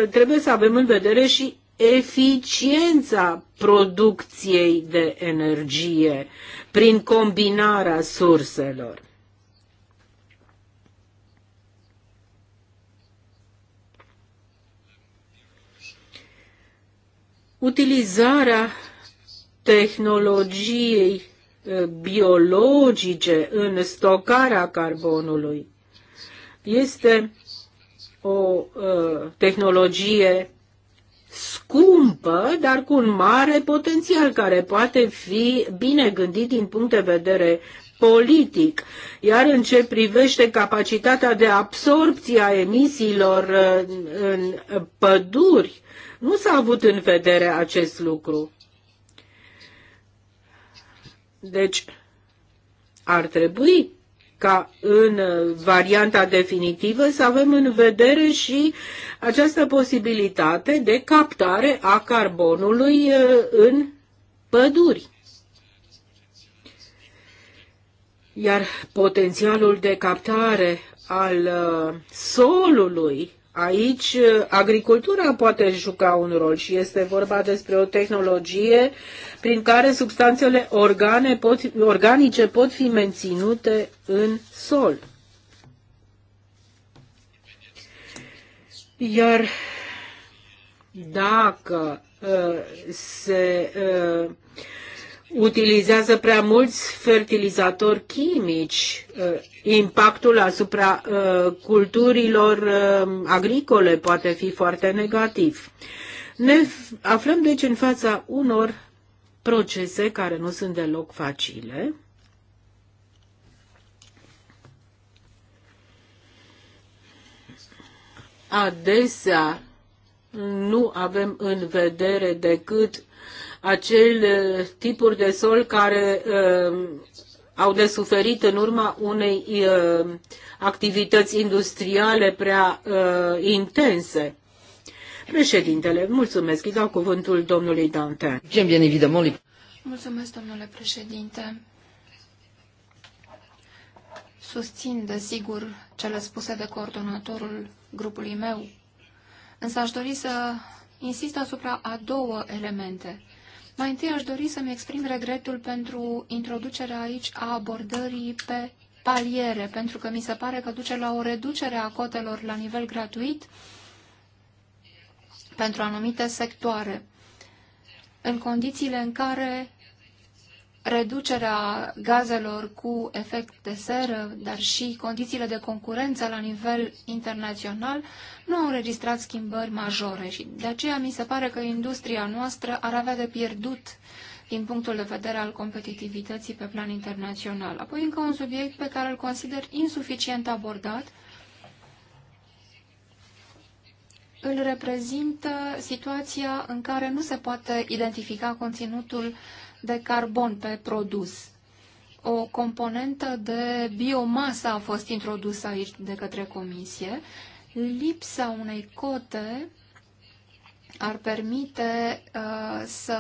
trebuie să avem în vedere și eficiența producției de energie prin combinarea surselor. Utilizarea tehnologiei biologice în stocarea carbonului este o uh, tehnologie scumpă, dar cu un mare potențial care poate fi bine gândit din punct de vedere politic. Iar în ce privește capacitatea de absorpție a emisiilor uh, în păduri, nu s-a avut în vedere acest lucru. Deci, ar trebui ca în varianta definitivă să avem în vedere și această posibilitate de captare a carbonului uh, în păduri. Iar potențialul de captare al uh, solului Aici uh, agricultura poate juca un rol și este vorba despre o tehnologie prin care substanțele organe pot, organice pot fi menținute în sol. Iar dacă uh, se uh, utilizează prea mulți fertilizatori chimici, uh, impactul asupra uh, culturilor uh, agricole poate fi foarte negativ. Ne aflăm deci în fața unor procese care nu sunt deloc facile. Adesea nu avem în vedere decât acel tipuri de sol care uh, au de suferit în urma unei uh, activități industriale prea uh, intense. Președintele, mulțumesc, îi dau cuvântul domnului Dante. Mulțumesc, domnule președinte. Susțin, desigur, cele spuse de coordonatorul grupului meu, însă aș dori să insist asupra a două elemente. Mai întâi aș dori să-mi exprim regretul pentru introducerea aici a abordării pe paliere, pentru că mi se pare că duce la o reducere a cotelor la nivel gratuit pentru anumite sectoare, în condițiile în care reducerea gazelor cu efect de seră, dar și condițiile de concurență la nivel internațional, nu au înregistrat schimbări majore și de aceea mi se pare că industria noastră ar avea de pierdut din punctul de vedere al competitivității pe plan internațional. Apoi încă un subiect pe care îl consider insuficient abordat, îl reprezintă situația în care nu se poate identifica conținutul de carbon pe produs. O componentă de biomasă a fost introdusă aici de către comisie. Lipsa unei cote ar permite uh, să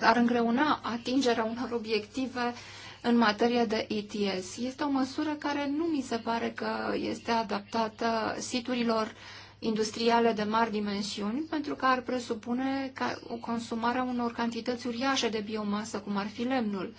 ar îngreuna atingerea unor obiective în materie de ETS. Este o măsură care nu mi se pare că este adaptată siturilor uh, industriale de mari dimensiuni, pentru că ar presupune ca o consumarea unor cantități uriașe de biomasă, cum ar fi lemnul.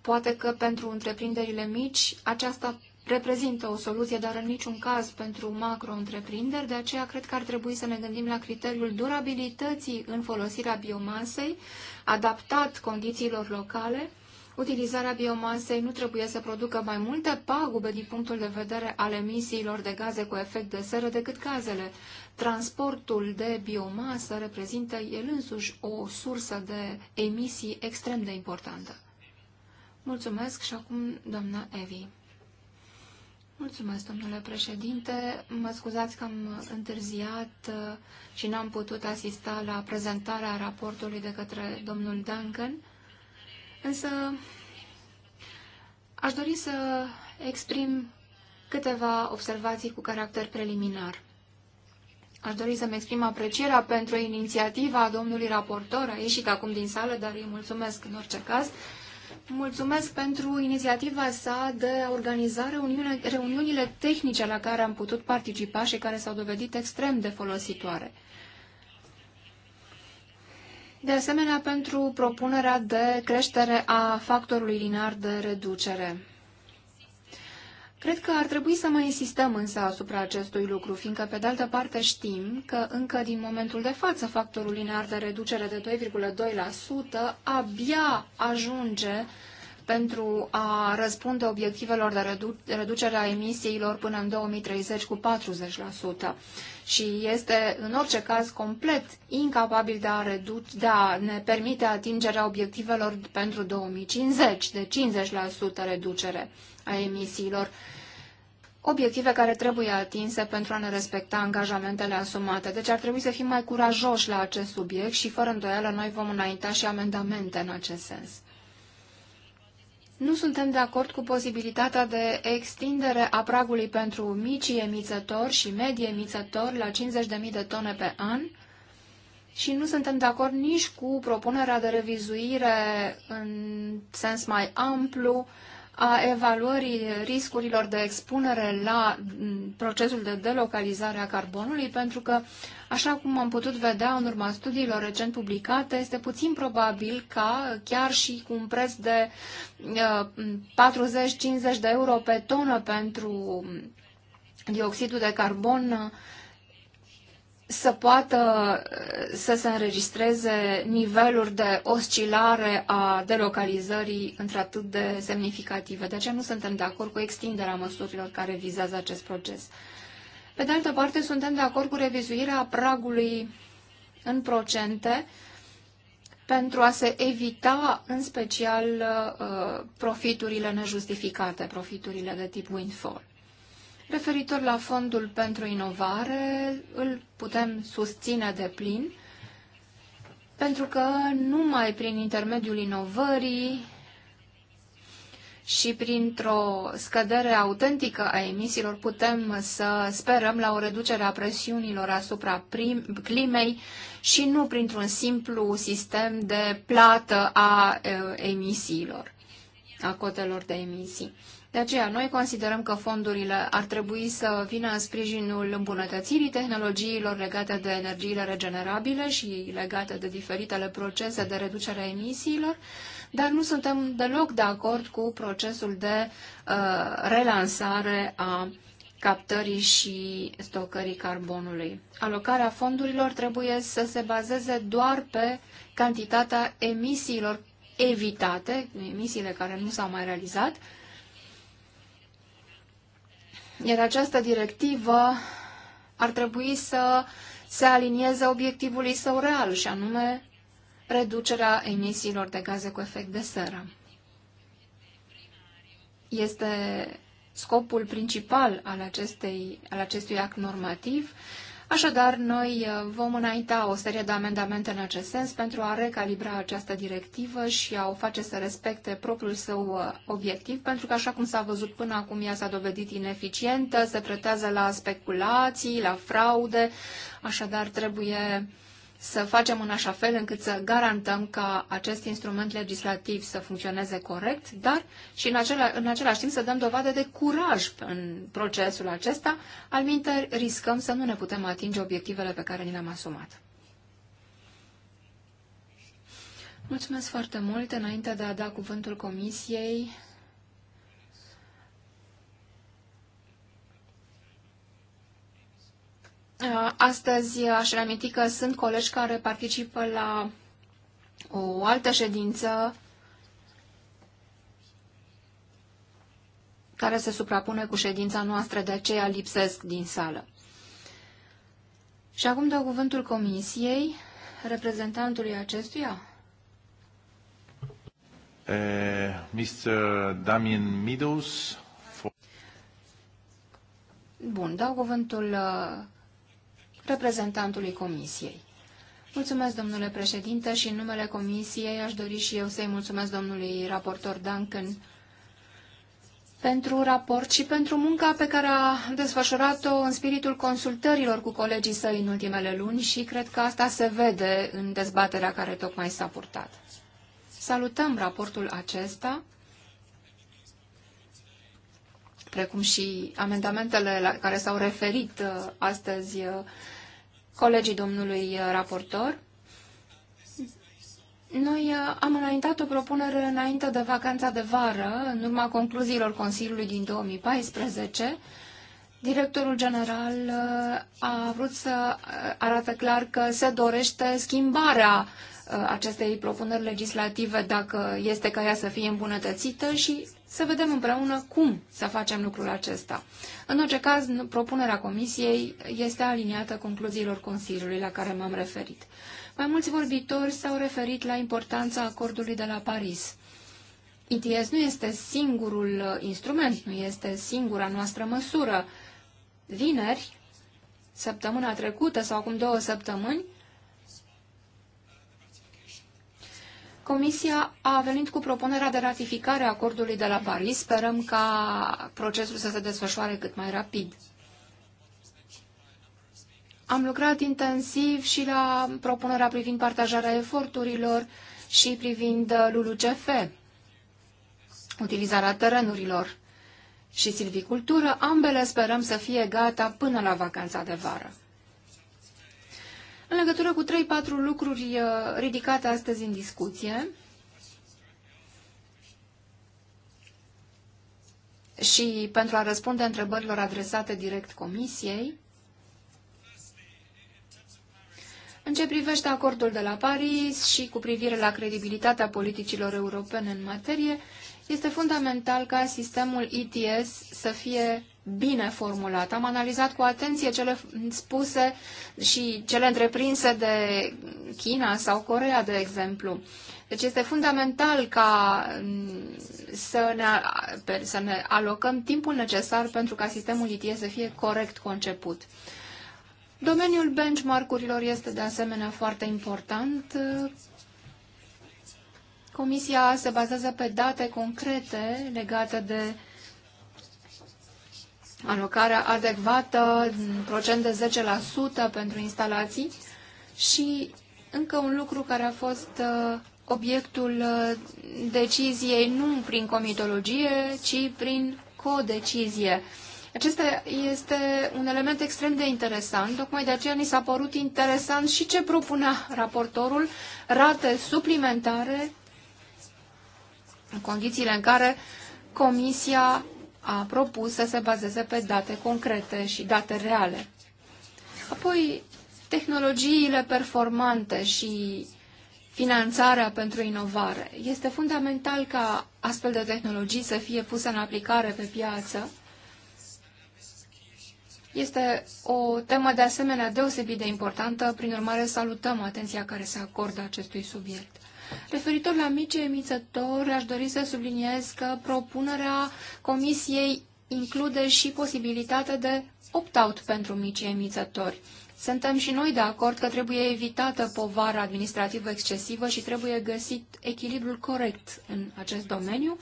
Poate că pentru întreprinderile mici aceasta reprezintă o soluție, dar în niciun caz pentru macro-întreprinderi, de aceea cred că ar trebui să ne gândim la criteriul durabilității în folosirea biomasei, adaptat condițiilor locale, utilizarea biomasei nu trebuie să producă mai multe pagube din punctul de vedere al emisiilor de gaze cu efect de seră decât gazele. Transportul de biomasă reprezintă el însuși o sursă de emisii extrem de importantă. Mulțumesc și acum doamna Evi. Mulțumesc, domnule președinte. Mă scuzați că am întârziat uh, și n-am putut asista la prezentarea raportului de către domnul Duncan. Însă aș dori să exprim câteva observații cu caracter preliminar. Aș dori să-mi exprim aprecierea pentru inițiativa domnului raportor, a ieșit acum din sală, dar îi mulțumesc în orice caz. Mulțumesc pentru inițiativa sa de a organiza reuniune, reuniunile tehnice la care am putut participa și care s-au dovedit extrem de folositoare. De asemenea, pentru propunerea de creștere a factorului linear de reducere. Cred că ar trebui să mai insistăm însă asupra acestui lucru, fiindcă pe de altă parte știm că încă din momentul de față factorul linear de reducere de 2,2% abia ajunge pentru a răspunde obiectivelor de redu reducere a emisiilor până în 2030 cu 40% și este în orice caz complet incapabil de a, reduce, de a ne permite atingerea obiectivelor pentru 2050, de 50% reducere a emisiilor, obiective care trebuie atinse pentru a ne respecta angajamentele asumate. Deci ar trebui să fim mai curajoși la acest subiect și fără îndoială noi vom înainta și amendamente în acest sens. Nu suntem de acord cu posibilitatea de extindere a pragului pentru mici emițători și medii emițători la 50.000 de tone pe an și nu suntem de acord nici cu propunerea de revizuire în sens mai amplu a evaluării riscurilor de expunere la mm, procesul de delocalizare a carbonului, pentru că, așa cum am putut vedea în urma studiilor recent publicate, este puțin probabil ca, chiar și cu un preț de 40-50 uh, mm, de euro pe tonă pentru mm, dioxidul de carbon, să poată uh, să se înregistreze niveluri de oscilare a delocalizării într-atât de semnificative. De aceea nu suntem de acord cu extinderea măsurilor care vizează acest proces. Pe de altă parte, suntem de acord cu revizuirea pragului în procente pentru a se evita în special uh, profiturile nejustificate, profiturile de tip windfall. Referitor la fondul pentru inovare, îl putem susține de plin, pentru că numai prin intermediul inovării și printr-o scădere autentică a emisiilor putem să sperăm la o reducere a presiunilor asupra prim, climei și nu printr-un simplu sistem de plată a emisiilor, a cotelor de emisii. De aceea, noi considerăm că fondurile ar trebui să vină în sprijinul îmbunătățirii tehnologiilor legate de energiile regenerabile și legate de diferitele procese de reducere a emisiilor, dar nu suntem deloc de acord cu procesul de uh, relansare a captării și stocării carbonului. Alocarea fondurilor trebuie să se bazeze doar pe cantitatea emisiilor evitate, emisiile care nu s-au mai realizat, iar această directivă ar trebui să se alinieze obiectivului său real, și anume reducerea emisiilor de gaze cu efect de seră. Este scopul principal al, acestei, al acestui act normativ Așadar, noi uh, vom înainta o serie de amendamente în acest sens pentru a recalibra această directivă și a o face să respecte propriul său uh, obiectiv, pentru că, așa cum s-a văzut până acum, ea s-a dovedit ineficientă, se pretează la speculații, la fraude, așadar trebuie să facem în așa fel încât să garantăm ca acest instrument legislativ să funcționeze corect, dar și în, acela, în același timp să dăm dovadă de curaj în procesul acesta, al minte riscăm să nu ne putem atinge obiectivele pe care ni le-am asumat. Mulțumesc foarte mult. Înainte de a da cuvântul Comisiei, Uh, astăzi uh, aș reaminti că sunt colegi care participă la o altă ședință care se suprapune cu ședința noastră, de aceea lipsesc din sală. Și acum dau cuvântul comisiei, reprezentantului acestuia. Uh, Mr. Damien Meadows. For... Bun, dau cuvântul uh, reprezentantului Comisiei. Mulțumesc, domnule președinte, și în numele Comisiei aș dori și eu să-i mulțumesc domnului raportor Duncan pentru raport și pentru munca pe care a desfășurat-o în spiritul consultărilor cu colegii săi în ultimele luni și cred că asta se vede în dezbaterea care tocmai s-a purtat. Salutăm raportul acesta, precum și amendamentele la care s-au referit uh, astăzi uh, colegii domnului uh, raportor. Noi uh, am înaintat o propunere înainte de vacanța de vară, în urma concluziilor Consiliului din 2014. Directorul general uh, a vrut să arate clar că se dorește schimbarea Uh, acestei propuneri legislative, dacă este ca ea să fie îmbunătățită și să vedem împreună cum să facem lucrul acesta. În orice caz, propunerea Comisiei este aliniată concluziilor Consiliului la care m-am referit. Mai mulți vorbitori s-au referit la importanța acordului de la Paris. ETS nu este singurul uh, instrument, nu este singura noastră măsură. Vineri, săptămâna trecută sau acum două săptămâni, Comisia a venit cu propunerea de ratificare a acordului de la Paris. Sperăm ca procesul să se desfășoare cât mai rapid. Am lucrat intensiv și la propunerea privind partajarea eforturilor și privind uh, LULUCF, utilizarea terenurilor și silvicultură, ambele sperăm să fie gata până la vacanța de vară în legătură cu 3-4 lucruri uh, ridicate astăzi în discuție. Și pentru a răspunde întrebărilor adresate direct Comisiei, în ce privește acordul de la Paris și cu privire la credibilitatea politicilor europene în materie, este fundamental ca sistemul ETS să fie bine formulat. Am analizat cu atenție cele spuse și cele întreprinse de China sau Corea, de exemplu. Deci este fundamental ca mm, să ne, să ne alocăm timpul necesar pentru ca sistemul ITS să fie corect conceput. Domeniul benchmark-urilor este de asemenea foarte important. Comisia se bazează pe date concrete legate de alocarea adecvată, procent de 10% pentru instalații și încă un lucru care a fost uh, obiectul uh, deciziei nu prin comitologie, ci prin codecizie. Acesta este un element extrem de interesant, tocmai de aceea ni s-a părut interesant și ce propunea raportorul, rate suplimentare, în condițiile în care Comisia a propus să se bazeze pe date concrete și date reale. Apoi, tehnologiile performante și finanțarea pentru inovare. Este fundamental ca astfel de tehnologii să fie puse în aplicare pe piață. Este o temă de asemenea deosebit de importantă, prin urmare salutăm atenția care se acordă acestui subiect. Referitor la mici emițători, aș dori să subliniez că propunerea Comisiei include și posibilitatea de opt-out pentru mici emițători. Suntem și noi de acord că trebuie evitată povara administrativă excesivă și trebuie găsit echilibrul corect în acest domeniu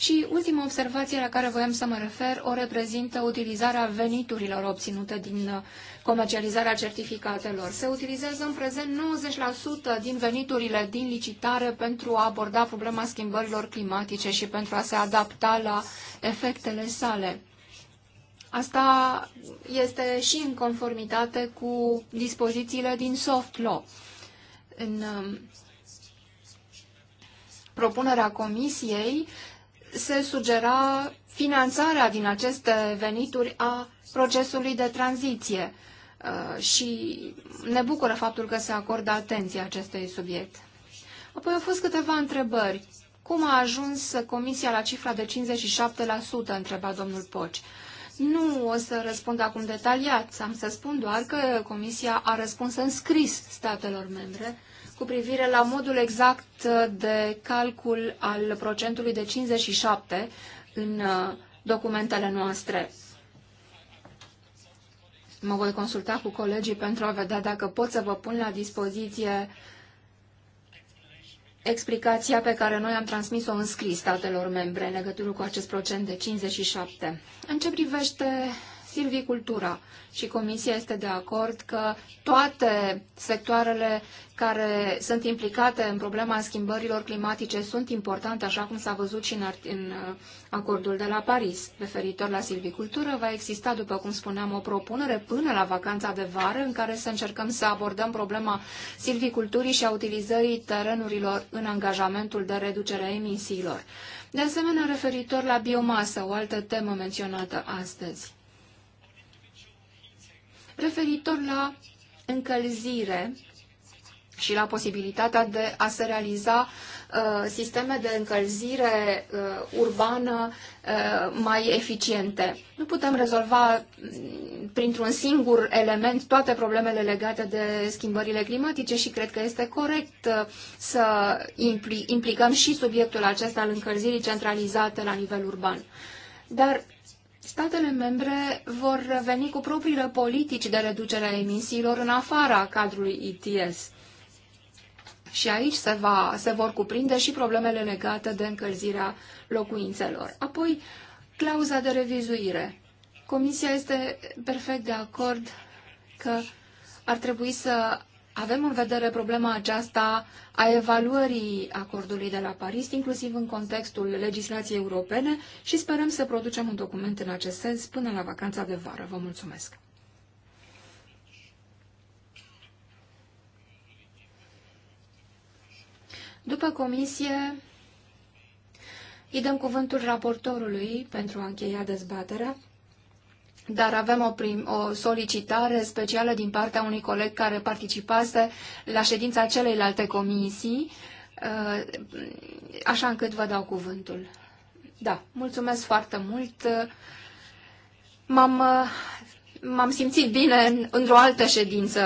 și ultima observație la care voiam să mă refer o reprezintă utilizarea veniturilor obținute din uh, comercializarea certificatelor. Se utilizează în prezent 90% din veniturile din licitare pentru a aborda problema schimbărilor climatice și pentru a se adapta la efectele sale. Asta este și în conformitate cu dispozițiile din soft law. În um, propunerea comisiei se sugera finanțarea din aceste venituri a procesului de tranziție uh, și ne bucură faptul că se acordă atenție acestui subiect. Apoi au fost câteva întrebări. Cum a ajuns comisia la cifra de 57%, întreba domnul Poci. Nu o să răspund acum detaliat, am să spun doar că comisia a răspuns în scris statelor membre cu privire la modul exact de calcul al procentului de 57 în uh, documentele noastre. Mă voi consulta cu colegii pentru a vedea dacă pot să vă pun la dispoziție explicația pe care noi am transmis-o în scris statelor membre în legătură cu acest procent de 57. În ce privește silvicultura și Comisia este de acord că toate sectoarele care sunt implicate în problema schimbărilor climatice sunt importante, așa cum s-a văzut și în, uh, acordul de la Paris. Referitor la silvicultură, va exista, după cum spuneam, o propunere până la vacanța de vară în care să încercăm să abordăm problema silviculturii și a utilizării terenurilor în angajamentul de reducere a emisiilor. De asemenea, referitor la biomasă, o altă temă menționată astăzi referitor la încălzire și la posibilitatea de a se realiza uh, sisteme de încălzire uh, urbană uh, mai eficiente. Nu putem rezolva mm, printr-un singur element toate problemele legate de schimbările climatice și cred că este corect uh, să impli implicăm și subiectul acesta al încălzirii centralizate la nivel urban. Dar statele membre vor veni cu propriile politici de reducere a emisiilor în afara cadrului ETS. Și aici se, va, se vor cuprinde și problemele legate de încălzirea locuințelor. Apoi, clauza de revizuire. Comisia este perfect de acord că ar trebui să avem în vedere problema aceasta a evaluării acordului de la Paris, inclusiv în contextul legislației europene și sperăm să producem un document în acest sens până la vacanța de vară. Vă mulțumesc! După comisie, îi dăm cuvântul raportorului pentru a încheia dezbaterea dar avem o, prim, o solicitare specială din partea unui coleg care participase la ședința celeilalte comisii, uh, așa încât vă dau cuvântul. Da, mulțumesc foarte mult. M-am, m-am simțit bine într-o altă ședință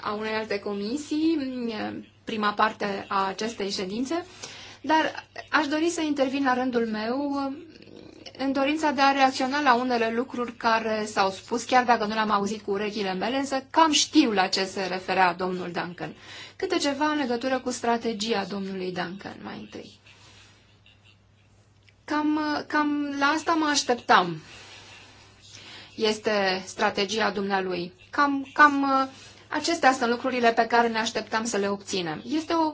a unei alte comisii, prima parte a acestei ședințe, dar aș dori să intervin la rândul meu în dorința de a reacționa la unele lucruri care s-au spus, chiar dacă nu le-am auzit cu urechile mele, însă cam știu la ce se referea domnul Duncan. Câte ceva în legătură cu strategia domnului Duncan, mai întâi. Cam, cam la asta mă așteptam. Este strategia dumnealui. Cam, cam uh, acestea sunt lucrurile pe care ne așteptam să le obținem. Este o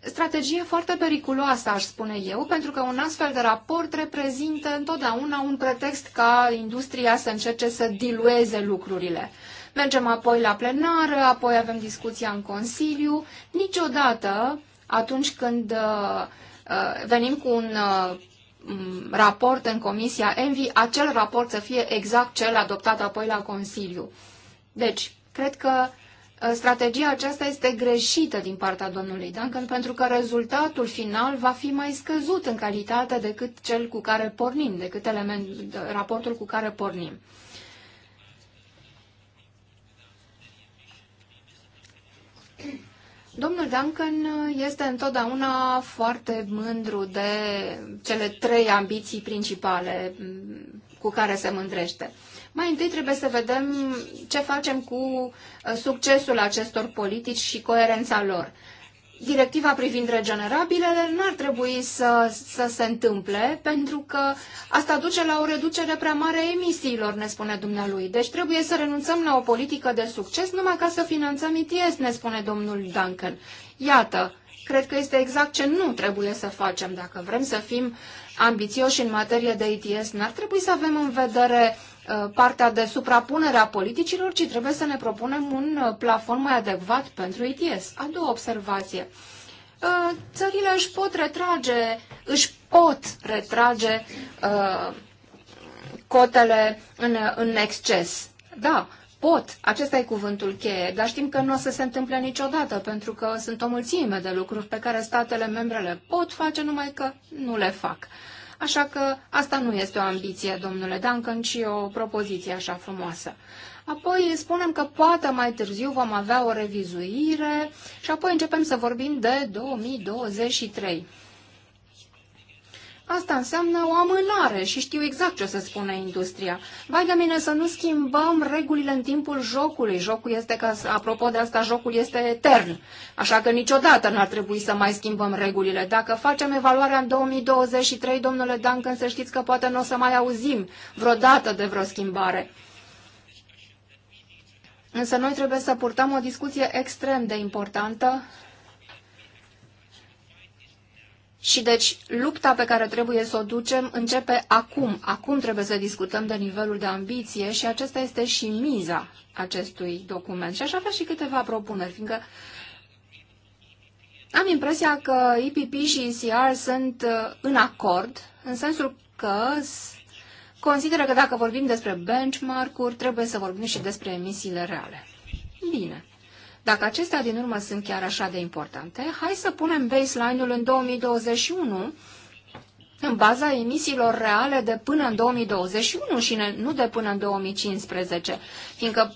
strategie foarte periculoasă, aș spune eu, pentru că un astfel de raport reprezintă întotdeauna un pretext ca industria să încerce să dilueze lucrurile. Mergem apoi la plenară, apoi avem discuția în Consiliu. Niciodată, atunci când uh, uh, venim cu un uh, raport în Comisia Envi, acel raport să fie exact cel adoptat apoi la Consiliu. Deci, cred că Uh, strategia aceasta este greșită din partea domnului Duncan pentru că rezultatul final va fi mai scăzut în calitate decât cel cu care pornim, decât element, uh, raportul cu care pornim. Domnul Duncan uh, este întotdeauna foarte mândru de cele trei ambiții principale mm, cu care se mândrește. Mai întâi trebuie să vedem ce facem cu uh, succesul acestor politici și coerența lor. Directiva privind regenerabilele n-ar trebui să, să se întâmple, pentru că asta duce la o reducere prea mare a emisiilor, ne spune dumnealui. Deci trebuie să renunțăm la o politică de succes numai ca să finanțăm ITS, ne spune domnul Duncan. Iată, cred că este exact ce nu trebuie să facem. Dacă vrem să fim ambițioși în materie de ETS, n-ar trebui să avem în vedere uh, partea de suprapunere a politicilor, ci trebuie să ne propunem un uh, plafon mai adecvat pentru ETS. A doua observație. Uh, țările își pot retrage, își pot retrage uh, cotele în, în exces. Da, pot, acesta e cuvântul cheie, dar știm că nu o să se întâmple niciodată, pentru că sunt o mulțime de lucruri pe care statele membre le pot face, numai că nu le fac. Așa că asta nu este o ambiție, domnule Duncan, ci o propoziție așa frumoasă. Apoi spunem că poate mai târziu vom avea o revizuire și apoi începem să vorbim de 2023. Asta înseamnă o amânare și știu exact ce o să spune industria. Vai de mine să nu schimbăm regulile în timpul jocului. Jocul este, că, apropo de asta, jocul este etern. Așa că niciodată n-ar trebui să mai schimbăm regulile. Dacă facem evaluarea în 2023, domnule Duncan, să știți că poate nu o să mai auzim vreodată de vreo schimbare. Însă noi trebuie să purtăm o discuție extrem de importantă și deci lupta pe care trebuie să o ducem începe acum. Acum trebuie să discutăm de nivelul de ambiție și acesta este și miza acestui document. Și aș avea și câteva propuneri, fiindcă am impresia că IPP și ECR sunt uh, în acord, în sensul că consideră că dacă vorbim despre benchmark-uri, trebuie să vorbim și despre emisiile reale. Bine. Dacă acestea din urmă sunt chiar așa de importante, hai să punem baseline-ul în 2021 în baza emisiilor reale de până în 2021 și nu de până în 2015, fiindcă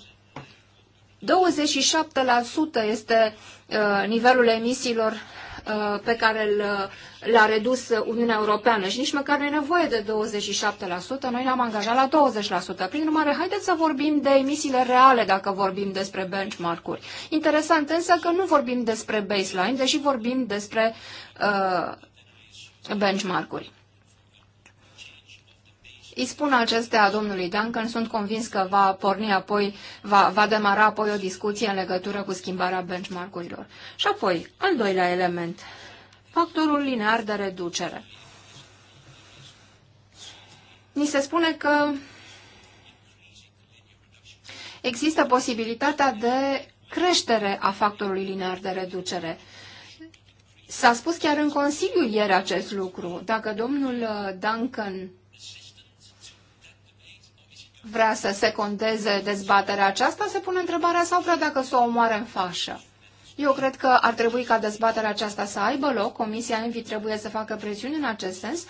27% este uh, nivelul emisiilor Uh, pe care l-a uh, redus Uniunea Europeană și nici măcar nu e nevoie de 27%, noi ne-am angajat la 20%. Prin urmare, haideți să vorbim de emisiile reale dacă vorbim despre benchmark-uri. Interesant însă că nu vorbim despre baseline, deși vorbim despre uh, benchmark-uri. Îi spun acestea domnului Duncan, sunt convins că va porni apoi, va, va demara apoi o discuție în legătură cu schimbarea benchmark-urilor. Și apoi, al doilea element, factorul linear de reducere. Ni se spune că există posibilitatea de creștere a factorului linear de reducere. S-a spus chiar în Consiliu ieri acest lucru. Dacă domnul uh, Duncan vrea să secondeze dezbaterea aceasta, se pune întrebarea sau vrea dacă să o omoare în fașă. Eu cred că ar trebui ca dezbaterea aceasta să aibă loc, Comisia Envi trebuie să facă presiuni în acest sens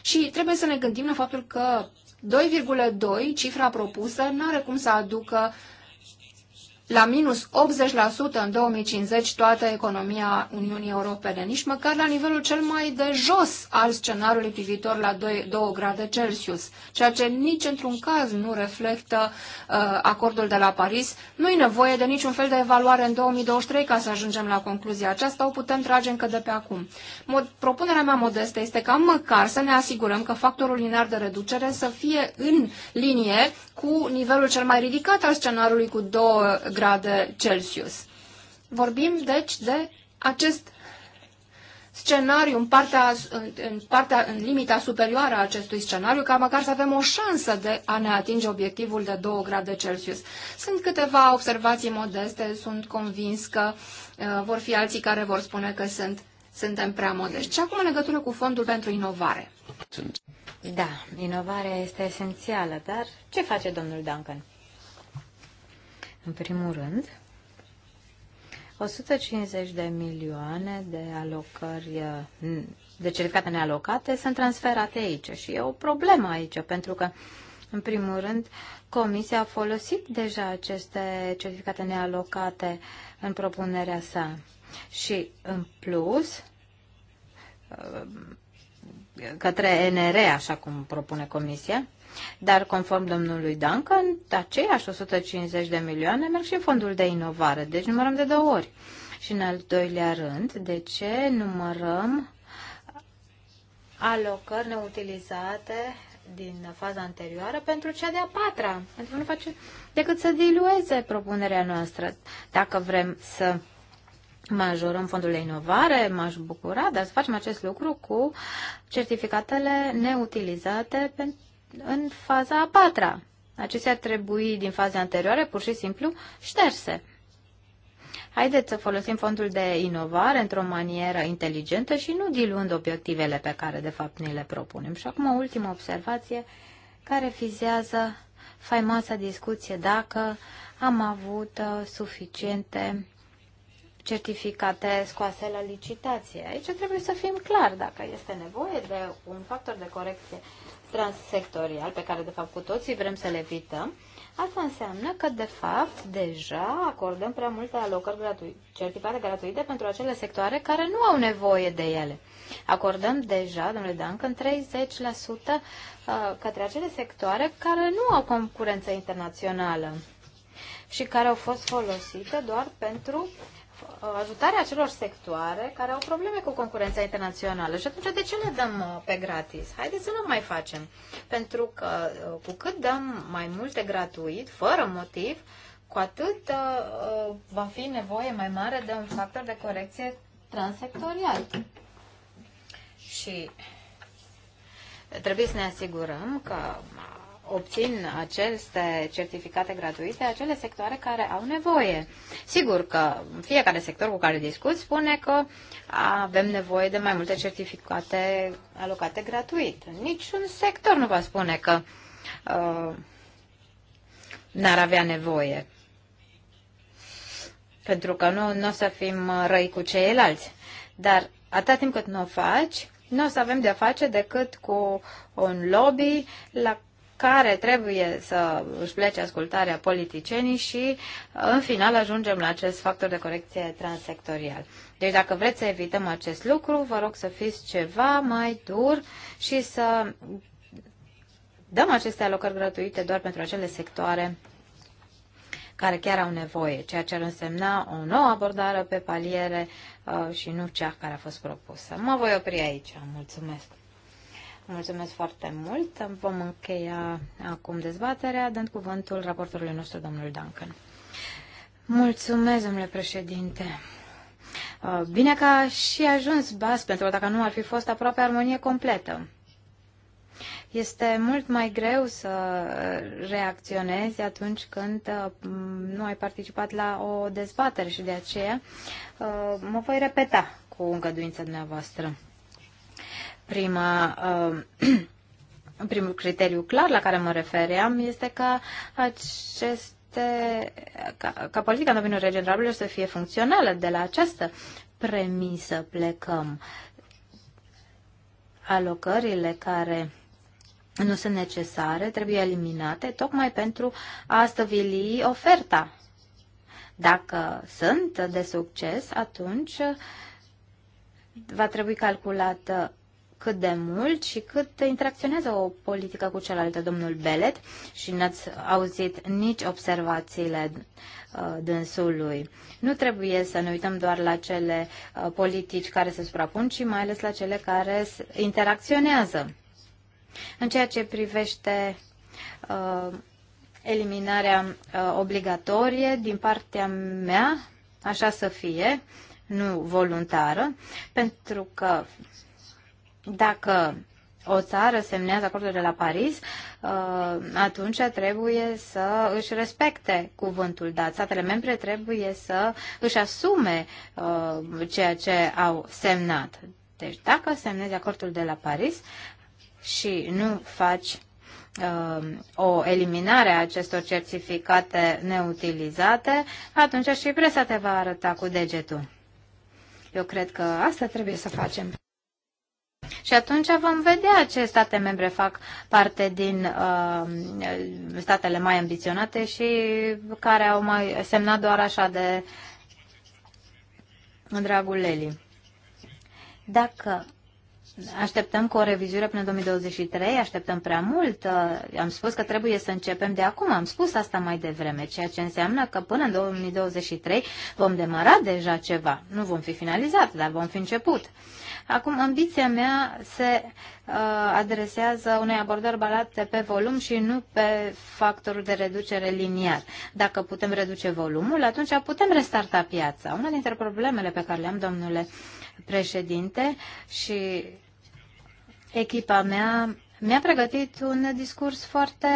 și trebuie să ne gândim la faptul că 2,2, cifra propusă, nu are cum să aducă la minus 80% în 2050 toată economia Uniunii Europene, nici măcar la nivelul cel mai de jos al scenariului privitor la 2, 2 grade Celsius, ceea ce nici într-un caz nu reflectă uh, acordul de la Paris. Nu e nevoie de niciun fel de evaluare în 2023 ca să ajungem la concluzia aceasta, o putem trage încă de pe acum. Mod, propunerea mea modestă este ca măcar să ne asigurăm că factorul linear de reducere să fie în linie cu nivelul cel mai ridicat al scenariului cu 2 grade Celsius. Vorbim, deci, de acest scenariu în, partea, în, partea, în limita superioară a acestui scenariu, ca măcar să avem o șansă de a ne atinge obiectivul de 2 grade Celsius. Sunt câteva observații modeste, sunt convins că uh, vor fi alții care vor spune că sunt, suntem prea modești. Și acum în legătură cu Fondul pentru Inovare. Da, inovarea este esențială, dar ce face domnul Duncan? În primul rând, 150 de milioane de alocări de certificate nealocate sunt transferate aici și e o problemă aici, pentru că, în primul rând, Comisia a folosit deja aceste certificate nealocate în propunerea sa și, în plus, către NR, așa cum propune Comisia, dar conform domnului Duncan, aceiași 150 de milioane merg și în fondul de inovare, deci numărăm de două ori. Și în al doilea rând, de ce numărăm alocări neutilizate din faza anterioară pentru cea de-a patra? că nu face decât să dilueze propunerea noastră. Dacă vrem să majorăm fondul de inovare, m-aș bucura, dar să facem acest lucru cu certificatele neutilizate în faza a patra. Acestea ar trebui din faze anterioare pur și simplu șterse. Haideți să folosim fondul de inovare într-o manieră inteligentă și nu diluând obiectivele pe care de fapt ni le propunem. Și acum o ultimă observație care vizează faimoasa discuție dacă am avut uh, suficiente certificate scoase la licitație. Aici trebuie să fim clar dacă este nevoie de un factor de corecție transsectorial, pe care de fapt cu toții vrem să le evităm, asta înseamnă că de fapt deja acordăm prea multe alocări gratuite, certificate gratuite pentru acele sectoare care nu au nevoie de ele. Acordăm deja, domnule în 30% uh, către acele sectoare care nu au concurență internațională și care au fost folosite doar pentru ajutarea acelor sectoare care au probleme cu concurența internațională. Și atunci, de ce le dăm uh, pe gratis? Haideți să nu mai facem. Pentru că uh, cu cât dăm mai multe gratuit, fără motiv, cu atât uh, va fi nevoie mai mare de un factor de corecție transsectorial. Și trebuie să ne asigurăm că obțin aceste certificate gratuite acele sectoare care au nevoie. Sigur că fiecare sector cu care discut spune că avem nevoie de mai multe certificate alocate gratuit. Niciun sector nu va spune că uh, n-ar avea nevoie. Pentru că nu, nu o să fim răi cu ceilalți. Dar atâta timp cât nu o faci, nu o să avem de-a face decât cu un lobby la care trebuie să își plece ascultarea politicienii și în final ajungem la acest factor de corecție transsectorial. Deci dacă vreți să evităm acest lucru, vă rog să fiți ceva mai dur și să dăm aceste alocări gratuite doar pentru acele sectoare care chiar au nevoie, ceea ce ar însemna o nouă abordare pe paliere uh, și nu cea care a fost propusă. Mă voi opri aici. Mulțumesc! Mulțumesc foarte mult. Vom încheia acum dezbaterea, dând cuvântul raportorului nostru, domnul Duncan. Mulțumesc, domnule președinte. Uh, bine că a și ajuns bas, pentru că dacă nu ar fi fost aproape armonie completă. Este mult mai greu să reacționezi atunci când uh, nu ai participat la o dezbatere și de aceea uh, mă voi repeta cu îngăduința dumneavoastră prima, uh, primul criteriu clar la care mă refeream este că aceste ca, ca politica în domeniul regenerabil să fie funcțională. De la această premisă plecăm. Alocările care nu sunt necesare trebuie eliminate tocmai pentru a stăvili oferta. Dacă sunt de succes, atunci va trebui calculată cât de mult și cât interacționează o politică cu cealaltă, domnul Belet, și n-ați auzit nici observațiile uh, dânsului. Nu trebuie să ne uităm doar la cele uh, politici care se suprapun, ci mai ales la cele care interacționează. În ceea ce privește uh, eliminarea uh, obligatorie, din partea mea, așa să fie, nu voluntară, pentru că dacă o țară semnează acordul de la Paris, uh, atunci trebuie să își respecte cuvântul dat. Statele membre trebuie să își asume uh, ceea ce au semnat. Deci dacă semnezi acordul de la Paris și nu faci uh, o eliminare a acestor certificate neutilizate, atunci și presa te va arăta cu degetul. Eu cred că asta trebuie să facem. Și atunci vom vedea ce state membre fac parte din uh, statele mai ambiționate și care au mai semnat doar așa de dragul Leli. Dacă Așteptăm cu o revizuire până 2023, așteptăm prea mult. Uh, am spus că trebuie să începem de acum, am spus asta mai devreme, ceea ce înseamnă că până în 2023 vom demara deja ceva. Nu vom fi finalizat, dar vom fi început. Acum, ambiția mea se uh, adresează unei abordări balate pe volum și nu pe factorul de reducere liniar. Dacă putem reduce volumul, atunci putem restarta piața. Una dintre problemele pe care le-am, domnule președinte, și echipa mea mi-a pregătit un discurs foarte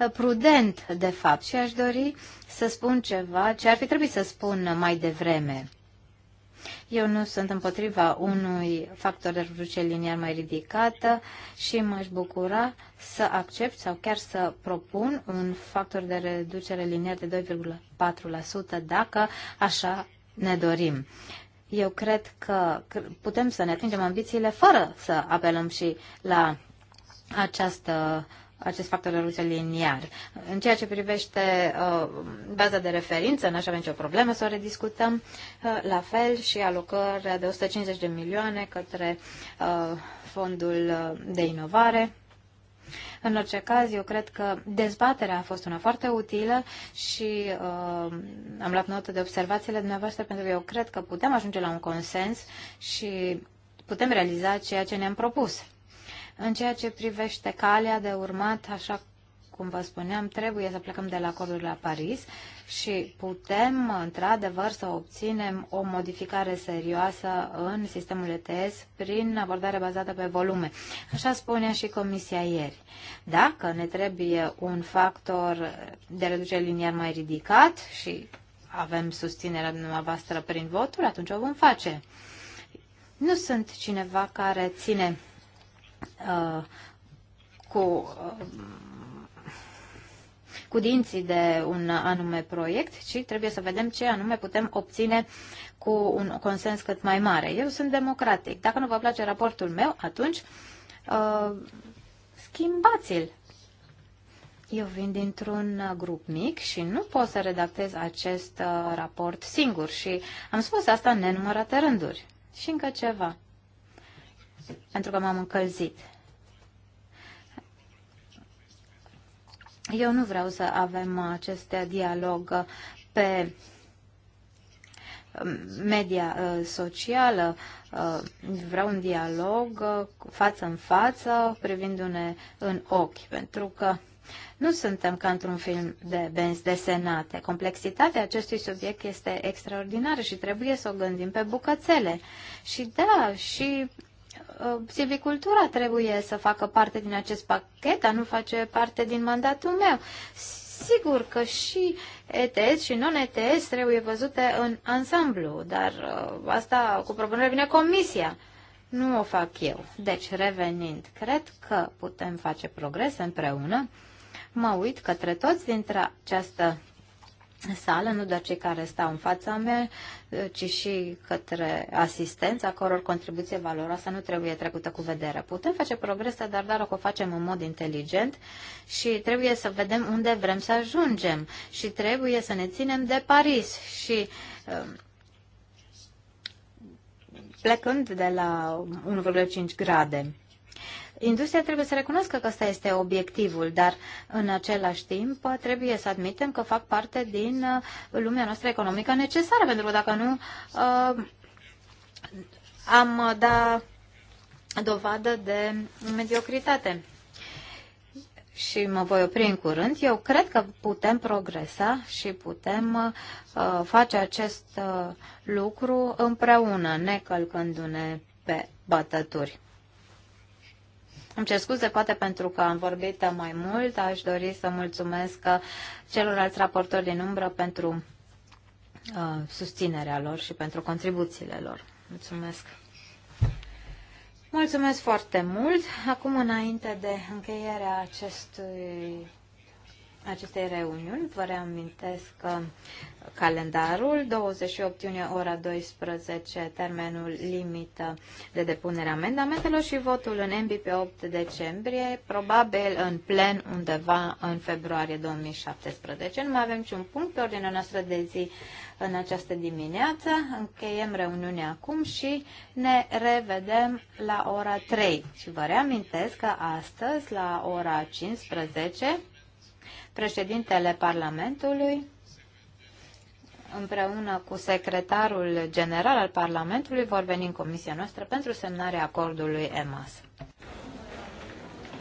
uh, prudent, de fapt, și aș dori să spun ceva ce ar fi trebuit să spun mai devreme. Eu nu sunt împotriva unui factor de reducere liniar mai ridicată și m-aș bucura să accept sau chiar să propun un factor de reducere liniar de 2,4% dacă așa ne dorim eu cred că putem să ne atingem ambițiile fără să apelăm și la această acest factor de reducere liniar. În ceea ce privește uh, baza de referință, n-aș avea nicio problemă să o rediscutăm, uh, la fel și alocarea de 150 de milioane către uh, fondul uh, de inovare. În orice caz, eu cred că dezbaterea a fost una foarte utilă și uh, am luat notă de observațiile dumneavoastră pentru că eu cred că putem ajunge la un consens și putem realiza ceea ce ne-am propus. În ceea ce privește calea de urmat, așa cum vă spuneam, trebuie să plecăm de la acordul la Paris și putem, într-adevăr, să obținem o modificare serioasă în sistemul ETS prin abordare bazată pe volume. Așa spunea și Comisia ieri. Dacă ne trebuie un factor de reducere liniar mai ridicat și avem susținerea dumneavoastră prin voturi, atunci o vom face. Nu sunt cineva care ține uh, cu uh, cu dinții de un anume proiect, ci trebuie să vedem ce anume putem obține cu un consens cât mai mare. Eu sunt democratic. Dacă nu vă place raportul meu, atunci uh, schimbați-l. Eu vin dintr-un grup mic și nu pot să redactez acest uh, raport singur și am spus asta în nenumărate rânduri. Și încă ceva, pentru că m-am încălzit. Eu nu vreau să avem acest dialog pe um, media uh, socială. Uh, vreau un dialog uh, față în față, privindu-ne în ochi, pentru că nu suntem ca într-un film de benzi desenate. Complexitatea acestui subiect este extraordinară și trebuie să o gândim pe bucățele. Și da, și Uh, silvicultura trebuie să facă parte din acest pachet, dar nu face parte din mandatul meu. Sigur că și ETS și non-ETS trebuie văzute în ansamblu, dar uh, asta cu propunerea vine comisia. Nu o fac eu. Deci, revenind, cred că putem face progrese împreună. Mă uit către toți dintre această sală, nu doar cei care stau în fața mea, eh, ci și către asistența, căror contribuție valoroasă nu trebuie trecută cu vedere. Putem face progrese, dar doar dacă o facem în mod inteligent și trebuie să vedem unde vrem să ajungem și trebuie să ne ținem de Paris și eh, plecând de la 1,5 grade. Industria trebuie să recunoască că ăsta este obiectivul, dar în același timp trebuie să admitem că fac parte din uh, lumea noastră economică necesară, pentru că dacă nu uh, am da dovadă de mediocritate. Și mă voi opri în curând. Eu cred că putem progresa și putem uh, face acest uh, lucru împreună, necălcându-ne pe bătături. Îmi cer scuze, poate pentru că am vorbit mai mult, aș dori să mulțumesc celorlalți raportori din umbră pentru uh, susținerea lor și pentru contribuțiile lor. Mulțumesc! Mulțumesc foarte mult! Acum, înainte de încheierea acestui, acestei reuniuni, vă reamintesc că calendarul, 28 iunie ora 12 termenul limită de depunere amendamentelor și votul în MB pe 8 decembrie, probabil în plen undeva în februarie 2017. Nu mai avem niciun punct pe ordinea noastră de zi în această dimineață. Încheiem reuniunea acum și ne revedem la ora 3. Și vă reamintesc că astăzi la ora 15 președintele Parlamentului împreună cu secretarul general al Parlamentului vor veni în comisia noastră pentru semnarea acordului EMAS.